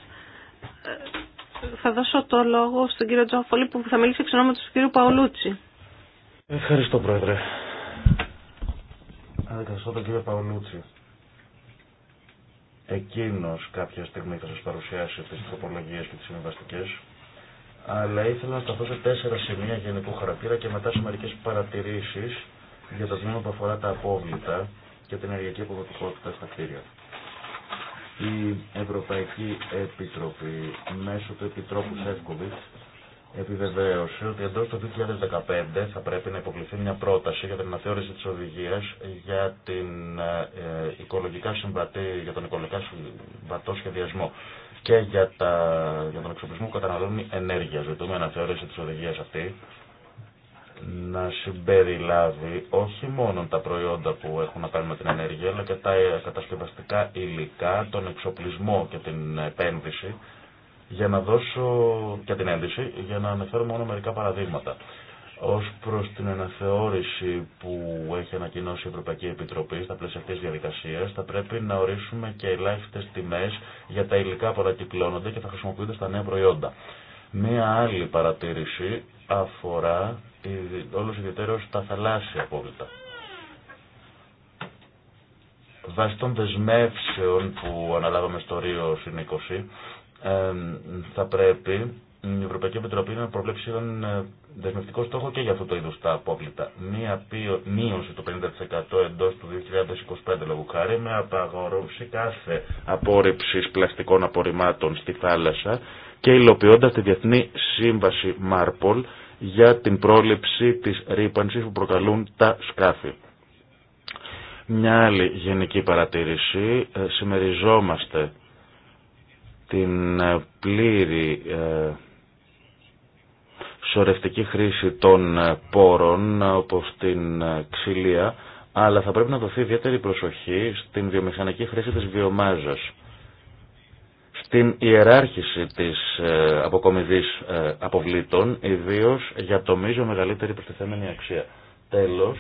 Θα δώσω το λόγο στον κύριο Τζόφολη που θα μιλήσει εξ με του κύριου Παολούτσι. Ευχαριστώ, Πρόεδρε. Ευχαριστώ τον κύριο Παολούτσι. Εκείνος κάποια στιγμή θα σας παρουσιάσει τις τροπολογίε και τις συμβαστικέ, αλλά ήθελα να σταθώ σε τέσσερα σημεία γενικού χαρακτήρα και μετά σε μερικέ παρατηρήσει για το τμήμα που αφορά τα απόβλητα και την ενεργειακή αποδοτικότητα στα κτίρια. Η Ευρωπαϊκή Επιτροπή μέσω του Επιτρόπου Σεύκοβιτ επιβεβαίωσε ότι εντό του 2015 θα πρέπει να υποκληθεί μια πρόταση για την αναθεώρηση τη οδηγία για, την, ε, συμβατή, για τον οικολογικά συμβατό σχεδιασμό και για, τα, για τον εξοπλισμό που καταναλώνει ενέργεια. Ζητούμε αναθεώρηση τη οδηγία αυτή να συμπεριλάβει όχι μόνο τα προϊόντα που έχουν να κάνουν με την ενέργεια, αλλά και τα κατασκευαστικά υλικά, τον εξοπλισμό και την επένδυση για να δώσω και την ένδυση, για να αναφέρω μόνο μερικά παραδείγματα. Ω προ την αναθεώρηση που έχει ανακοινώσει η Ευρωπαϊκή Επιτροπή στα πλαίσια αυτή τη διαδικασία, θα πρέπει να ορίσουμε και ελάχιστε τιμέ για τα υλικά που ανακυκλώνονται και θα χρησιμοποιούνται στα νέα προϊόντα. Μία άλλη παρατήρηση αφορά όλο ιδιαίτερω τα θαλάσσια απόβλητα. Βάσει των δεσμεύσεων που αναλάβαμε στο Ρίο 20, θα πρέπει η Ευρωπαϊκή Επιτροπή να προβλέψει έναν ε, δεσμευτικό στόχο και για αυτό το είδο τα απόβλητα. Μία μείωση το 50% εντό του 2025 λόγω χάρη με απαγορεύση κάθε απόρριψη πλαστικών απορριμμάτων στη θάλασσα και υλοποιώντα τη Διεθνή Σύμβαση Μάρπολ για την πρόληψη τη ρήπανση που προκαλούν τα σκάφη. Μια άλλη γενική παρατήρηση. Ε, συμμεριζόμαστε την ε, πλήρη ε, σωρευτική χρήση των ε, πόρων όπως την ξυλία αλλά θα πρέπει να δοθεί ιδιαίτερη προσοχή στην βιομηχανική χρήση της βιομάζας στην ιεράρχηση της αποκομιδής αποβλήτων ιδίως για το μείζο μεγαλύτερη προστιθέμενη αξία. Τέλος,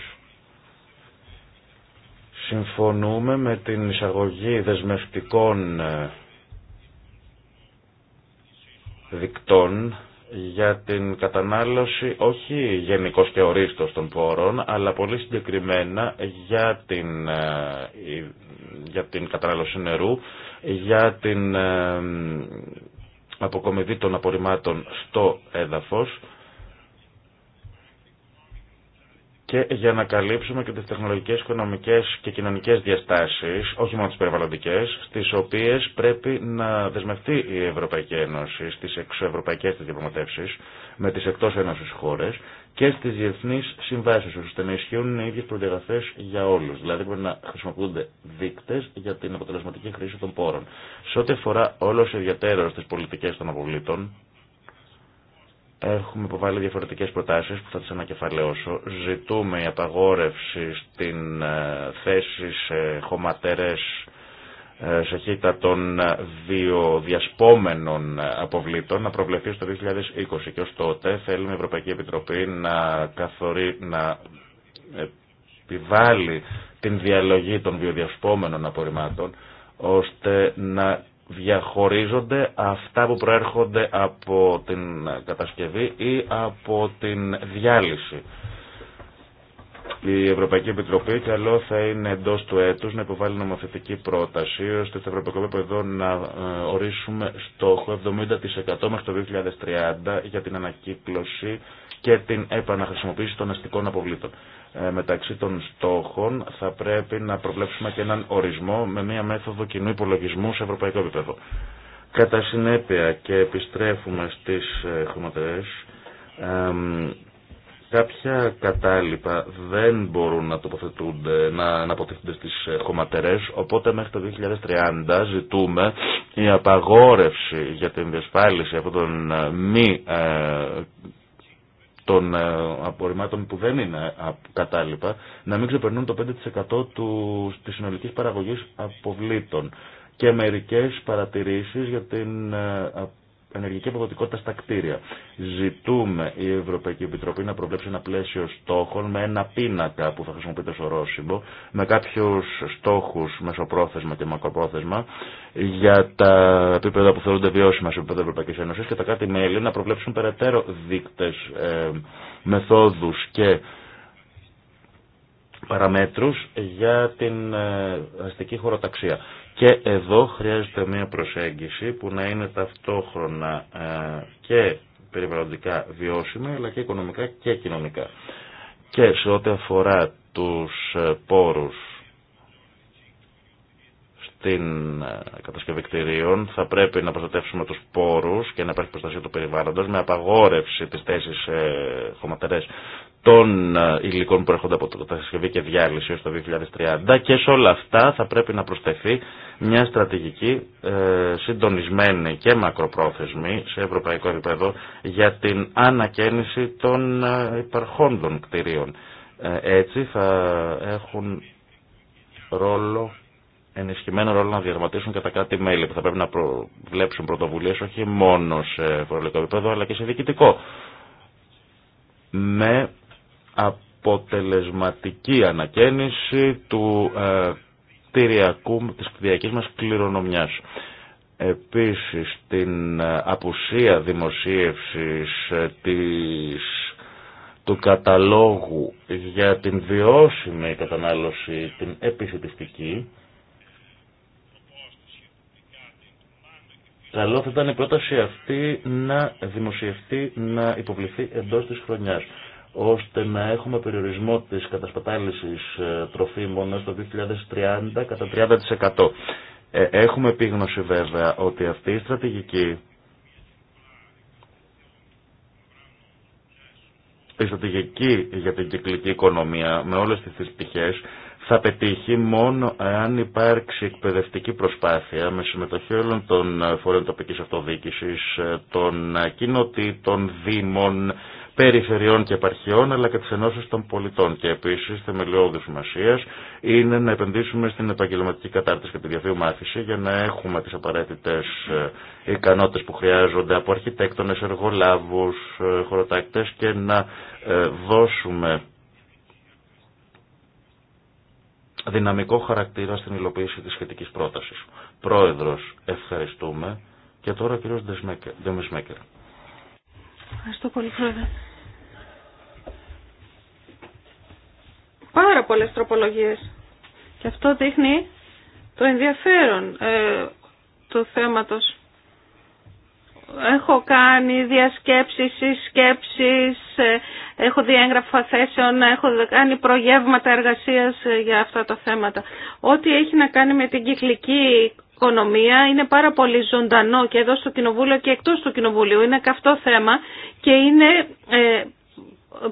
συμφωνούμε με την εισαγωγή δεσμευτικών δικτών για την κατανάλωση όχι γενικώ και ορίστος των πόρων, αλλά πολύ συγκεκριμένα για την, ε, για την κατανάλωση νερού, για την ε, αποκομιδή των απορριμμάτων στο έδαφος και για να καλύψουμε και τις τεχνολογικές, οικονομικές και κοινωνικές διαστάσεις, όχι μόνο τις περιβαλλοντικές, στις οποίες πρέπει να δεσμευτεί η Ευρωπαϊκή Ένωση στις εξωευρωπαϊκές της διαπραγματεύσεις με τις εκτός ένωσης χώρες και στις διεθνείς συμβάσεις, ώστε να ισχύουν οι ίδιες προδιαγραφές για όλους. Δηλαδή πρέπει να χρησιμοποιούνται δείκτες για την αποτελεσματική χρήση των πόρων. Σε ό,τι αφορά όλος ιδιαίτερο τις πολιτικές των αποβλήτων, Έχουμε υποβάλει διαφορετικές προτάσεις που θα τις ανακεφαλαιώσω. Ζητούμε η απαγόρευση στην ε, θέση σε χωματερές ε, σε χείτα των βιοδιασπόμενων ε, αποβλήτων να προβλεφθεί στο 2020 και ως τότε θέλουμε η Ευρωπαϊκή Επιτροπή να, καθορί, να επιβάλλει την διαλογή των βιοδιασπόμενων απορριμμάτων ώστε να διαχωρίζονται αυτά που προέρχονται από την κατασκευή ή από την διάλυση. Η Ευρωπαϊκή Επιτροπή καλό θα είναι εντό του έτου να υποβάλει νομοθετική πρόταση ώστε στο ευρωπαϊκό επίπεδο να ε, ορίσουμε στόχο 70% μέχρι το 2030 για την ανακύκλωση και την επαναχρησιμοποίηση των αστικών αποβλήτων. Ε, μεταξύ των στόχων θα πρέπει να προβλέψουμε και έναν ορισμό με μια μέθοδο κοινού υπολογισμού σε ευρωπαϊκό επίπεδο. Κατά συνέπεια και επιστρέφουμε στις ε, χωματερές, κάποια κατάλοιπα δεν μπορούν να τοποθετούνται, να, να αποτίθενται στις ε, χωματερές, οπότε μέχρι το 2030 ζητούμε η απαγόρευση για την διασφάλιση αυτών των μη των ε, απορριμμάτων που δεν είναι κατάλληπα, να μην ξεπερνούν το 5% του, της συνολικής παραγωγής αποβλήτων και μερικές παρατηρήσεις για την ε, ενεργική αποδοτικότητα στα κτίρια. Ζητούμε η Ευρωπαϊκή Επιτροπή να προβλέψει ένα πλαίσιο στόχων με ένα πίνακα που θα χρησιμοποιείται στο Ρώσιμπο, με κάποιου στόχου μεσοπρόθεσμα και μακροπρόθεσμα για τα επίπεδα που θεωρούνται βιώσιμα σε επίπεδο Ευρωπαϊκή Ένωση και τα κάτι μέλη να προβλέψουν περαιτέρω δείκτες, ε, μεθόδου και παραμέτρους για την ε, αστική χωροταξία. Και εδώ χρειάζεται μια προσέγγιση που να είναι ταυτόχρονα ε, και περιβαλλοντικά βιώσιμη αλλά και οικονομικά και κοινωνικά. Και σε ό,τι αφορά τους ε, πόρους στην ε, κατασκευή κτηρίων θα πρέπει να προστατεύσουμε τους πόρους και να υπάρχει προστασία του περιβάλλοντος με απαγόρευση της θέσης ε, των ε, υλικών που έρχονται από κατασκευή και διάλυση έως το 2030 και σε όλα αυτά θα πρέπει να προσθεθεί μια στρατηγική ε, συντονισμένη και μακροπρόθεσμη σε ευρωπαϊκό επίπεδο για την ανακαίνιση των ε, υπαρχόντων κτηρίων. Έτσι θα έχουν ρόλο ενισχυμένο ρόλο να διαρματίσουν και τα κράτη-μέλη που θα πρέπει να προβλέψουν πρωτοβουλίε όχι μόνο σε ευρωπαϊκό επίπεδο αλλά και σε διοικητικό. Με αποτελεσματική ανακαίνιση του ε, της κτηριακής μας κληρονομιάς. Επίσης την ε, απουσία δημοσίευσης ε, της, του καταλόγου για την βιώσιμη κατανάλωση, την επισητιστική, Καλό θα ήταν η πρόταση αυτή να δημοσιευτεί, να υποβληθεί εντός της χρονιάς ώστε να έχουμε περιορισμό της κατασπατάλησης ε, τροφίμων στο το 2030 κατά 30%. Ε, έχουμε επίγνωση βέβαια ότι αυτή η στρατηγική η στρατηγική για την κυκλική οικονομία με όλες τις πτυχές θα πετύχει μόνο αν υπάρξει εκπαιδευτική προσπάθεια με συμμετοχή όλων των φορέων τοπικής αυτοδιοίκησης, ε, των κοινοτήτων, δήμων, περιφερειών και επαρχιών αλλά και τη ενώσης των πολιτών και επίσης θεμελιώδης σημασία είναι να επενδύσουμε στην επαγγελματική κατάρτιση και τη διαβίου μάθηση για να έχουμε τις απαραίτητες ε, ικανότητες που χρειάζονται από αρχιτέκτονες, εργολάβους, ε, χωροτάκτες και να ε, δώσουμε δυναμικό χαρακτήρα στην υλοποίηση της σχετικής πρότασης. Πρόεδρος, ευχαριστούμε. Και τώρα ο κύριος Ντεμισμέκερ. Ευχαριστώ πολύ, Πρόεδρε. πάρα πολλές τροπολογίες. Και αυτό δείχνει το ενδιαφέρον ε, του θέματος. Έχω κάνει διασκέψεις, σκέψεις, ε, έχω διέγγραφα θέσεων, έχω κάνει προγεύματα εργασίας ε, για αυτά τα θέματα. Ό,τι έχει να κάνει με την κυκλική οικονομία είναι πάρα πολύ ζωντανό και εδώ στο Κοινοβούλιο και εκτός του Κοινοβουλίου. Είναι καυτό θέμα και είναι ε,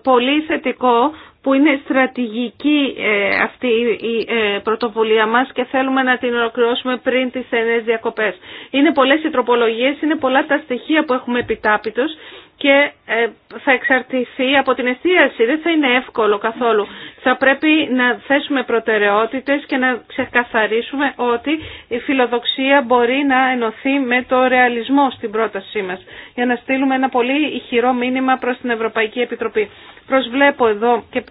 πολύ θετικό που είναι στρατηγική ε, αυτή η ε, πρωτοβουλία μας και θέλουμε να την ολοκληρώσουμε πριν τις ενές διακοπές. Είναι πολλές οι τροπολογίες, είναι πολλά τα στοιχεία που έχουμε επιτάπητος και ε, θα εξαρτηθεί από την εστίαση. Δεν θα είναι εύκολο καθόλου. Θα πρέπει να θέσουμε προτεραιότητες και να ξεκαθαρίσουμε ότι η φιλοδοξία μπορεί να ενωθεί με το ρεαλισμό στην πρότασή μας για να στείλουμε ένα πολύ ηχηρό μήνυμα προς την Ευρωπαϊκή Επιτροπή. Προσβλέπω εδώ και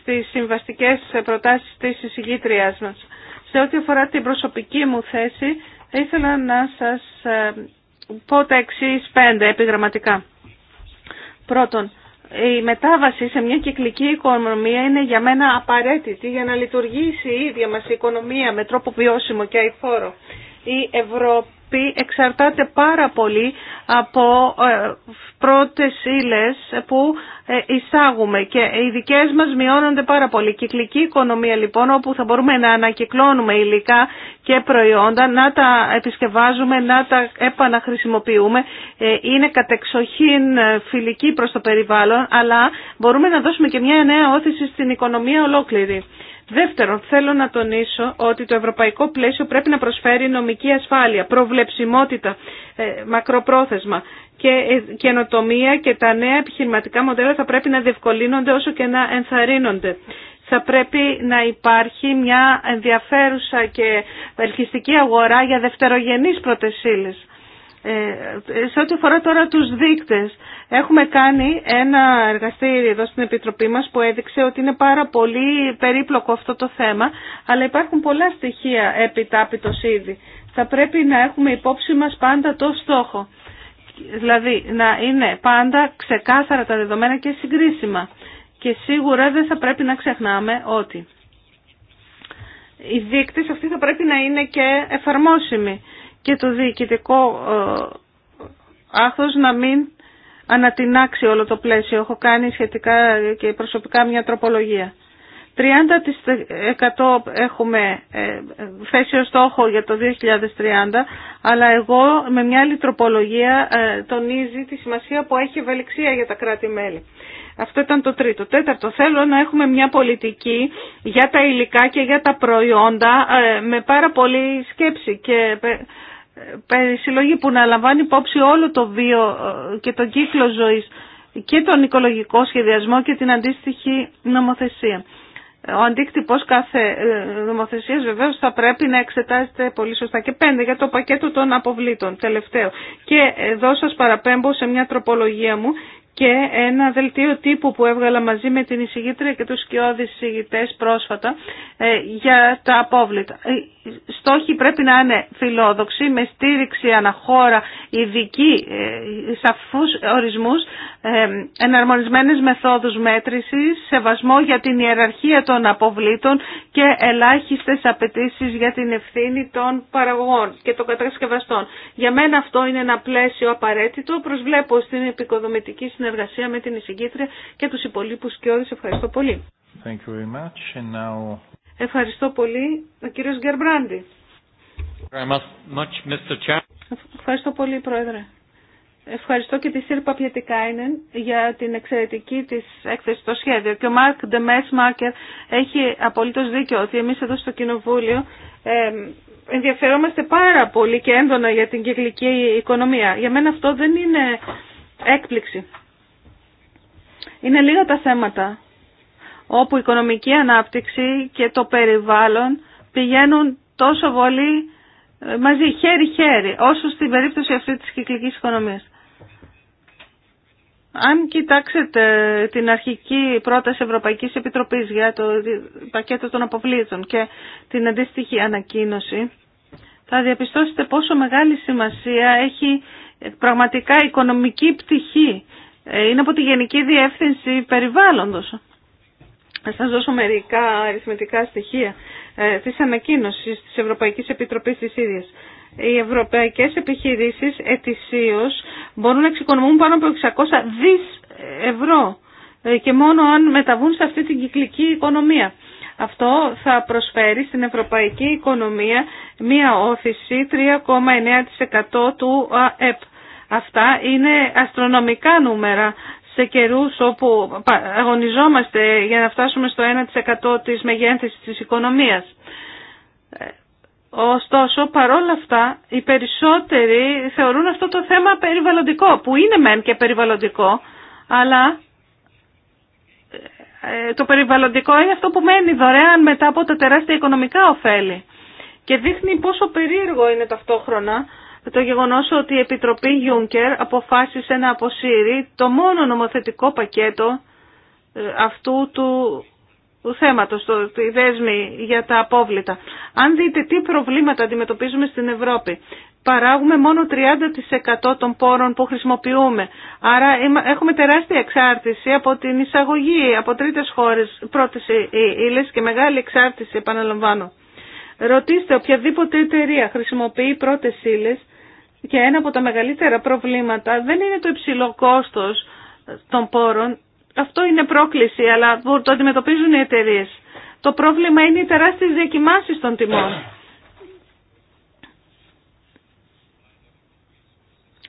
στις συμβαστικές προτάσεις της εισηγήτριάς μας. Σε ό,τι αφορά την προσωπική μου θέση, ήθελα να σας ε, πότε τα εξή πέντε επιγραμματικά. Πρώτον, η μετάβαση σε μια κυκλική οικονομία είναι για μένα απαραίτητη για να λειτουργήσει η ίδια μας η οικονομία με τρόπο βιώσιμο και αηφόρο. Η Ευρώπη εξαρτάτε εξαρτάται πάρα πολύ από ε, πρώτες ύλες που ε, εισάγουμε και οι δικές μας μειώνονται πάρα πολύ. Κυκλική οικονομία λοιπόν όπου θα μπορούμε να ανακυκλώνουμε υλικά και προϊόντα, να τα επισκευάζουμε, να τα επαναχρησιμοποιούμε. Ε, είναι κατεξοχήν φιλική προς το περιβάλλον αλλά μπορούμε να δώσουμε και μια νέα όθηση στην οικονομία ολόκληρη. Δεύτερον, θέλω να τονίσω ότι το ευρωπαϊκό πλαίσιο πρέπει να προσφέρει νομική ασφάλεια, προβλεψιμότητα, ε, μακροπρόθεσμα και ε, καινοτομία και τα νέα επιχειρηματικά μοντέλα θα πρέπει να διευκολύνονται όσο και να ενθαρρύνονται. Θα πρέπει να υπάρχει μια ενδιαφέρουσα και ελκυστική αγορά για δευτερογενείς πρωτεσίλες. Ε, σε ό,τι αφορά τώρα τους δείκτες, έχουμε κάνει ένα εργαστήριο εδώ στην Επιτροπή μας που έδειξε ότι είναι πάρα πολύ περίπλοκο αυτό το θέμα, αλλά υπάρχουν πολλά στοιχεία επιτάπητος ήδη. Θα πρέπει να έχουμε υπόψη μας πάντα το στόχο. Δηλαδή να είναι πάντα ξεκάθαρα τα δεδομένα και συγκρίσιμα. Και σίγουρα δεν θα πρέπει να ξεχνάμε ότι οι δείκτες αυτοί θα πρέπει να είναι και εφαρμόσιμοι και το διοικητικό ε, άθος να μην ανατινάξει όλο το πλαίσιο. Έχω κάνει σχετικά και προσωπικά μια τροπολογία. 30% έχουμε ε, θέσει ως στόχο για το 2030, αλλά εγώ με μια άλλη τροπολογία ε, τονίζει τη σημασία που έχει ευελιξία για τα κράτη-μέλη. Αυτό ήταν το τρίτο. Τέταρτο, θέλω να έχουμε μια πολιτική για τα υλικά και για τα προϊόντα με πάρα πολύ σκέψη και περισυλλογή που να λαμβάνει υπόψη όλο το βίο ε, και τον κύκλο ζωής και τον οικολογικό σχεδιασμό και την αντίστοιχη νομοθεσία. Ο αντίκτυπος κάθε ε, νομοθεσίας βεβαίως θα πρέπει να εξετάζεται πολύ σωστά. Και πέντε για το πακέτο των αποβλήτων, τελευταίο. Και εδώ σας παραπέμπω σε μια τροπολογία μου και ένα δελτίο τύπου που έβγαλα μαζί με την εισηγήτρια και τους σκιώδεις εισηγητές πρόσφατα ε, για τα απόβλητα. Ε, στόχοι πρέπει να είναι φιλόδοξοι με στήριξη αναχώρα, ειδική, ε, σαφούς ορισμούς, ε, εναρμονισμένες μεθόδους μέτρησης, σεβασμό για την ιεραρχία των αποβλήτων και ελάχιστες απαιτήσει για την ευθύνη των παραγωγών και των κατασκευαστών. Για μένα αυτό είναι ένα πλαίσιο απαραίτητο. Προσβλέπω στην επικοδομητική συνεργασία με την εισηγήτρια και τους υπολείπους και όλους. Ευχαριστώ πολύ. Thank you very much. And now... Ευχαριστώ πολύ. Ο κύριος Γκερμπράντη. Ευχαριστώ πολύ, Πρόεδρε. Ευχαριστώ και τη Σύρπα Πιετικάινεν για την εξαιρετική της έκθεση στο σχέδιο. Και ο Μάρκ Ντεμέσμακερ έχει απολύτως δίκιο ότι εμείς εδώ στο Κοινοβούλιο ενδιαφερόμαστε πάρα πολύ και έντονα για την κυκλική οικονομία. Για μένα αυτό δεν είναι έκπληξη. Είναι λίγα τα θέματα όπου η οικονομική ανάπτυξη και το περιβάλλον πηγαίνουν τόσο πολύ ε, μαζί, χέρι-χέρι, όσο στην περίπτωση αυτή της κυκλικής οικονομίας. Αν κοιτάξετε την αρχική πρόταση Ευρωπαϊκής Επιτροπής για το πακέτο των αποβλήτων και την αντίστοιχη ανακοίνωση, θα διαπιστώσετε πόσο μεγάλη σημασία έχει πραγματικά η οικονομική πτυχή ε, είναι από τη Γενική Διεύθυνση Περιβάλλοντος. Θα ε, σας δώσω μερικά αριθμητικά στοιχεία ε, της ανακοίνωσης της Ευρωπαϊκής Επιτροπής της ίδιας. Οι ευρωπαϊκές επιχειρήσεις ετησίως μπορούν να εξοικονομούν πάνω από 600 δις ευρώ και μόνο αν μεταβούν σε αυτή την κυκλική οικονομία. Αυτό θα προσφέρει στην ευρωπαϊκή οικονομία μία όθηση 3,9% του ΑΕΠ. Αυτά είναι αστρονομικά νούμερα σε καιρούς όπου αγωνιζόμαστε για να φτάσουμε στο 1% της μεγέθυνσης της οικονομίας. Ε, ωστόσο, παρόλα αυτά, οι περισσότεροι θεωρούν αυτό το θέμα περιβαλλοντικό, που είναι μεν και περιβαλλοντικό, αλλά ε, ε, το περιβαλλοντικό είναι αυτό που μένει δωρεάν μετά από τα τεράστια οικονομικά ωφέλη. Και δείχνει πόσο περίεργο είναι ταυτόχρονα το γεγονός ότι η Επιτροπή Juncker αποφάσισε να αποσύρει το μόνο νομοθετικό πακέτο ε, αυτού του θέματος, το, τη δέσμη για τα απόβλητα. Αν δείτε τι προβλήματα αντιμετωπίζουμε στην Ευρώπη, παράγουμε μόνο 30% των πόρων που χρησιμοποιούμε. Άρα έχουμε τεράστια εξάρτηση από την εισαγωγή από τρίτες χώρες πρώτες ύλες και μεγάλη εξάρτηση, επαναλαμβάνω. Ρωτήστε οποιαδήποτε εταιρεία χρησιμοποιεί πρώτες ύλες και ένα από τα μεγαλύτερα προβλήματα δεν είναι το υψηλό κόστος των πόρων. Αυτό είναι πρόκληση, αλλά το αντιμετωπίζουν οι εταιρείε. Το πρόβλημα είναι οι τεράστιες διακοιμάσεις των τιμών.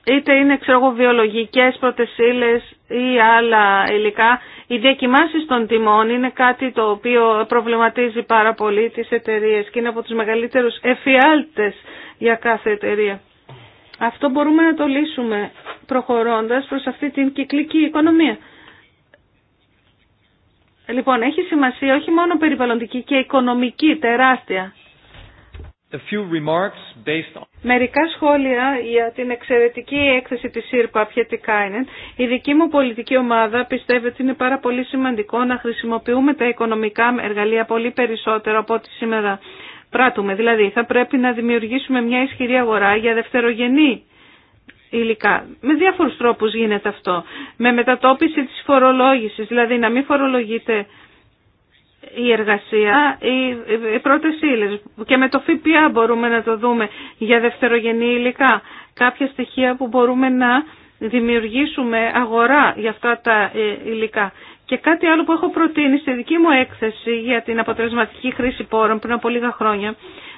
Είτε είναι ξέρω εγώ, βιολογικές πρωτεσίλες ή άλλα υλικά. Οι διακοιμάσεις των τιμών είναι κάτι το οποίο προβληματίζει πάρα πολύ τις εταιρείε και είναι από τους μεγαλύτερους εφιάλτες για κάθε εταιρεία. Αυτό μπορούμε να το λύσουμε προχωρώντας προς αυτή την κυκλική οικονομία. Λοιπόν, έχει σημασία όχι μόνο περιβαλλοντική και οικονομική τεράστια. Μερικά σχόλια για την εξαιρετική έκθεση της ΣΥΡΠΑ πιετικά είναι. Η δική μου πολιτική ομάδα πιστεύει ότι είναι πάρα πολύ σημαντικό να χρησιμοποιούμε τα οικονομικά εργαλεία πολύ περισσότερο από ό,τι σήμερα Δηλαδή θα πρέπει να δημιουργήσουμε μια ισχυρή αγορά για δευτερογενή υλικά. Με διάφορους τρόπους γίνεται αυτό. Με μετατόπιση της φορολόγησης, δηλαδή να μην φορολογείται η εργασία, οι πρώτες ύλες. Και με το ΦΠΑ μπορούμε να το δούμε για δευτερογενή υλικά. Κάποια στοιχεία που μπορούμε να δημιουργήσουμε αγορά για αυτά τα ε, υλικά. Και κάτι άλλο που έχω προτείνει στη δική μου έκθεση για την αποτελεσματική χρήση πόρων πριν από λίγα χρόνια,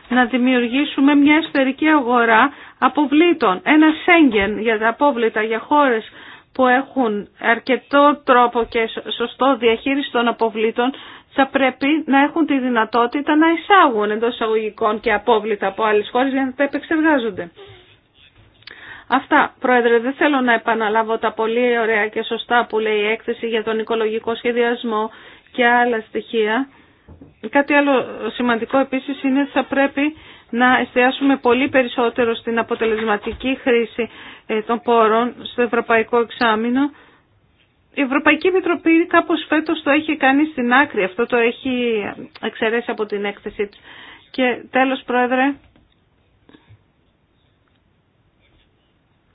να δημιουργήσουμε μια εσωτερική αγορά αποβλήτων, ένα σέγγεν για τα απόβλητα, για χώρες που έχουν αρκετό τρόπο και σωστό διαχείριση των αποβλήτων, θα πρέπει να έχουν τη δυνατότητα να εισάγουν εντό εισαγωγικών και απόβλητα από άλλε χώρε για να τα επεξεργάζονται. Αυτά, Πρόεδρε, δεν θέλω να επαναλάβω τα πολύ ωραία και σωστά που λέει η έκθεση για τον οικολογικό σχεδιασμό και άλλα στοιχεία. Κάτι άλλο σημαντικό επίσης είναι ότι θα πρέπει να εστιάσουμε πολύ περισσότερο στην αποτελεσματική χρήση ε, των πόρων στο Ευρωπαϊκό Εξάμεινο. Η Ευρωπαϊκή Επιτροπή κάπως φέτος το έχει κάνει στην άκρη. Αυτό το έχει εξαιρέσει από την έκθεσή της. Και τέλος, Πρόεδρε,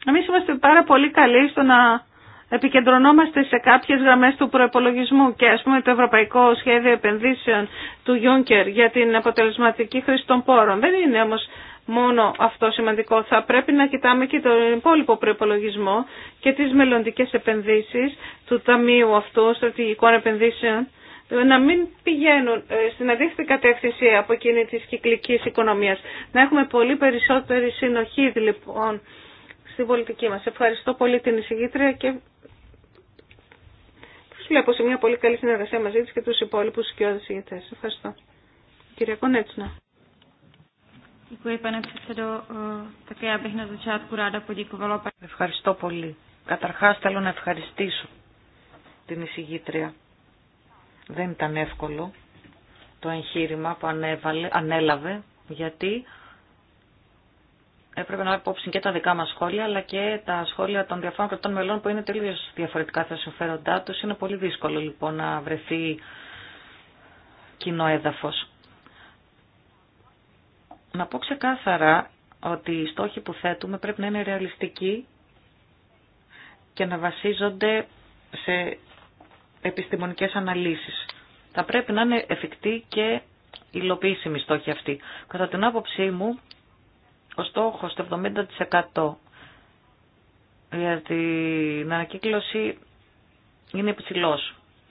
Εμείς είμαστε πάρα πολύ καλοί στο να επικεντρωνόμαστε σε κάποιες γραμμές του προεπολογισμού και ας πούμε το Ευρωπαϊκό Σχέδιο Επενδύσεων του Juncker για την αποτελεσματική χρήση των πόρων. Δεν είναι όμως μόνο αυτό σημαντικό. Θα πρέπει να κοιτάμε και τον υπόλοιπο προπολογισμό και τις μελλοντικέ επενδύσεις του Ταμείου αυτού, στρατηγικών επενδύσεων, να μην πηγαίνουν ε, στην αντίθετη κατεύθυνση από εκείνη της κυκλικής οικονομίας. Να έχουμε πολύ περισσότερη συνοχή λοιπόν στην πολιτική μας. Ευχαριστώ πολύ την εισηγήτρια και βλέπω σε μια πολύ καλή συνεργασία μαζί της και τους υπόλοιπους σκιώδες ηγητές. Ευχαριστώ. Κυρία Κονέτσνα. Ευχαριστώ πολύ. Καταρχάς θέλω να ευχαριστήσω την εισηγήτρια. Δεν ήταν εύκολο το εγχείρημα που ανέβαλε, ανέλαβε γιατί έπρεπε να υπόψη και τα δικά μας σχόλια, αλλά και τα σχόλια των διαφόρων κρατών μελών που είναι τελείως διαφορετικά τα συμφέροντά του, Είναι πολύ δύσκολο λοιπόν να βρεθεί κοινό έδαφος. Να πω ξεκάθαρα ότι οι στόχοι που θέτουμε πρέπει να είναι ρεαλιστικοί και να βασίζονται σε επιστημονικές αναλύσεις. Θα πρέπει να είναι εφικτοί και υλοποιήσιμοι στόχοι αυτοί. Κατά την άποψή μου, ο στόχος το 70% για την ανακύκλωση είναι υψηλό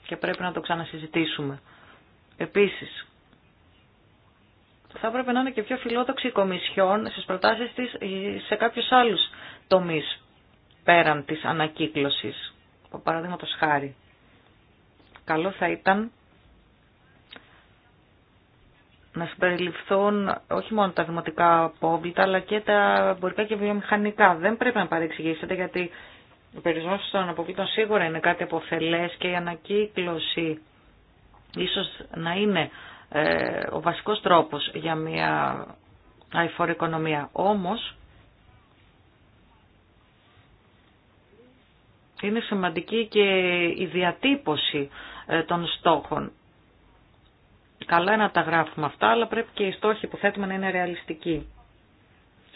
και πρέπει να το ξανασυζητήσουμε. Επίσης, θα έπρεπε να είναι και πιο φιλόδοξη η Κομισιόν στις προτάσεις της σε κάποιους άλλους τομείς πέραν της ανακύκλωσης. Παραδείγματο χάρη. Καλό θα ήταν να συμπεριληφθούν όχι μόνο τα δημοτικά απόβλητα, αλλά και τα εμπορικά και βιομηχανικά. Δεν πρέπει να παρεξηγήσετε, γιατί ο περιορισμό των αποβλήτων σίγουρα είναι κάτι αποφελέ και η ανακύκλωση ίσως να είναι ε, ο βασικός τρόπος για μια αηφόρη οικονομία. Όμως, είναι σημαντική και η διατύπωση ε, των στόχων Καλά να τα γράφουμε αυτά, αλλά πρέπει και οι στόχοι που θέτουμε να είναι ρεαλιστικοί.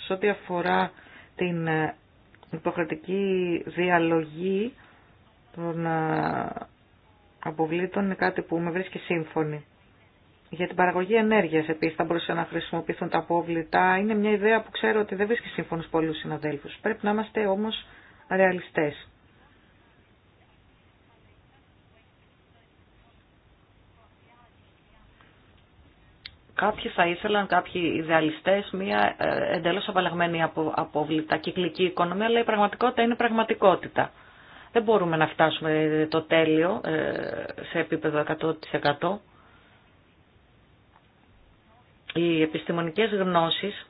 Σε ό,τι αφορά την ε, υποχρεωτική διαλογή των ε, αποβλήτων είναι κάτι που με βρίσκει σύμφωνη. Για την παραγωγή ενέργεια επίση θα μπορούσε να χρησιμοποιηθούν τα απόβλητα. Είναι μια ιδέα που ξέρω ότι δεν βρίσκει σύμφωνο πολλού συναδέλφου. Πρέπει να είμαστε όμω ρεαλιστέ. Κάποιοι θα ήθελαν, κάποιοι ιδεαλιστές, μια ε, εντελώς απαλλαγμένη από, απόβλητα κυκλική οικονομία, αλλά η πραγματικότητα είναι πραγματικότητα. Δεν μπορούμε να φτάσουμε ε, το τέλειο ε, σε επίπεδο 100%. Οι επιστημονικές γνώσεις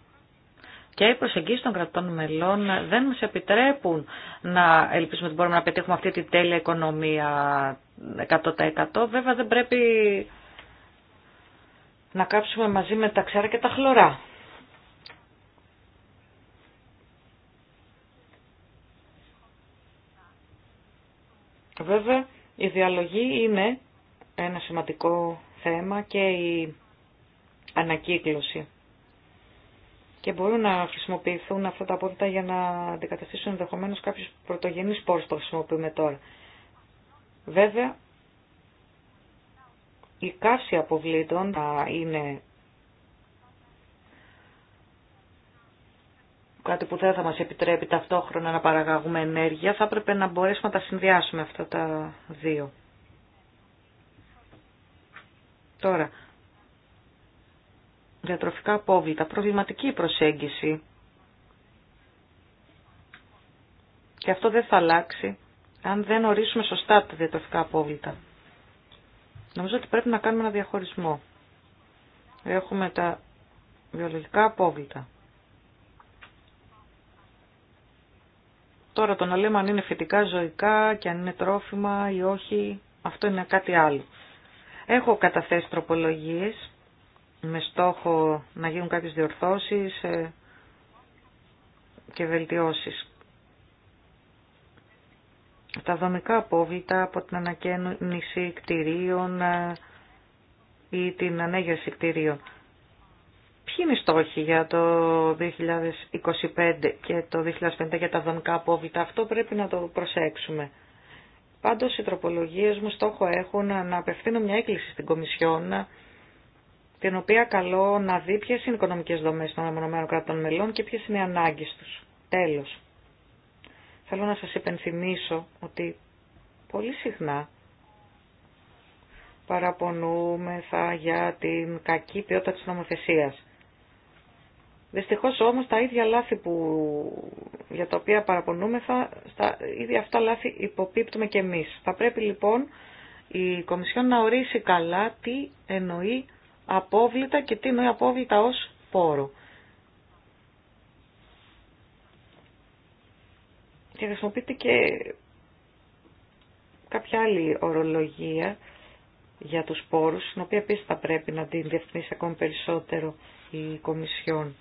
και οι προσεγγίσεις των κρατών μελών δεν μας επιτρέπουν να ελπίσουμε ότι μπορούμε να πετύχουμε αυτή τη τέλεια οικονομία 100%. Βέβαια δεν πρέπει να κάψουμε μαζί με τα ξέρα και τα χλωρά. Βέβαια, η διαλογή είναι ένα σημαντικό θέμα και η ανακύκλωση. Και μπορούν να χρησιμοποιηθούν αυτά τα απόδειτα για να αντικαταστήσουν ενδεχομένω κάποιους πρωτογενεί πόρου που χρησιμοποιούμε τώρα. Βέβαια, η καύση αποβλήτων είναι κάτι που δεν θα μας επιτρέπει ταυτόχρονα να παραγαγούμε ενέργεια, θα έπρεπε να μπορέσουμε να τα συνδυάσουμε αυτά τα δύο. Τώρα, διατροφικά απόβλητα, προβληματική προσέγγιση. Και αυτό δεν θα αλλάξει αν δεν ορίσουμε σωστά τα διατροφικά απόβλητα. Νομίζω ότι πρέπει να κάνουμε ένα διαχωρισμό. Έχουμε τα βιολογικά απόβλητα. Τώρα το να λέμε αν είναι φυτικά ζωικά και αν είναι τρόφιμα ή όχι, αυτό είναι κάτι άλλο. Έχω καταθέσει τροπολογίες με στόχο να γίνουν κάποιες διορθώσεις ε, και βελτιώσεις τα δομικά απόβλητα από την ανακαίνιση κτηρίων ε, ή την ανέγερση κτηρίων. Ποιοι είναι οι στόχοι για το 2025 και το 2050 για τα δομικά απόβλητα. Αυτό πρέπει να το προσέξουμε. Πάντως οι τροπολογίες μου στόχο έχουν να απευθύνω μια έκκληση στην Κομισιόν την οποία καλώ να δει ποιες είναι οι οικονομικές δομές των αμονωμένων κρατών μελών και ποιες είναι οι ανάγκες τους. Τέλος. Θέλω να σας υπενθυμίσω ότι πολύ συχνά παραπονούμεθα για την κακή ποιότητα της νομοθεσίας. Δυστυχώς όμως τα ίδια λάθη που, για τα οποία παραπονούμεθα, στα ίδια αυτά λάθη υποπίπτουμε και εμείς. Θα πρέπει λοιπόν η Κομισιόν να ορίσει καλά τι εννοεί απόβλητα και τι εννοεί απόβλητα ως πόρο. και χρησιμοποιείται και κάποια άλλη ορολογία για τους πόρους, την οποία επίσης θα πρέπει να την διευθυνήσει ακόμη περισσότερο η Κομισιόν.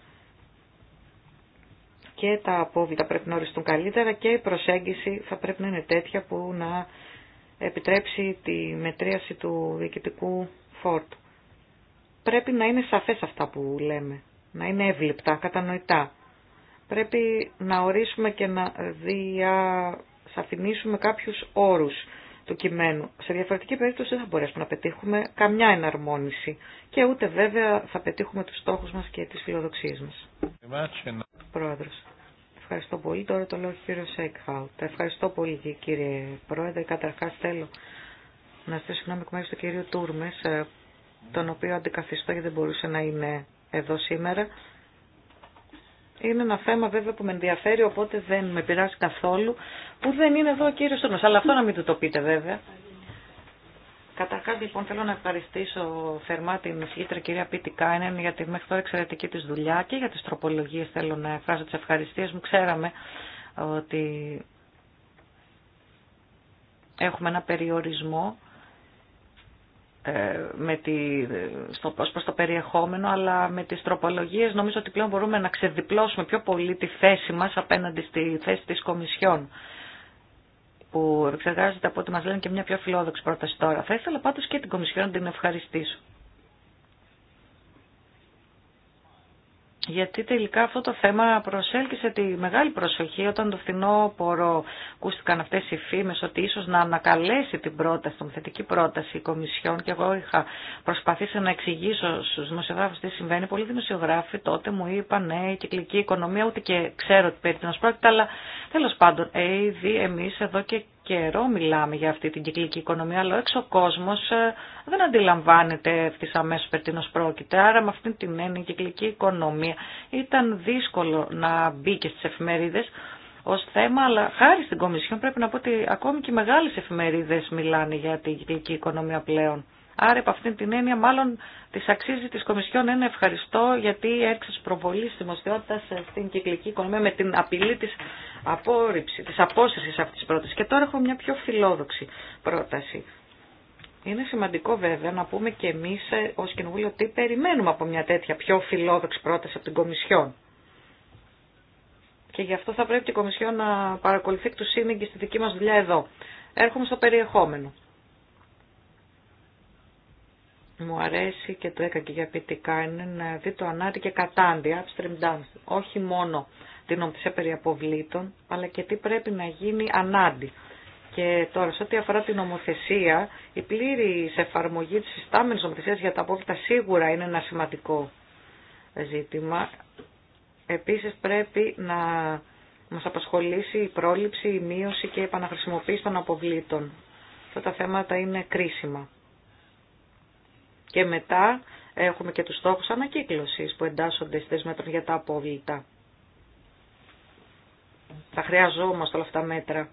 Και τα απόβλητα πρέπει να οριστούν καλύτερα και η προσέγγιση θα πρέπει να είναι τέτοια που να επιτρέψει τη μετρίαση του διοικητικού φόρτου. Πρέπει να είναι σαφές αυτά που λέμε, να είναι εύληπτα, κατανοητά πρέπει να ορίσουμε και να διασαφηνίσουμε κάποιους όρους του κειμένου. Σε διαφορετική περίπτωση δεν θα μπορέσουμε να πετύχουμε καμιά εναρμόνιση και ούτε βέβαια θα πετύχουμε τους στόχους μας και τις φιλοδοξίες μας. Πρόεδρος. Ευχαριστώ πολύ. Τώρα το λέω κύριο Σέικχαουτ. Ευχαριστώ πολύ κύριε Πρόεδρε. Καταρχάς θέλω να στείλω συγγνώμη εκ του κυρίου Τούρμες, ε, τον οποίο αντικαθιστώ γιατί δεν μπορούσε να είναι εδώ σήμερα. Είναι ένα θέμα βέβαια που με ενδιαφέρει, οπότε δεν με πειράζει καθόλου, που δεν είναι εδώ ο κύριος Τούρνος. Αλλά αυτό να μην του το πείτε βέβαια. Καταρχά λοιπόν θέλω να ευχαριστήσω θερμά την φίλτρα κυρία Πίτη Κάινεν για τη μέχρι τώρα εξαιρετική τη δουλειά και για τι τροπολογίε θέλω να εκφράσω τι ευχαριστίε μου. Ξέραμε ότι έχουμε ένα περιορισμό ε, με τη, στο, ως προς το περιεχόμενο, αλλά με τις τροπολογίες νομίζω ότι πλέον μπορούμε να ξεδιπλώσουμε πιο πολύ τη θέση μας απέναντι στη θέση της Κομισιόν που εξεργάζεται από ό,τι μας λένε και μια πιο φιλόδοξη πρόταση τώρα. Θα ήθελα πάντως και την Κομισιόν να την ευχαριστήσω. γιατί τελικά αυτό το θέμα προσέλκυσε τη μεγάλη προσοχή όταν το πορό ακούστηκαν αυτέ οι φήμες ότι ίσως να ανακαλέσει την πρόταση, την θετική πρόταση η Κομισιόν και εγώ είχα προσπαθήσει να εξηγήσω στου δημοσιογράφου, τι συμβαίνει. Πολλοί δημοσιογράφοι τότε μου είπαν ναι, η κυκλική οικονομία ούτε και ξέρω τι περί πρόκειται, αλλά τέλος πάντων, ε, ήδη εμείς εδώ και καιρό μιλάμε για αυτή την κυκλική οικονομία, αλλά έξω ο κόσμο ε, δεν αντιλαμβάνεται ευθύ αμέσω περί πρόκειται. Άρα, με αυτή την έννοια, η κυκλική οικονομία ήταν δύσκολο να μπει και στι εφημερίδε ω θέμα, αλλά χάρη στην Κομισιόν πρέπει να πω ότι ακόμη και οι μεγάλε εφημερίδε μιλάνε για την κυκλική οικονομία πλέον. Άρα, από αυτήν την έννοια, μάλλον τη αξίζει τη Κομισιόν ένα ευχαριστώ γιατί έριξε προβολή στη δημοσιότητα στην κυκλική οικονομία με την απειλή τη απόρριψη, τη απόσυρση αυτή τη πρόταση. Και τώρα έχω μια πιο φιλόδοξη πρόταση. Είναι σημαντικό βέβαια να πούμε και εμεί ε, ω Κοινοβούλιο τι περιμένουμε από μια τέτοια πιο φιλόδοξη πρόταση από την Κομισιόν. Και γι' αυτό θα πρέπει και η Κομισιόν να παρακολουθεί του σύνεγγυ στη δική μα δουλειά εδώ. Έρχομαι στο περιεχόμενο μου αρέσει και το έκανα και για ποιητικά είναι να δει το ανάρτη και κατάντη, upstream dance, Όχι μόνο την ομψία περί αποβλήτων, αλλά και τι πρέπει να γίνει ανάντι. Και τώρα, σε ό,τι αφορά την νομοθεσία, η πλήρη εφαρμογή τη συστάμενη νομοθεσία για τα απόβλητα σίγουρα είναι ένα σημαντικό ζήτημα. Επίση, πρέπει να μα απασχολήσει η πρόληψη, η μείωση και η επαναχρησιμοποίηση των αποβλήτων. Αυτά τα θέματα είναι κρίσιμα και μετά έχουμε και τους στόχους ανακύκλωσης που εντάσσονται στις μετρητά για τα απόβλητα. Θα χρειαζόμαστε όλα αυτά μέτρα.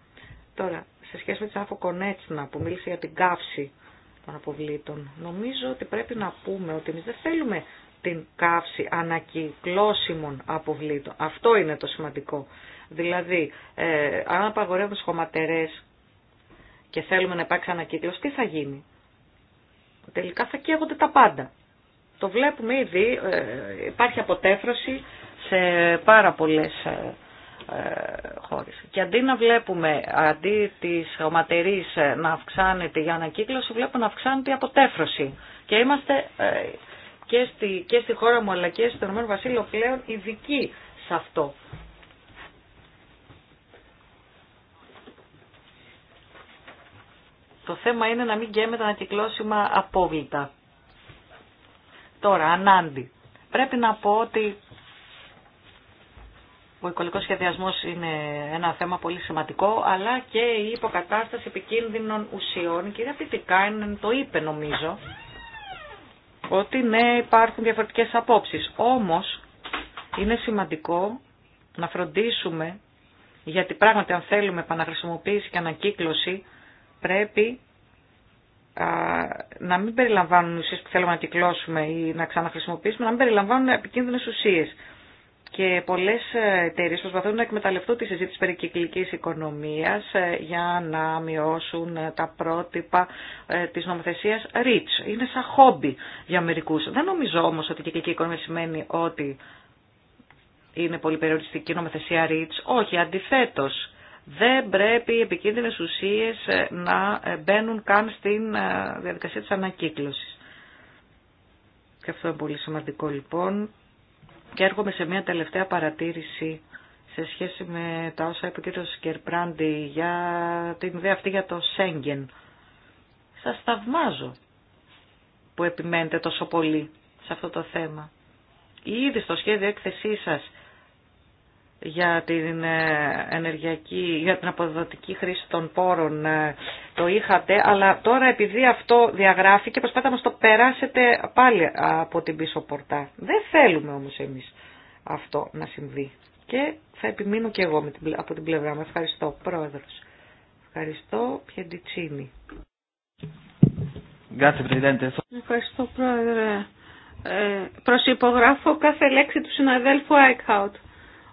Τώρα, σε σχέση με τη Σάφο Κονέτσνα που μίλησε για την καύση των αποβλήτων, νομίζω ότι πρέπει να πούμε ότι εμεί δεν θέλουμε την καύση ανακυκλώσιμων αποβλήτων. Αυτό είναι το σημαντικό. Δηλαδή, ε, αν απαγορεύουμε σχοματερές και θέλουμε να υπάρξει ανακύκλωση, τι θα γίνει. Τελικά θα καίγονται τα πάντα. Το βλέπουμε ήδη, ε, υπάρχει αποτέφρωση σε πάρα πολλές ε, ε, χώρες. Και αντί να βλέπουμε, αντί της ε, να αυξάνεται η ανακύκλωση, βλέπουμε να αυξάνεται η αποτέφρωση. Και είμαστε και στη, και στη χώρα μου αλλά και στο Ηνωμένο Βασίλειο πλέον ειδικοί σε αυτό. Το θέμα είναι να μην καίμε τα ανακυκλώσιμα απόβλητα. Τώρα, ανάντι. Πρέπει να πω ότι ο οικολογικός σχεδιασμός είναι ένα θέμα πολύ σημαντικό, αλλά και η υποκατάσταση επικίνδυνων ουσιών. Η κυρία να το είπε νομίζω, ότι ναι υπάρχουν διαφορετικές απόψεις. Όμως είναι σημαντικό να φροντίσουμε, γιατί πράγματι αν θέλουμε επαναχρησιμοποίηση και ανακύκλωση, πρέπει να μην περιλαμβάνουν ουσίες που θέλουμε να κυκλώσουμε ή να ξαναχρησιμοποιήσουμε, να μην περιλαμβάνουν επικίνδυνες ουσίες. Και πολλές ε, εταιρείε προσπαθούν να εκμεταλλευτούν τη συζήτηση περί κυκλικής οικονομίας ε, για να μειώσουν ε, τα πρότυπα της νομοθεσίας REACH. Είναι σαν χόμπι για μερικούς. Δεν νομίζω όμως ότι η κυκλική οικονομία σημαίνει ότι είναι πολύ περιοριστική νομοθεσία REACH. Όχι, αντιθέτως δεν πρέπει οι επικίνδυνες ουσίες ε, να ε, μπαίνουν καν στην ε, διαδικασία της ανακύκλωσης. Και αυτό είναι πολύ σημαντικό λοιπόν. Και έρχομαι σε μια τελευταία παρατήρηση σε σχέση με τα όσα είπε ο κ. Σκερπράντη για την ιδέα αυτή για το Σέγγεν. Σας θαυμάζω που επιμένετε τόσο πολύ σε αυτό το θέμα. Ήδη στο σχέδιο έκθεσή σας για την ε, ενεργειακή, για την αποδοτική χρήση των πόρων ε, το είχατε, αλλά τώρα επειδή αυτό και προσπάτα να το περάσετε πάλι από την πίσω πορτά. Δεν θέλουμε όμως εμείς αυτό να συμβεί. Και θα επιμείνω και εγώ από την πλευρά μου. Ευχαριστώ, Πρόεδρος. Ευχαριστώ, Πιεντιτσίνη. Ευχαριστώ, Πρόεδρε. Ε, προσυπογράφω κάθε λέξη του συναδέλφου Άικχαουτ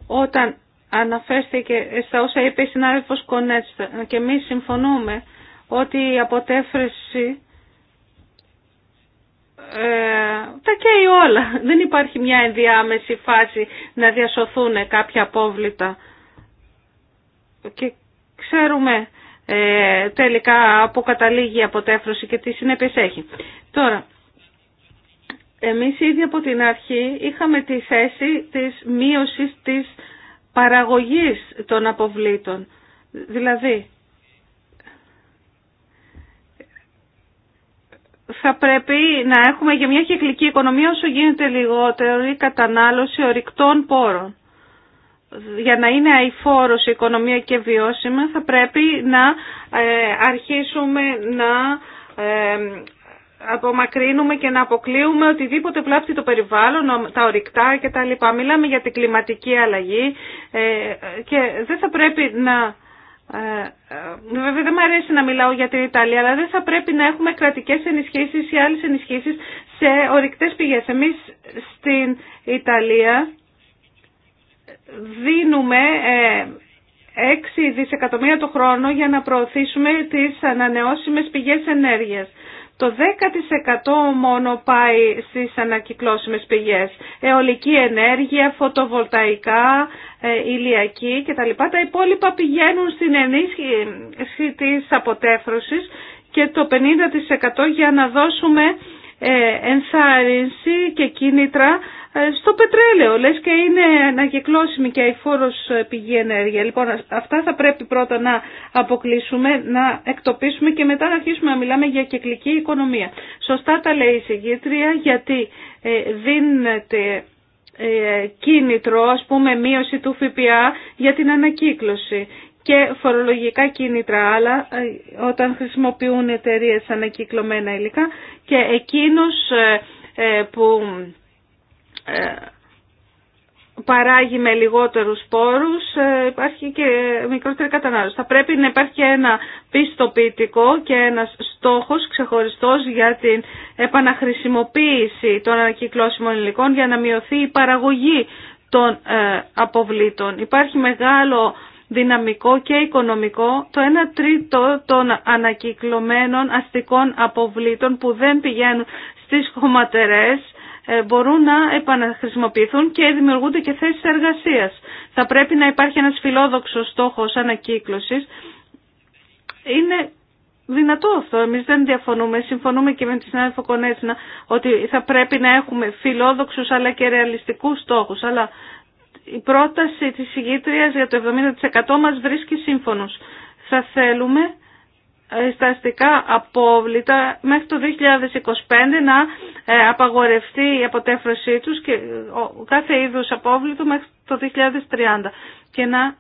όταν αναφέρθηκε στα όσα είπε η συνάδελφος Κονέτστα και εμείς συμφωνούμε ότι η αποτέφρεση ε, τα καίει όλα. Δεν υπάρχει μια ενδιάμεση φάση να διασωθούν κάποια απόβλητα. Και ξέρουμε ε, τελικά από καταλήγει η αποτέφρωση και τι συνέπειες έχει. Τώρα, εμείς ήδη από την αρχή είχαμε τη θέση της μείωσης της παραγωγής των αποβλήτων. Δηλαδή, θα πρέπει να έχουμε για μια κυκλική οικονομία όσο γίνεται λιγότερη κατανάλωση ορυκτών πόρων. Για να είναι αηφόρος η οικονομία και βιώσιμα θα πρέπει να ε, αρχίσουμε να ε, απομακρύνουμε και να αποκλείουμε οτιδήποτε βλάπτει το περιβάλλον, τα ορυκτά και τα λοιπά. Μιλάμε για την κλιματική αλλαγή ε, και δεν θα πρέπει να... Ε, ε, βέβαια δεν μου αρέσει να μιλάω για την Ιταλία, αλλά δεν θα πρέπει να έχουμε κρατικές ενισχύσεις ή άλλες ενισχύσεις σε ορυκτές πηγές. Εμείς στην Ιταλία δίνουμε 6 δισεκατομμύρια το χρόνο για να προωθήσουμε τις ανανεώσιμες πηγές ενέργειας. Το 10% μόνο πάει στις ανακυκλώσιμες πηγές. Αιωλική ενέργεια, φωτοβολταϊκά, ε, ηλιακή κτλ. Τα υπόλοιπα πηγαίνουν στην ενίσχυση της αποτέφρωσης και το 50% για να δώσουμε ε, ενθάρρυνση και κίνητρα ε, στο πετρέλαιο, λες και είναι ανακυκλώσιμη και φόρος ε, πηγή ενέργεια. Λοιπόν, αυτά θα πρέπει πρώτα να αποκλείσουμε, να εκτοπίσουμε και μετά να αρχίσουμε να μιλάμε για κυκλική οικονομία. Σωστά τα λέει η συγκήτρια γιατί ε, δίνεται κίνητρο, ας πούμε, μείωση του ΦΠΑ για την ανακύκλωση και φορολογικά κίνητρα άλλα όταν χρησιμοποιούν εταιρείε ανακυκλωμένα υλικά και εκείνος που ε, παράγει με λιγότερους πόρους, ε, υπάρχει και μικρότερη κατανάλωση. Θα πρέπει να υπάρχει ένα πιστοποιητικό και ένας στόχος ξεχωριστός για την επαναχρησιμοποίηση των ανακυκλώσιμων υλικών για να μειωθεί η παραγωγή των ε, αποβλήτων. Υπάρχει μεγάλο δυναμικό και οικονομικό το 1 τρίτο των ανακυκλωμένων αστικών αποβλήτων που δεν πηγαίνουν στις χωματερές ε, μπορούν να επαναχρησιμοποιηθούν και δημιουργούνται και θέσεις εργασίας. Θα πρέπει να υπάρχει ένας φιλόδοξος στόχος ανακύκλωσης. Είναι δυνατό αυτό. Εμείς δεν διαφωνούμε. Συμφωνούμε και με τη συνάδελφο Κονέτσινα ότι θα πρέπει να έχουμε φιλόδοξους αλλά και ρεαλιστικούς στόχους. Αλλά η πρόταση της ηγήτριας για το 70% μας βρίσκει σύμφωνος. Θα θέλουμε στα αστικά απόβλητα μέχρι το 2025 να ε, απαγορευτεί η αποτέφρωσή τους και κάθε είδους απόβλητο μέχρι το 2030 και να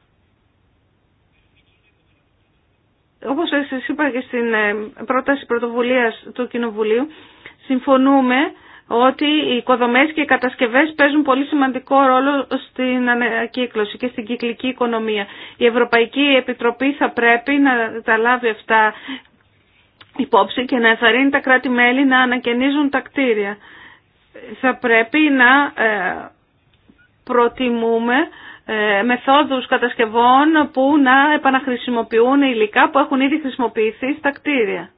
όπως σας είπα και στην ε, πρόταση πρωτοβουλίας του Κοινοβουλίου συμφωνούμε ότι οι οικοδομές και οι κατασκευές παίζουν πολύ σημαντικό ρόλο στην ανακύκλωση και στην κυκλική οικονομία. Η Ευρωπαϊκή Επιτροπή θα πρέπει να τα λάβει αυτά υπόψη και να εθαρρύνει τα κράτη-μέλη να ανακαινίζουν τα κτίρια. Θα πρέπει να ε, προτιμούμε ε, μεθόδους κατασκευών που να επαναχρησιμοποιούν υλικά που έχουν ήδη χρησιμοποιηθεί στα κτίρια.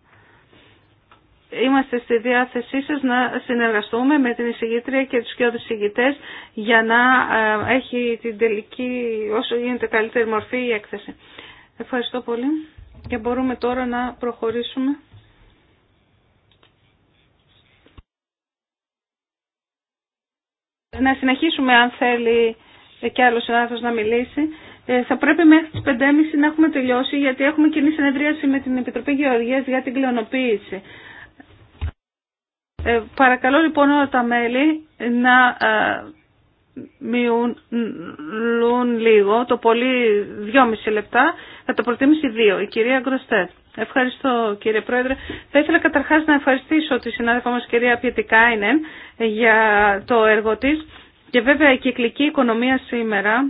Είμαστε στη διάθεσή σας να συνεργαστούμε με την εισηγήτρια και τους κοιόδους εισηγητές για να ε, έχει την τελική, όσο γίνεται καλύτερη μορφή η έκθεση. Ευχαριστώ πολύ και μπορούμε τώρα να προχωρήσουμε. Να συνεχίσουμε αν θέλει και άλλος συνάδελφος να μιλήσει. Ε, θα πρέπει μέχρι τις 5.30 να έχουμε τελειώσει γιατί έχουμε κοινή συνεδρίαση με την Επιτροπή Γεωργίας για την κλεονοποίηση. Ε, παρακαλώ λοιπόν όλα τα μέλη να ε, μειούν λίγο, το πολύ δυόμιση λεπτά, θα το προτίμηση δύο, η κυρία Γκροστέ, Ευχαριστώ κύριε Πρόεδρε. Θα ήθελα καταρχάς να ευχαριστήσω τη συνάδελφα μας κυρία Πιετικάινεν για το έργο της και βέβαια η κυκλική οικονομία σήμερα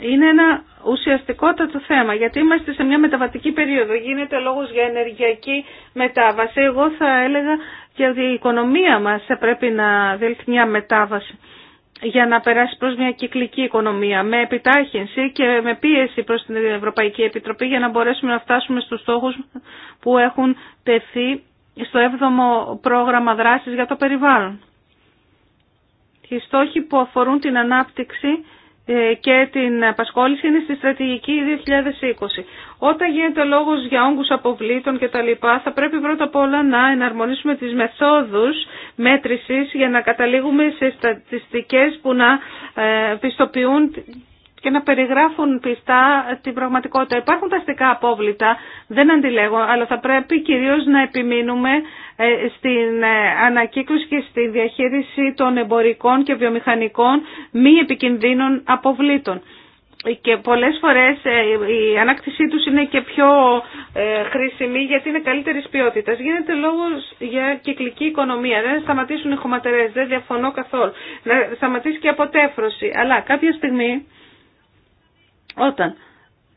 είναι ένα ουσιαστικότατο θέμα, γιατί είμαστε σε μια μεταβατική περίοδο. Γίνεται λόγος για ενεργειακή μετάβαση. Εγώ θα έλεγα και ότι η οικονομία μας θα πρέπει να δελθεί μια μετάβαση για να περάσει προς μια κυκλική οικονομία με επιτάχυνση και με πίεση προς την Ευρωπαϊκή Επιτροπή για να μπορέσουμε να φτάσουμε στους στόχους που έχουν τεθεί στο 7ο πρόγραμμα δράσης για το περιβάλλον. Οι στόχοι που αφορούν την ανάπτυξη ε, και την απασχόληση είναι στη στρατηγική 2020. Όταν γίνεται λόγος για όγκους αποβλήτων και τα λοιπά, θα πρέπει πρώτα απ' όλα να εναρμονίσουμε τις μεθόδους μέτρησης για να καταλήγουμε σε στατιστικές που να ε, πιστοποιούν και να περιγράφουν πιστά την πραγματικότητα. Υπάρχουν τα αστικά απόβλητα, δεν αντιλέγω, αλλά θα πρέπει κυρίως να επιμείνουμε ε, στην ε, ανακύκλωση και στη διαχείριση των εμπορικών και βιομηχανικών μη επικινδύνων αποβλήτων. Και πολλές φορές ε, η ανάκτησή τους είναι και πιο χρήσιμη γιατί είναι καλύτερης ποιότητας. Γίνεται λόγος για κυκλική οικονομία. Δεν σταματήσουν οι χωματερές, δεν διαφωνώ καθόλου. Να σταματήσει και η αποτέφρωση. Αλλά κάποια στιγμή όταν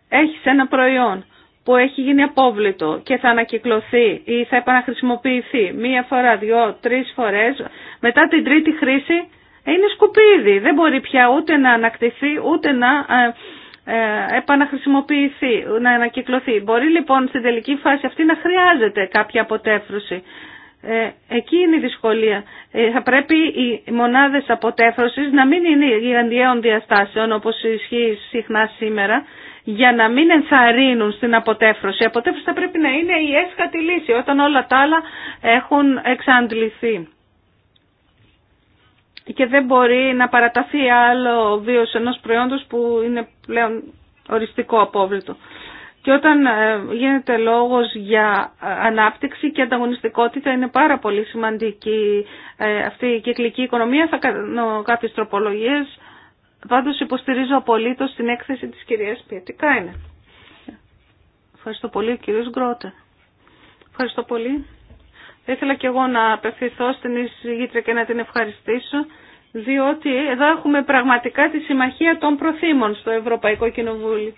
έχεις ένα προϊόν που έχει γίνει απόβλητο και θα ανακυκλωθεί ή θα επαναχρησιμοποιηθεί μία φορά, δυο, τρεις φορές, μετά την τρίτη χρήση ε, είναι σκουπίδι. Δεν μπορεί πια ούτε να ανακτηθεί ούτε να ε, ε, επαναχρησιμοποιηθεί, να ανακυκλωθεί. Μπορεί λοιπόν στην τελική φάση αυτή να χρειάζεται κάποια αποτέφρωση. Ε, εκεί είναι η δυσκολία. θα πρέπει οι μονάδες αποτέφρωσης να μην είναι γιγαντιαίων διαστάσεων όπως ισχύει συχνά σήμερα για να μην ενθαρρύνουν στην αποτέφρωση. Η αποτέφρωση θα πρέπει να είναι η έσχατη λύση όταν όλα τα άλλα έχουν εξαντληθεί. Και δεν μπορεί να παραταθεί άλλο ο βίος ενός προϊόντος που είναι πλέον οριστικό απόβλητο. Και όταν ε, γίνεται λόγος για ε, ανάπτυξη και ανταγωνιστικότητα είναι πάρα πολύ σημαντική ε, αυτή η κυκλική οικονομία. Θα κάνω κάποιες τροπολογίες Πάντω υποστηρίζω απολύτως την έκθεση της κυρίας Πιετικά είναι. Ευχαριστώ πολύ κύριος Γκρότε. Ευχαριστώ πολύ. Θα ήθελα και εγώ να απευθυνθώ στην εισηγήτρια και να την ευχαριστήσω διότι εδώ έχουμε πραγματικά τη συμμαχία των προθήμων στο Ευρωπαϊκό Κοινοβούλιο.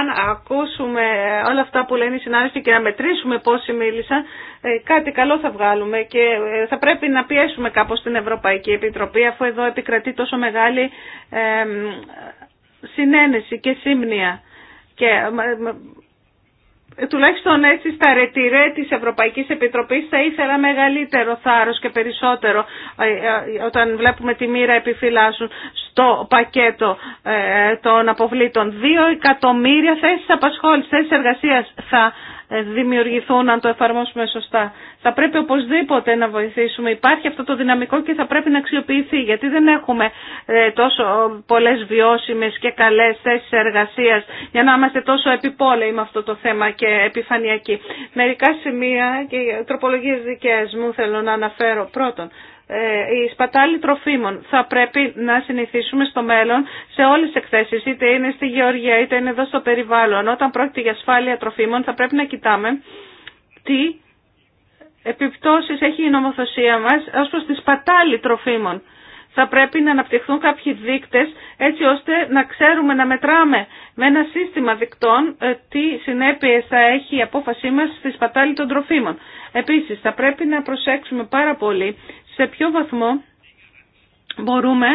Αν ακούσουμε όλα αυτά που λένε οι συνάδελφοι και να μετρήσουμε πόσοι μίλησαν, ε, κάτι καλό θα βγάλουμε και ε, θα πρέπει να πιέσουμε κάπως την Ευρωπαϊκή Επιτροπή αφού εδώ επικρατεί τόσο μεγάλη ε, συνένεση και σύμνοια. Και τουλάχιστον έτσι στα ρετυρέ της Ευρωπαϊκής Επιτροπής θα ήθελα μεγαλύτερο θάρρος και περισσότερο ε, ε, ε, όταν βλέπουμε τη μοίρα επιφυλάσσουν το πακέτο ε, των αποβλήτων. Δύο εκατομμύρια θέσεις απασχόλησης, θέσεις εργασίας θα ε, δημιουργηθούν αν το εφαρμόσουμε σωστά. Θα πρέπει οπωσδήποτε να βοηθήσουμε. Υπάρχει αυτό το δυναμικό και θα πρέπει να αξιοποιηθεί γιατί δεν έχουμε ε, τόσο πολλές βιώσιμες και καλές θέσεις εργασίας για να είμαστε τόσο επιπόλαιοι με αυτό το θέμα και επιφανειακοί. Μερικά σημεία και τροπολογίες δικές μου θέλω να αναφέρω πρώτον. Ε, η σπατάλη τροφίμων. Θα πρέπει να συνηθίσουμε στο μέλλον σε όλες τις εκθέσεις, είτε είναι στη γεωργία είτε είναι εδώ στο περιβάλλον. Όταν πρόκειται για ασφάλεια τροφίμων θα πρέπει να κοιτάμε τι επιπτώσεις έχει η νομοθεσία μας ως προς τη σπατάλη τροφίμων. Θα πρέπει να αναπτυχθούν κάποιοι δείκτες έτσι ώστε να ξέρουμε, να μετράμε με ένα σύστημα δικτών ε, τι συνέπειες θα έχει η απόφασή μας στη σπατάλη των τροφίμων. Επίσης θα πρέπει να προσέξουμε πάρα πολύ σε ποιο βαθμό μπορούμε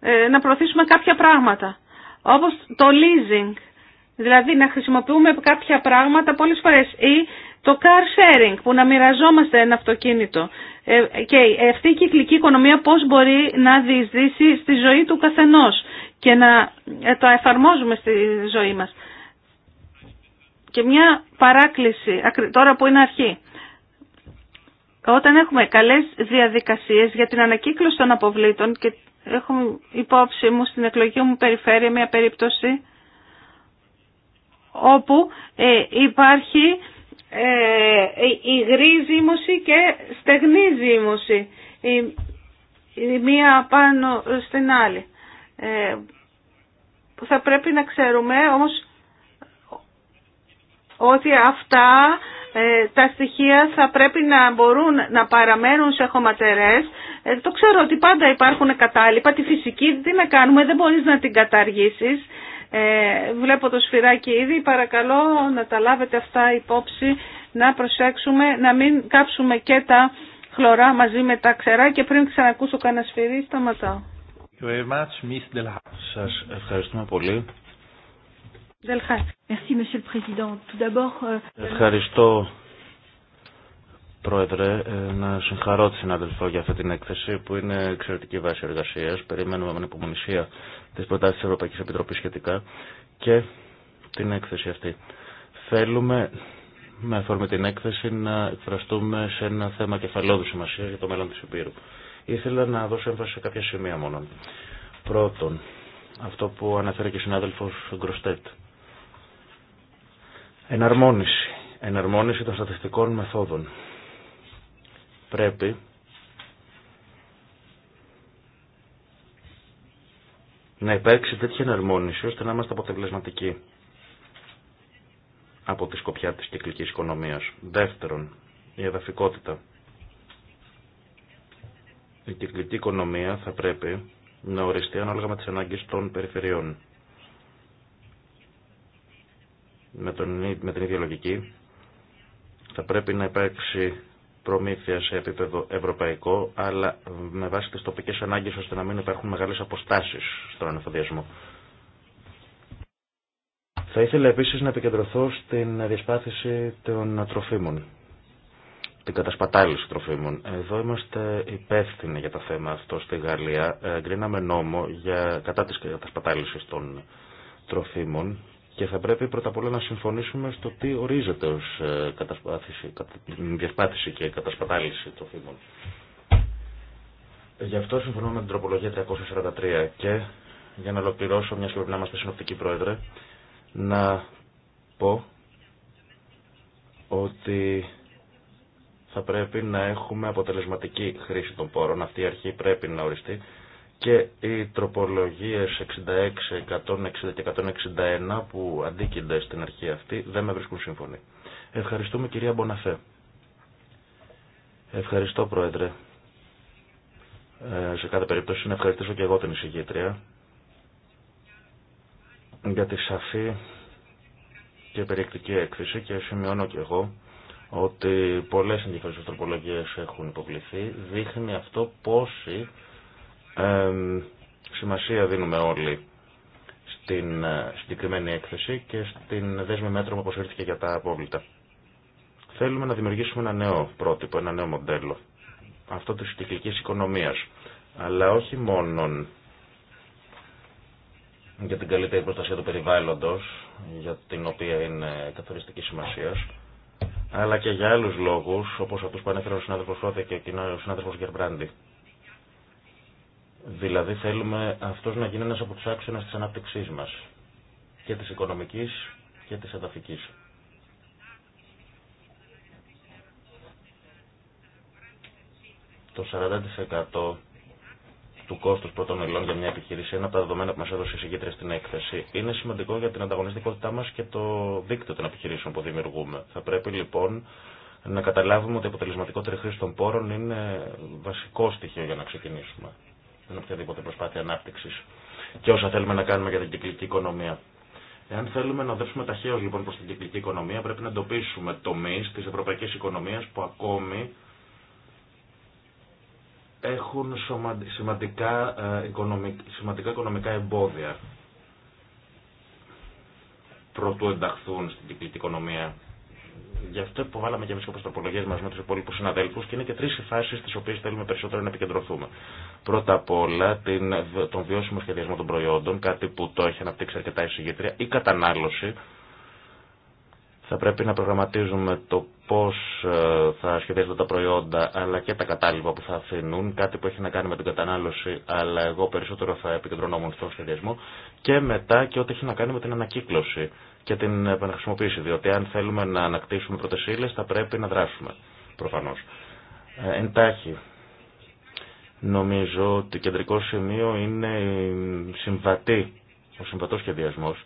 ε, να προωθήσουμε κάποια πράγματα, όπως το leasing, δηλαδή να χρησιμοποιούμε κάποια πράγματα πολλές φορές ή το car sharing που να μοιραζόμαστε ένα αυτοκίνητο ε, και αυτή η κυκλική οικονομία πώς μπορεί να διεισδύσει στη ζωή του καθενός και να ε, το εφαρμόζουμε στη ζωή μας. Και μια παράκληση, τώρα που είναι αρχή. Όταν έχουμε καλές διαδικασίες για την ανακύκλωση των αποβλήτων και έχω υπόψη μου στην εκλογή μου περιφέρεια μια περίπτωση όπου ε, υπάρχει υγρή ε, ζύμωση και στεγνή ζύμωση η μία πάνω στην άλλη. Ε, θα πρέπει να ξέρουμε όμως ότι αυτά ε, τα στοιχεία θα πρέπει να μπορούν να παραμένουν σε χωματερές. Ε, το ξέρω ότι πάντα υπάρχουν κατάλοιπα, τη φυσική τι να κάνουμε, δεν μπορείς να την καταργήσεις. Ε, βλέπω το σφυράκι ήδη, παρακαλώ να τα λάβετε αυτά υπόψη, να προσέξουμε, να μην κάψουμε και τα χλωρά μαζί με τα ξερά και πριν ξανακούσω κανένα σφυρί σταματάω. Σας ευχαριστούμε πολύ. Euh, Ευχαριστώ, Πρόεδρε, ε, να συγχαρώ τη συνάδελφο για αυτή την έκθεση που είναι εξαιρετική βάση εργασία. Περιμένουμε με ανυπομονησία τι προτάσει τη Ευρωπαϊκή Επιτροπή σχετικά και την έκθεση αυτή. Θέλουμε με αφορμή την έκθεση να εκφραστούμε σε ένα θέμα κεφαλαίου σημασία για το μέλλον τη Υπήρου. Ήθελα να δώσω έμφαση σε κάποια σημεία μόνο. Πρώτον, αυτό που αναφέρει και ο συνάδελφο Γκροστέτ Εναρμόνιση. Εναρμόνιση των στατιστικών μεθόδων. Πρέπει να υπάρξει τέτοια εναρμόνιση ώστε να είμαστε αποτελεσματικοί από τη σκοπιά της κυκλικής οικονομίας. Δεύτερον, η εδαφικότητα. Η κυκλική οικονομία θα πρέπει να οριστεί ανάλογα με τις ανάγκες των περιφερειών με, τον, με την ίδια λογική θα πρέπει να υπάρξει προμήθεια σε επίπεδο ευρωπαϊκό, αλλά με βάση τις τοπικές ανάγκες ώστε να μην υπάρχουν μεγάλες αποστάσεις στον ανεφοδιασμό. Θα ήθελα επίσης να επικεντρωθώ στην διασπάθηση των τροφίμων, την κατασπατάληση τροφίμων. Εδώ είμαστε υπεύθυνοι για το θέμα αυτό στη Γαλλία. Εγκρίναμε νόμο για, κατά της κατασπατάλησης των τροφίμων και θα πρέπει πρώτα απ' όλα να συμφωνήσουμε στο τι ορίζεται ως ε, διασπάθηση και κατασπατάληση τροφίμων. Γι' αυτό συμφωνώ με την τροπολογία 343 και για να ολοκληρώσω, μια και πρέπει να είμαστε συνοπτικοί πρόεδρε, να πω ότι θα πρέπει να έχουμε αποτελεσματική χρήση των πόρων. Αυτή η αρχή πρέπει να οριστεί και οι τροπολογίες 66, 160 και 161 που αντίκεινται στην αρχή αυτή δεν με βρίσκουν συμφώνη. Ευχαριστούμε κυρία Μποναφέ. Ευχαριστώ Πρόεδρε. Ε, σε κάθε περίπτωση να ευχαριστήσω και εγώ την εισηγήτρια για τη σαφή και περιεκτική έκθεση και σημειώνω και εγώ ότι πολλές ενδιαφέρουσες τροπολογίες έχουν υποβληθεί. Δείχνει αυτό πόσοι ε, σημασία δίνουμε όλοι στην ε, συγκεκριμένη έκθεση και στην δέσμη μέτρων που αποσύρθηκε για τα απόβλητα. Θέλουμε να δημιουργήσουμε ένα νέο πρότυπο, ένα νέο μοντέλο. Αυτό της κυκλικής οικονομίας. Αλλά όχι μόνον για την καλύτερη προστασία του περιβάλλοντος, για την οποία είναι καθοριστική σημασία, αλλά και για άλλους λόγους, όπως αυτούς που ανέφερε ο συνάδελφος και ο συνάδελφος Γερμπράντη. Δηλαδή θέλουμε αυτός να γίνει ένας από τους άξονες της ανάπτυξής μας και της οικονομικής και της ανταφικής. Το 40% του κόστους πρώτων μελών για μια επιχείρηση, ένα από τα δεδομένα που μα έδωσε η συγκέντρια στην έκθεση, είναι σημαντικό για την ανταγωνιστικότητά μας και το δίκτυο των επιχειρήσεων που δημιουργούμε. Θα πρέπει λοιπόν να καταλάβουμε ότι η αποτελεσματικότερη χρήση των πόρων είναι βασικό στοιχείο για να ξεκινήσουμε στην οποιαδήποτε προσπάθεια ανάπτυξη και όσα θέλουμε να κάνουμε για την κυκλική οικονομία. Εάν θέλουμε να δέψουμε ταχαίω λοιπόν προ την κυκλική οικονομία, πρέπει να εντοπίσουμε τομεί τη ευρωπαϊκή οικονομία που ακόμη έχουν σημαντικά, ε, σημαντικά οικονομικά εμπόδια προτού ενταχθούν στην κυκλική οικονομία. Γι' αυτό υποβάλαμε και εμεί κάποιε τροπολογίε μαζί με του υπόλοιπου συναδέλφου και είναι και τρει οι φάσει στι οποίε θέλουμε περισσότερο να επικεντρωθούμε. Πρώτα απ' όλα, την, τον βιώσιμο σχεδιασμό των προϊόντων, κάτι που το έχει αναπτύξει αρκετά η η κατανάλωση. Θα πρέπει να προγραμματίζουμε το πώ ε, θα σχεδιάζονται τα προϊόντα αλλά και τα κατάλληλα που θα αφήνουν, κάτι που έχει να κάνει με την κατανάλωση, αλλά εγώ περισσότερο θα επικεντρωνόμουν στον σχεδιασμό. Και μετά και ό,τι έχει να κάνει με την ανακύκλωση και την επαναχρησιμοποίηση. Διότι αν θέλουμε να ανακτήσουμε πρωτεσίλε θα πρέπει να δράσουμε προφανώ. Ε, εντάχει, νομίζω ότι κεντρικό σημείο είναι συμβατή, ο συμβατό σχεδιασμό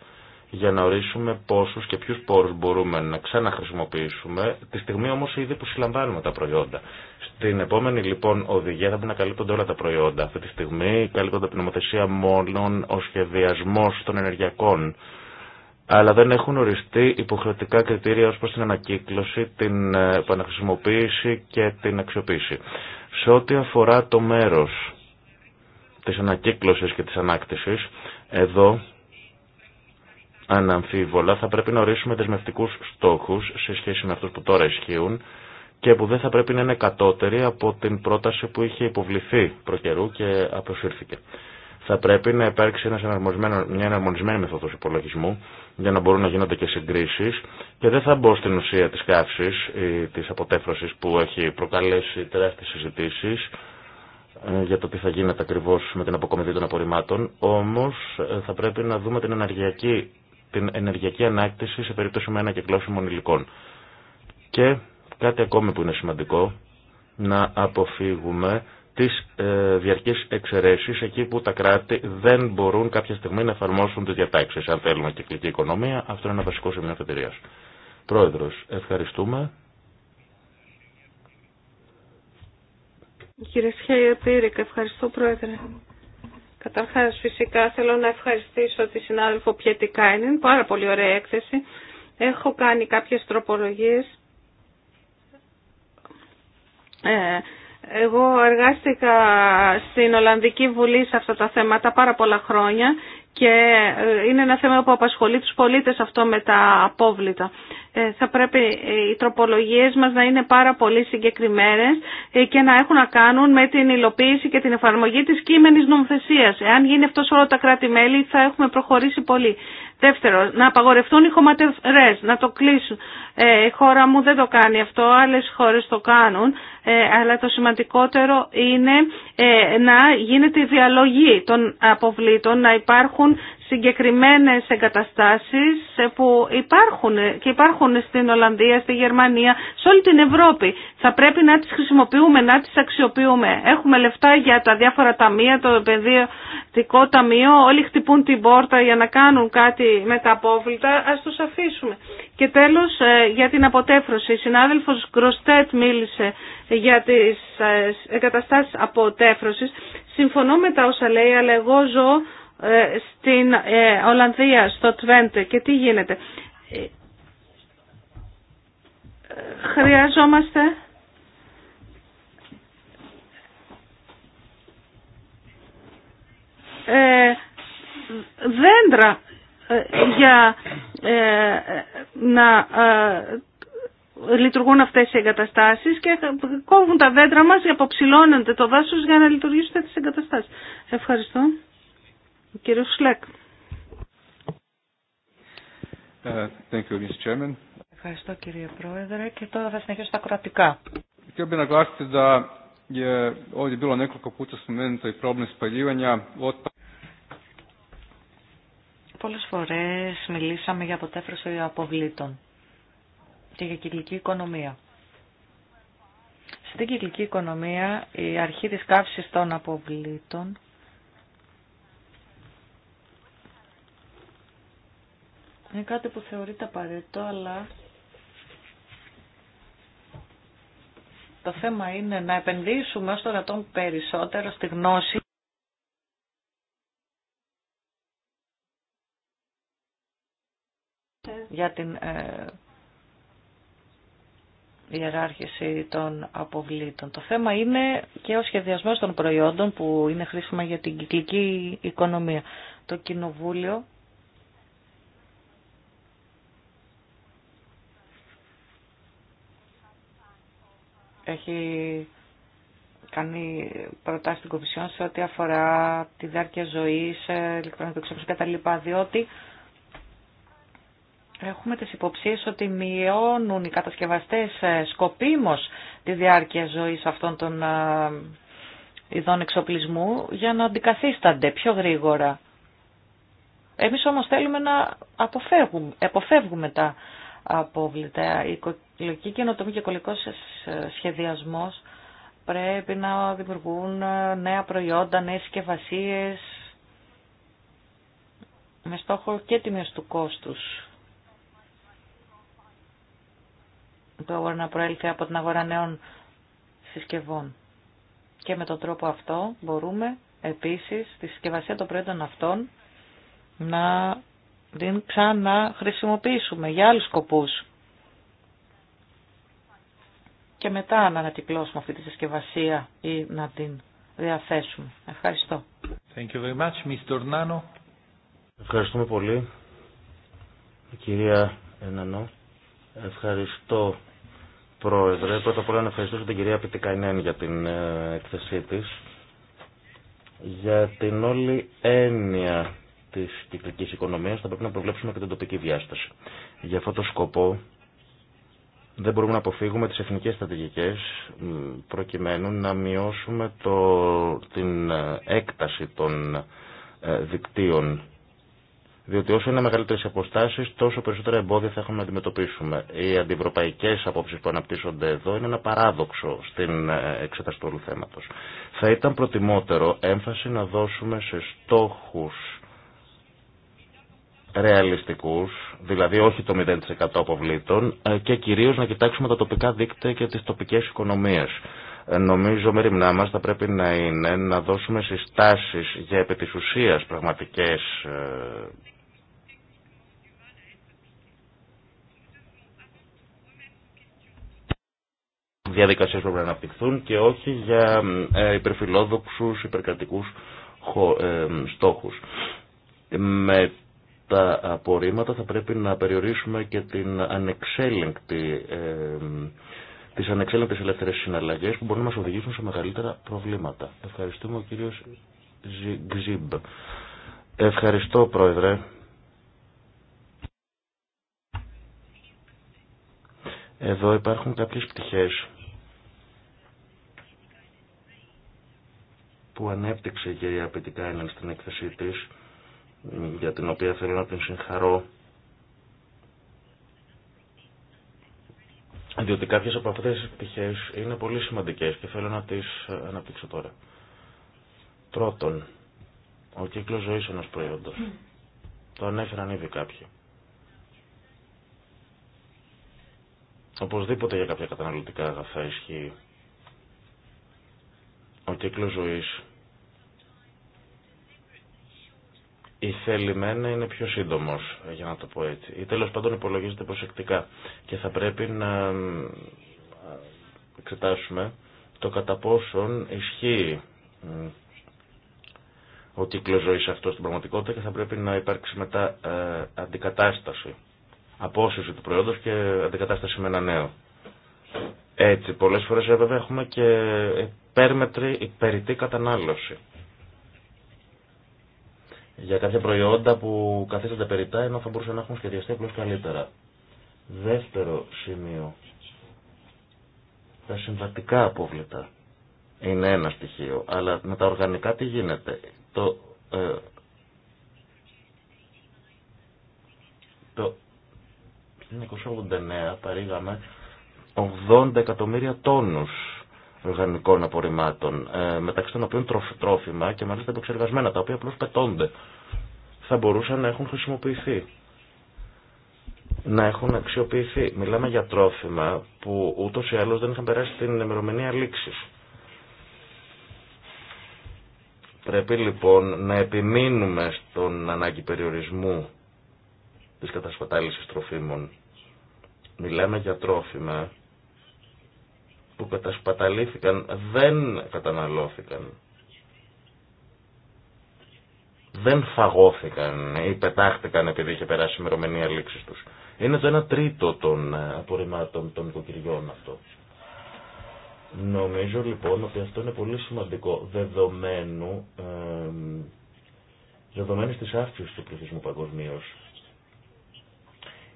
για να ορίσουμε πόσου και ποιου πόρου μπορούμε να ξαναχρησιμοποιήσουμε, τη στιγμή όμω ήδη που συλλαμβάνουμε τα προϊόντα. Στην επόμενη λοιπόν οδηγία θα πρέπει να καλύπτονται όλα τα προϊόντα. Αυτή τη στιγμή καλύπτονται από την νομοθεσία μόνο ο σχεδιασμό των ενεργειακών αλλά δεν έχουν οριστεί υποχρεωτικά κριτήρια ως προς την ανακύκλωση, την ε, επαναχρησιμοποίηση και την αξιοποίηση. Σε ό,τι αφορά το μέρος της ανακύκλωσης και της ανάκτησης, εδώ αναμφίβολα θα πρέπει να ορίσουμε δεσμευτικούς στόχους σε σχέση με αυτούς που τώρα ισχύουν και που δεν θα πρέπει να είναι κατώτεροι από την πρόταση που είχε υποβληθεί προκαιρού και αποσύρθηκε. Θα πρέπει να υπάρξει ένας μια εναρμονισμένη μεθόδος υπολογισμού για να μπορούν να γίνονται και συγκρίσει και δεν θα μπω στην ουσία τη καύση ή τη αποτέφρωση που έχει προκαλέσει τεράστιε συζητήσει ε, για το τι θα γίνεται ακριβώ με την αποκομιδή των απορριμμάτων. Όμω ε, θα πρέπει να δούμε την ενεργειακή, την ενεργειακή ανάκτηση σε περίπτωση με κεκλώσιμο υλικών. Και κάτι ακόμη που είναι σημαντικό, να αποφύγουμε τις ε, διαρκείς εξαιρέσεις εκεί που τα κράτη δεν μπορούν κάποια στιγμή να εφαρμόσουν τις διατάξεις. Αν θέλουμε κυκλική οικονομία, αυτό είναι ένα βασικό σημείο αφετηρίας. Πρόεδρος, ευχαριστούμε. Κύριε Σχέιο Πύρικ, ευχαριστώ Πρόεδρε. Καταρχάς φυσικά θέλω να ευχαριστήσω τη συνάδελφο Πιετικά, είναι πάρα πολύ ωραία έκθεση. Έχω κάνει κάποιες τροπολογίες. Ε, εγώ εργάστηκα στην Ολλανδική Βουλή σε αυτά τα θέματα πάρα πολλά χρόνια και ε, είναι ένα θέμα που απασχολεί τους πολίτες αυτό με τα απόβλητα. Ε, θα πρέπει ε, οι τροπολογίες μας να είναι πάρα πολύ συγκεκριμένες και να έχουν να κάνουν με την υλοποίηση και την εφαρμογή της κείμενης νομοθεσίας. Εάν γίνει αυτό σε όλα τα κράτη-μέλη θα έχουμε προχωρήσει πολύ. Δεύτερο, να απαγορευτούν οι χωματερές, να το κλείσουν. Ε, η χώρα μου δεν το κάνει αυτό, άλλες χώρες το κάνουν, ε, αλλά το σημαντικότερο είναι ε, να γίνεται η διαλογή των αποβλήτων, να υπάρχουν συγκεκριμένες εγκαταστάσεις που υπάρχουν και υπάρχουν στην Ολλανδία, στη Γερμανία, σε όλη την Ευρώπη. Θα πρέπει να τις χρησιμοποιούμε, να τις αξιοποιούμε. Έχουμε λεφτά για τα διάφορα ταμεία, το παιδιωτικό ταμείο, όλοι χτυπούν την πόρτα για να κάνουν κάτι με τα απόβλητα, ας τους αφήσουμε. Και τέλος ε, για την αποτέφρωση. Η συνάδελφος Γκροστέτ μίλησε για τις ε, εγκαταστάσεις αποτέφρωσης. Συμφωνώ με τα όσα λέει, αλλά εγώ ζω ε, στην ε, Ολλανδία, στο Τβέντε και τι γίνεται. Ε, χρειαζόμαστε δέντρα για να λειτουργούν αυτές οι εγκαταστάσεις και κόβουν τα δέντρα μας και αποψηλώνονται το δάσος για να λειτουργήσουν αυτές τις εγκαταστάσεις. Ευχαριστώ. Ο κύριος Σλέκ. Ε, Ευχαριστώ κύριε Πρόεδρε και τώρα θα συνεχίσω στα κρατικά. Θέλω να je ovdje bilo nekoliko puta spomenuto i problem spaljivanja otpada. Πολλές φορές μιλήσαμε για αποτέφρωση αποβλήτων και για κυκλική οικονομία. Στην κυκλική οικονομία η αρχή της καύσης των αποβλήτων Είναι κάτι που θεωρείται απαραίτητο, αλλά το θέμα είναι να επενδύσουμε ως το δυνατόν περισσότερο στη γνώση για την ε, ιεράρχηση των αποβλήτων. Το θέμα είναι και ο σχεδιασμός των προϊόντων που είναι χρήσιμα για την κυκλική οικονομία. Το Κοινοβούλιο έχει κάνει προτάσει στην Κομισιόν σε ό,τι αφορά τη διάρκεια ζωή, ε, ηλεκτρονικό εξοπλισμό κτλ. Διότι έχουμε τις υποψίες ότι μειώνουν οι κατασκευαστέ ε, σκοπίμως τη διάρκεια ζωής αυτών των ε, ειδών εξοπλισμού για να αντικαθίστανται πιο γρήγορα. Εμείς όμως θέλουμε να αποφεύγουμε, αποφεύγουμε τα απόβλητα λογική καινοτομία και κολλικό ε, σχεδιασμό πρέπει να δημιουργούν ε, νέα προϊόντα, νέε συσκευασίε με στόχο και τη μείωση του κόστου. που μπορεί να προέλθει από την αγορά νέων συσκευών. Και με τον τρόπο αυτό μπορούμε επίσης τη συσκευασία των προϊόντων αυτών να την ξαναχρησιμοποιήσουμε για άλλους σκοπούς και μετά να ανατυπλώσουμε αυτή τη συσκευασία ή να την διαθέσουμε. Ευχαριστώ. Thank you very much, Mr. Nano. Ευχαριστούμε πολύ. Κυρία Ενανό, ευχαριστώ Πρόεδρε. Πρώτα απ' όλα να ευχαριστήσω την κυρία Πιτικανέν για την εκθεσή της, για την όλη έννοια της κυκλικής οικονομίας θα πρέπει να προβλέψουμε και την τοπική διάσταση. Για αυτό το σκοπό δεν μπορούμε να αποφύγουμε τις εθνικές στρατηγικές προκειμένου να μειώσουμε το, την ε, έκταση των ε, δικτύων. Διότι όσο είναι μεγαλύτερε οι αποστάσει, τόσο περισσότερα εμπόδια θα έχουμε να αντιμετωπίσουμε. Οι αντιευρωπαϊκές απόψεις που αναπτύσσονται εδώ είναι ένα παράδοξο στην ε, εξέταση του Θα ήταν προτιμότερο έμφαση να δώσουμε σε στόχους ρεαλιστικούς, δηλαδή όχι το 0% αποβλήτων ε, και κυρίως να κοιτάξουμε τα τοπικά δίκτυα και τις τοπικές οικονομίες. Ε, νομίζω μεριμνά μας θα πρέπει να είναι να δώσουμε συστάσεις για επί της ουσίας πραγματικές ε, διαδικασίες που πρέπει να αναπτυχθούν και όχι για υπερφιλόδοξους, υπερκρατικούς στόχους. Με τα απορρίμματα θα πρέπει να περιορίσουμε και την ανεξέλεγκτη, ε, τις ανεξέλεγκτες ελεύθερες συναλλαγές που μπορούν να μας οδηγήσουν σε μεγαλύτερα προβλήματα. Ευχαριστούμε ο κύριος Ζιγκζιμπ. Ευχαριστώ πρόεδρε. Εδώ υπάρχουν κάποιες πτυχές που ανέπτυξε η κυρία Πετικάινεν στην έκθεσή της για την οποία θέλω να την συγχαρώ διότι κάποιες από αυτές τις πτυχές είναι πολύ σημαντικές και θέλω να τις αναπτύξω τώρα. Πρώτον, ο κύκλος ζωής ενός προϊόντος. Το ανέφεραν ήδη κάποιοι. Οπωσδήποτε για κάποια καταναλωτικά αγαθά ισχύει. Ο κύκλος ζωής η θελημένα είναι πιο σύντομο, για να το πω έτσι. Ή τέλο πάντων υπολογίζεται προσεκτικά. Και θα πρέπει να ε, εξετάσουμε το κατά πόσον ισχύει ο κύκλο ζωή αυτό στην πραγματικότητα και θα πρέπει να υπάρξει μετά ε, αντικατάσταση. Απόσυρση του προϊόντο και αντικατάσταση με ένα νέο. Έτσι, πολλέ φορέ βέβαια έχουμε και υπέρμετρη, υπερητή κατανάλωση για κάποια προϊόντα που καθίστανται περιτά ενώ θα μπορούσαν να έχουν σχεδιαστεί απλώ καλύτερα. Δεύτερο σημείο. Τα συμβατικά απόβλητα είναι ένα στοιχείο, αλλά με τα οργανικά τι γίνεται. Το, ε, το 1989 παρήγαμε 80 εκατομμύρια τόνους οργανικών απορριμμάτων, ε, μεταξύ των οποίων τρόφιμα και μάλιστα επεξεργασμένα, τα οποία απλώ πετώνται, θα μπορούσαν να έχουν χρησιμοποιηθεί. Να έχουν αξιοποιηθεί. Μιλάμε για τρόφιμα που ούτω ή άλλω δεν είχαν περάσει την ημερομηνία λήξη. Πρέπει λοιπόν να επιμείνουμε στον ανάγκη περιορισμού της κατασφατάλησης τροφίμων. Μιλάμε για τρόφιμα που κατασπαταλήθηκαν δεν καταναλώθηκαν. Δεν φαγώθηκαν ή πετάχτηκαν επειδή είχε περάσει η ημερομηνία η ημερομηνια ληξη τους. Είναι το ένα τρίτο των ε, απορριμμάτων των οικοκυριών αυτό. Νομίζω λοιπόν ότι αυτό είναι πολύ σημαντικό δεδομένου ε, δεδομένης της του πληθυσμού παγκοσμίω.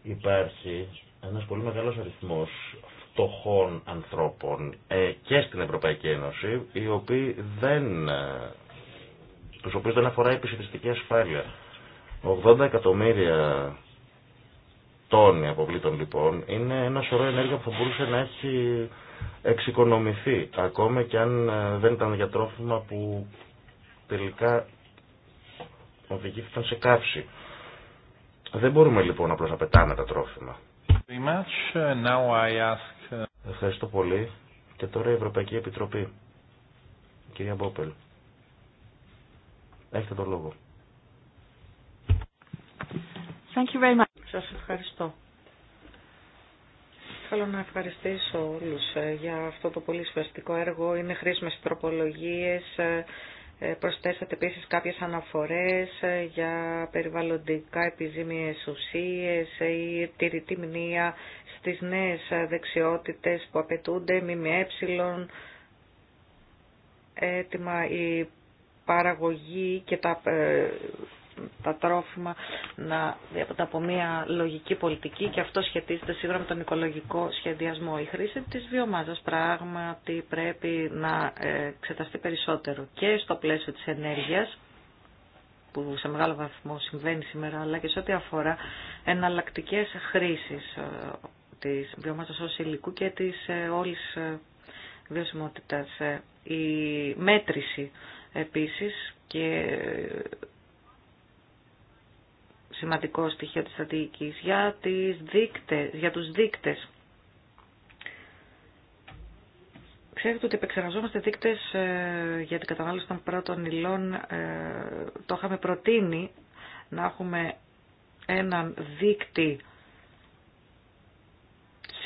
Υπάρχει ένας πολύ μεγάλος αριθμός φτωχών ανθρώπων ε, και στην Ευρωπαϊκή Ένωση, οι οποίοι δεν, ε, τους οποίους δεν αφορά η ασφάλεια. 80 εκατομμύρια τόνοι αποβλήτων λοιπόν είναι ένα σωρό ενέργεια που θα μπορούσε να έχει εξοικονομηθεί ακόμα και αν ε, δεν ήταν για τρόφιμα που τελικά οδηγήθηκαν σε καύση. Δεν μπορούμε λοιπόν απλώς να πετάμε τα τρόφιμα. Now I ask Ευχαριστώ πολύ. Και τώρα η Ευρωπαϊκή Επιτροπή. Κυρία Μπόπελ. Έχετε τον λόγο. Thank you very much. Σας ευχαριστώ. Θέλω να ευχαριστήσω όλους ε, για αυτό το πολύ σημαντικό έργο. Είναι χρήσιμες τροπολογίες. Ε, ε, προσθέσατε επίσης κάποιες αναφορές για περιβαλλοντικά επιζήμιες ουσίες ή τηρητή μνήμα στις νέες δεξιότητες που απαιτούνται, ΜΜΕ, έτοιμα η παραγωγή και τα, ε, τα τρόφιμα να από μια λογική πολιτική και αυτό σχετίζεται σίγουρα με τον οικολογικό σχεδιασμό. Η χρήση της βιομάζας πράγματι πρέπει να ε, εξεταστεί περισσότερο και στο πλαίσιο της ενέργειας που σε μεγάλο βαθμό συμβαίνει σήμερα, αλλά και σε ό,τι αφορά εναλλακτικές χρήσεις ε, της βιώματος ως υλικού και της ε, όλης ε, βιωσιμότητας. Ε, η μέτρηση επίσης και σημαντικό στοιχείο της στρατηγικής για, τις δείκτες, για τους δείκτες. Ξέρετε ότι επεξεργαζόμαστε δείκτες για την κατανάλωση των πρώτων υλών. το είχαμε προτείνει να έχουμε έναν δείκτη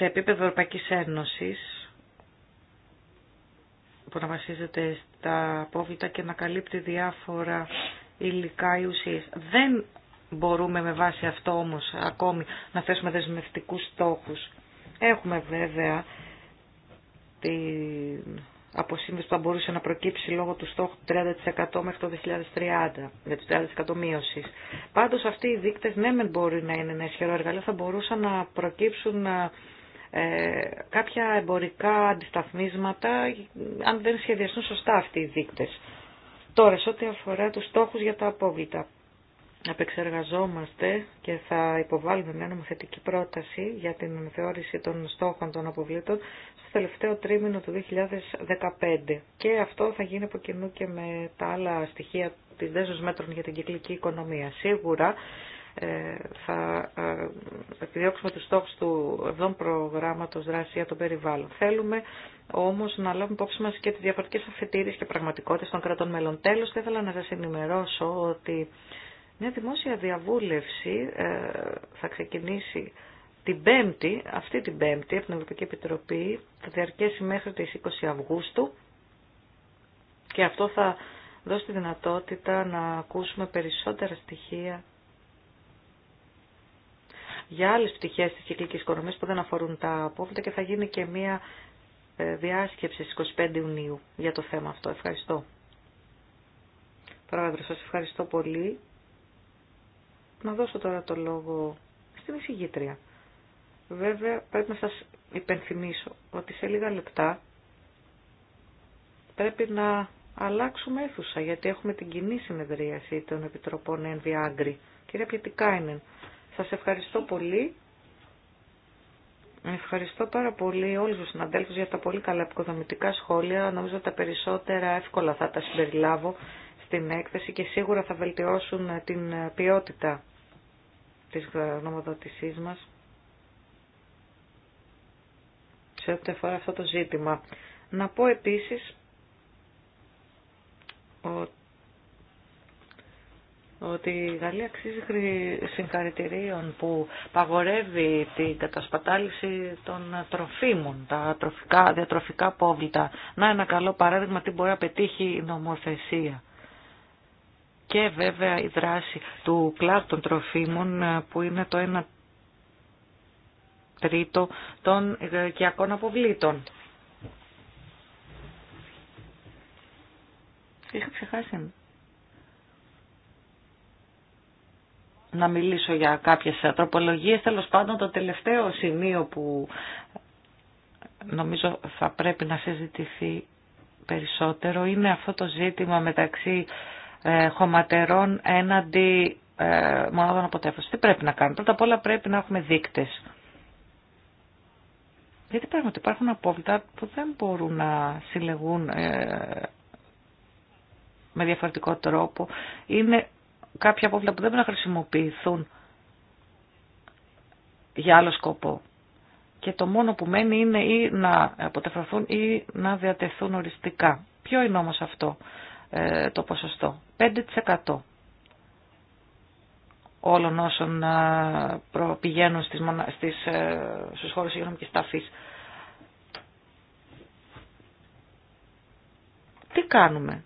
σε επίπεδο Ευρωπαϊκής Ένωσης που να βασίζεται στα απόβλητα και να καλύπτει διάφορα υλικά ή ουσίες. Δεν μπορούμε με βάση αυτό όμως ακόμη να θέσουμε δεσμευτικούς στόχους. Έχουμε βέβαια την αποσύνδεση που θα μπορούσε να προκύψει λόγω του στόχου 30% μέχρι το 2030, για του 30% μείωση. Πάντως αυτοί οι δείκτες ναι μεν μπορεί να είναι ένα ισχυρό εργαλείο, θα μπορούσαν να προκύψουν ε, ε, κάποια εμπορικά αντισταθμίσματα αν δεν σχεδιαστούν σωστά αυτοί οι δείκτες. Τώρα, σε ό,τι αφορά τους στόχους για τα απόβλητα, απεξεργαζόμαστε και θα υποβάλουμε μια νομοθετική πρόταση για την θεώρηση των στόχων των αποβλήτων στο τελευταίο τρίμηνο του 2015. Και αυτό θα γίνει από κοινού και με τα άλλα στοιχεία της δέσμευσης μέτρων για την κυκλική οικονομία. Σίγουρα ε, θα ε, επιδιώξουμε τους στόχους του 7ου προγράμματος δράση για το περιβάλλον. Θέλουμε όμως να λάβουμε υπόψη μας και τις διαφορετικές αφετήρες και πραγματικότητες των κρατών μέλων. Τέλος, θα ήθελα να σας ενημερώσω ότι μια δημόσια διαβούλευση ε, θα ξεκινήσει την Πέμπτη, αυτή την Πέμπτη, από την Ευρωπαϊκή Επιτροπή, θα διαρκέσει μέχρι τις 20 Αυγούστου και αυτό θα δώσει τη δυνατότητα να ακούσουμε περισσότερα στοιχεία για άλλες πτυχές της κυκλικής οικονομίας που δεν αφορούν τα απόβλητα και θα γίνει και μία ε, διάσκεψη στις 25 Ιουνίου για το θέμα αυτό. Ευχαριστώ. Πρόεδρε, σας ευχαριστώ πολύ. Να δώσω τώρα το λόγο στην εισηγήτρια. Βέβαια, πρέπει να σας υπενθυμίσω ότι σε λίγα λεπτά πρέπει να αλλάξουμε αίθουσα, γιατί έχουμε την κοινή συνεδρίαση των Επιτροπών ΕΝΒΙΑΓΡΙ. Κυρία Πιετικάινεν, σας ευχαριστώ πολύ. Ευχαριστώ πάρα πολύ όλους τους συναντέλφους για τα πολύ καλά επικοδομητικά σχόλια. Νομίζω τα περισσότερα εύκολα θα τα συμπεριλάβω στην έκθεση και σίγουρα θα βελτιώσουν την ποιότητα της γνωμοδότησής μας σε ό,τι αφορά αυτό το ζήτημα. Να πω επίσης ότι ότι η Γαλλία αξίζει συγχαρητηρίων που παγορεύει την κατασπατάληση των τροφίμων, τα τροφικά, διατροφικά απόβλητα. Να ένα καλό παράδειγμα τι μπορεί να πετύχει η νομοθεσία. Και βέβαια η δράση του κλάδου των τροφίμων ε, που είναι το ένα τρίτο των οικιακών αποβλήτων. Είχα ξεχάσει να μιλήσω για κάποιες τροπολογίες. Τέλος πάντων, το τελευταίο σημείο που νομίζω θα πρέπει να συζητηθεί περισσότερο είναι αυτό το ζήτημα μεταξύ ε, χωματερών έναντι ε, μονάδων αποτέφωσης. Τι πρέπει να κάνουμε. Πρώτα απ' όλα πρέπει να έχουμε δείκτες. Γιατί πράγματι υπάρχουν απόβλητα που δεν μπορούν να συλλεγούν ε, με διαφορετικό τρόπο. Είναι κάποια απόβλητα που δεν πρέπει να χρησιμοποιηθούν για άλλο σκοπό. Και το μόνο που μένει είναι ή να αποτεφραθούν ή να διατεθούν οριστικά. Ποιο είναι όμως αυτό ε, το ποσοστό. 5% όλων όσων ε, πηγαίνουν στις, στις, ε, στους χώρους υγειονομικής ταφής. Τι κάνουμε.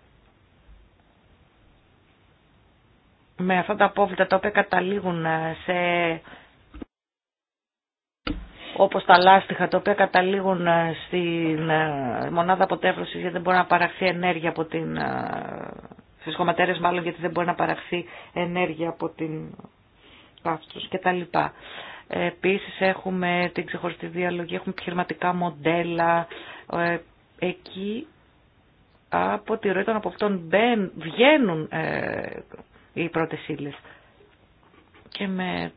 με αυτά τα απόβλητα τα οποία καταλήγουν ε, σε όπως τα λάστιχα τα οποία καταλήγουν ε, στην ε, μονάδα αποτεύρωσης γιατί δεν μπορεί να παραχθεί ενέργεια από την στις χωματέρες μάλλον γιατί δεν μπορεί να παραχθεί ενέργεια από την αυτούς και τα λοιπά. Επίσης έχουμε την ξεχωριστή διαλογή, έχουμε επιχειρηματικά μοντέλα. Εκεί από τη ροή των αποφτών βγαίνουν οι πρώτε ύλε. Και με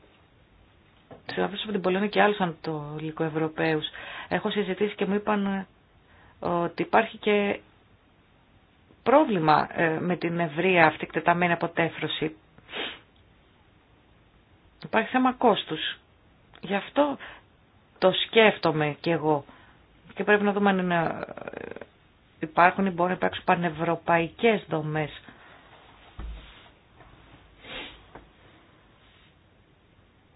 συναδέλφου από την Πολωνία και άλλου Ανατολικοευρωπαίου έχω συζητήσει και μου είπαν ε, ότι υπάρχει και πρόβλημα ε, με την ευρεία αυτή εκτεταμένη αποτέφρωση. Υπάρχει θέμα κόστους. Γι' αυτό το σκέφτομαι κι εγώ. Και πρέπει να δούμε αν ε, υπάρχουν ή μπόρει να υπάρξουν πανευρωπαϊκές δομές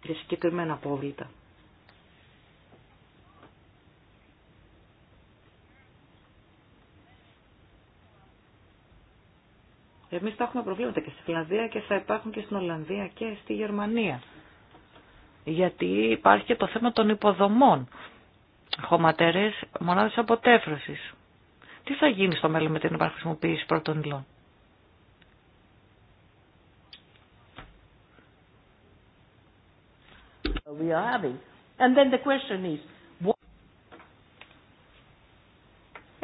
για συγκεκριμένα απόβλητα. Εμείς θα έχουμε προβλήματα και στη Φιλανδία και θα υπάρχουν και στην Ολλανδία και στη Γερμανία. Γιατί υπάρχει και το θέμα των υποδομών. Χωματερές μονάδες αποτέφρωσης. Τι θα γίνει στο μέλλον με την επαναχρησιμοποίηση πρώτων υλών. we are having. And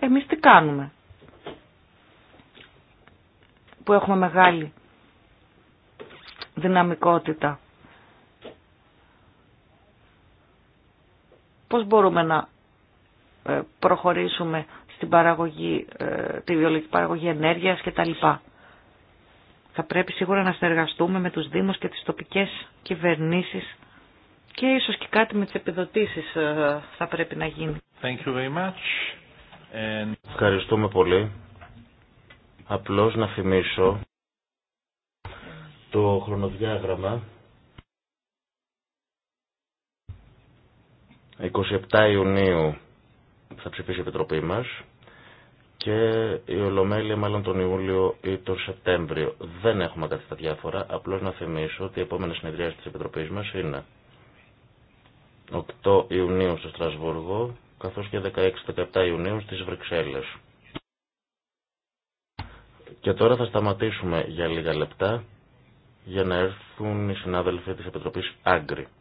Εμείς τι κάνουμε που έχουμε μεγάλη δυναμικότητα. Πώς μπορούμε να ε, προχωρήσουμε στην παραγωγή, ε, τη βιολογική παραγωγή ενέργειας κτλ. Θα πρέπει σίγουρα να συνεργαστούμε με τους Δήμους και τις τοπικές κυβερνήσεις και ίσως και κάτι με τις επιδοτήσεις ε, θα πρέπει να γίνει. Thank you very much. And... Ευχαριστούμε πολύ. Απλώς να θυμίσω το χρονοδιάγραμμα 27 Ιουνίου θα ψηφίσει η Επιτροπή μας και η Ολομέλεια μάλλον τον Ιούλιο ή τον Σεπτέμβριο. Δεν έχουμε κάτι στα διάφορα, απλώς να θυμίσω ότι η επομενη συνεδριαση της Επιτροπής μας είναι 8 Ιουνίου στο Στρασβούργο, καθώς και 16-17 Ιουνίου στις Βρυξέλλες. Και τώρα θα σταματήσουμε για λίγα λεπτά για να έρθουν οι συνάδελφοι της Επιτροπής Άγκρη.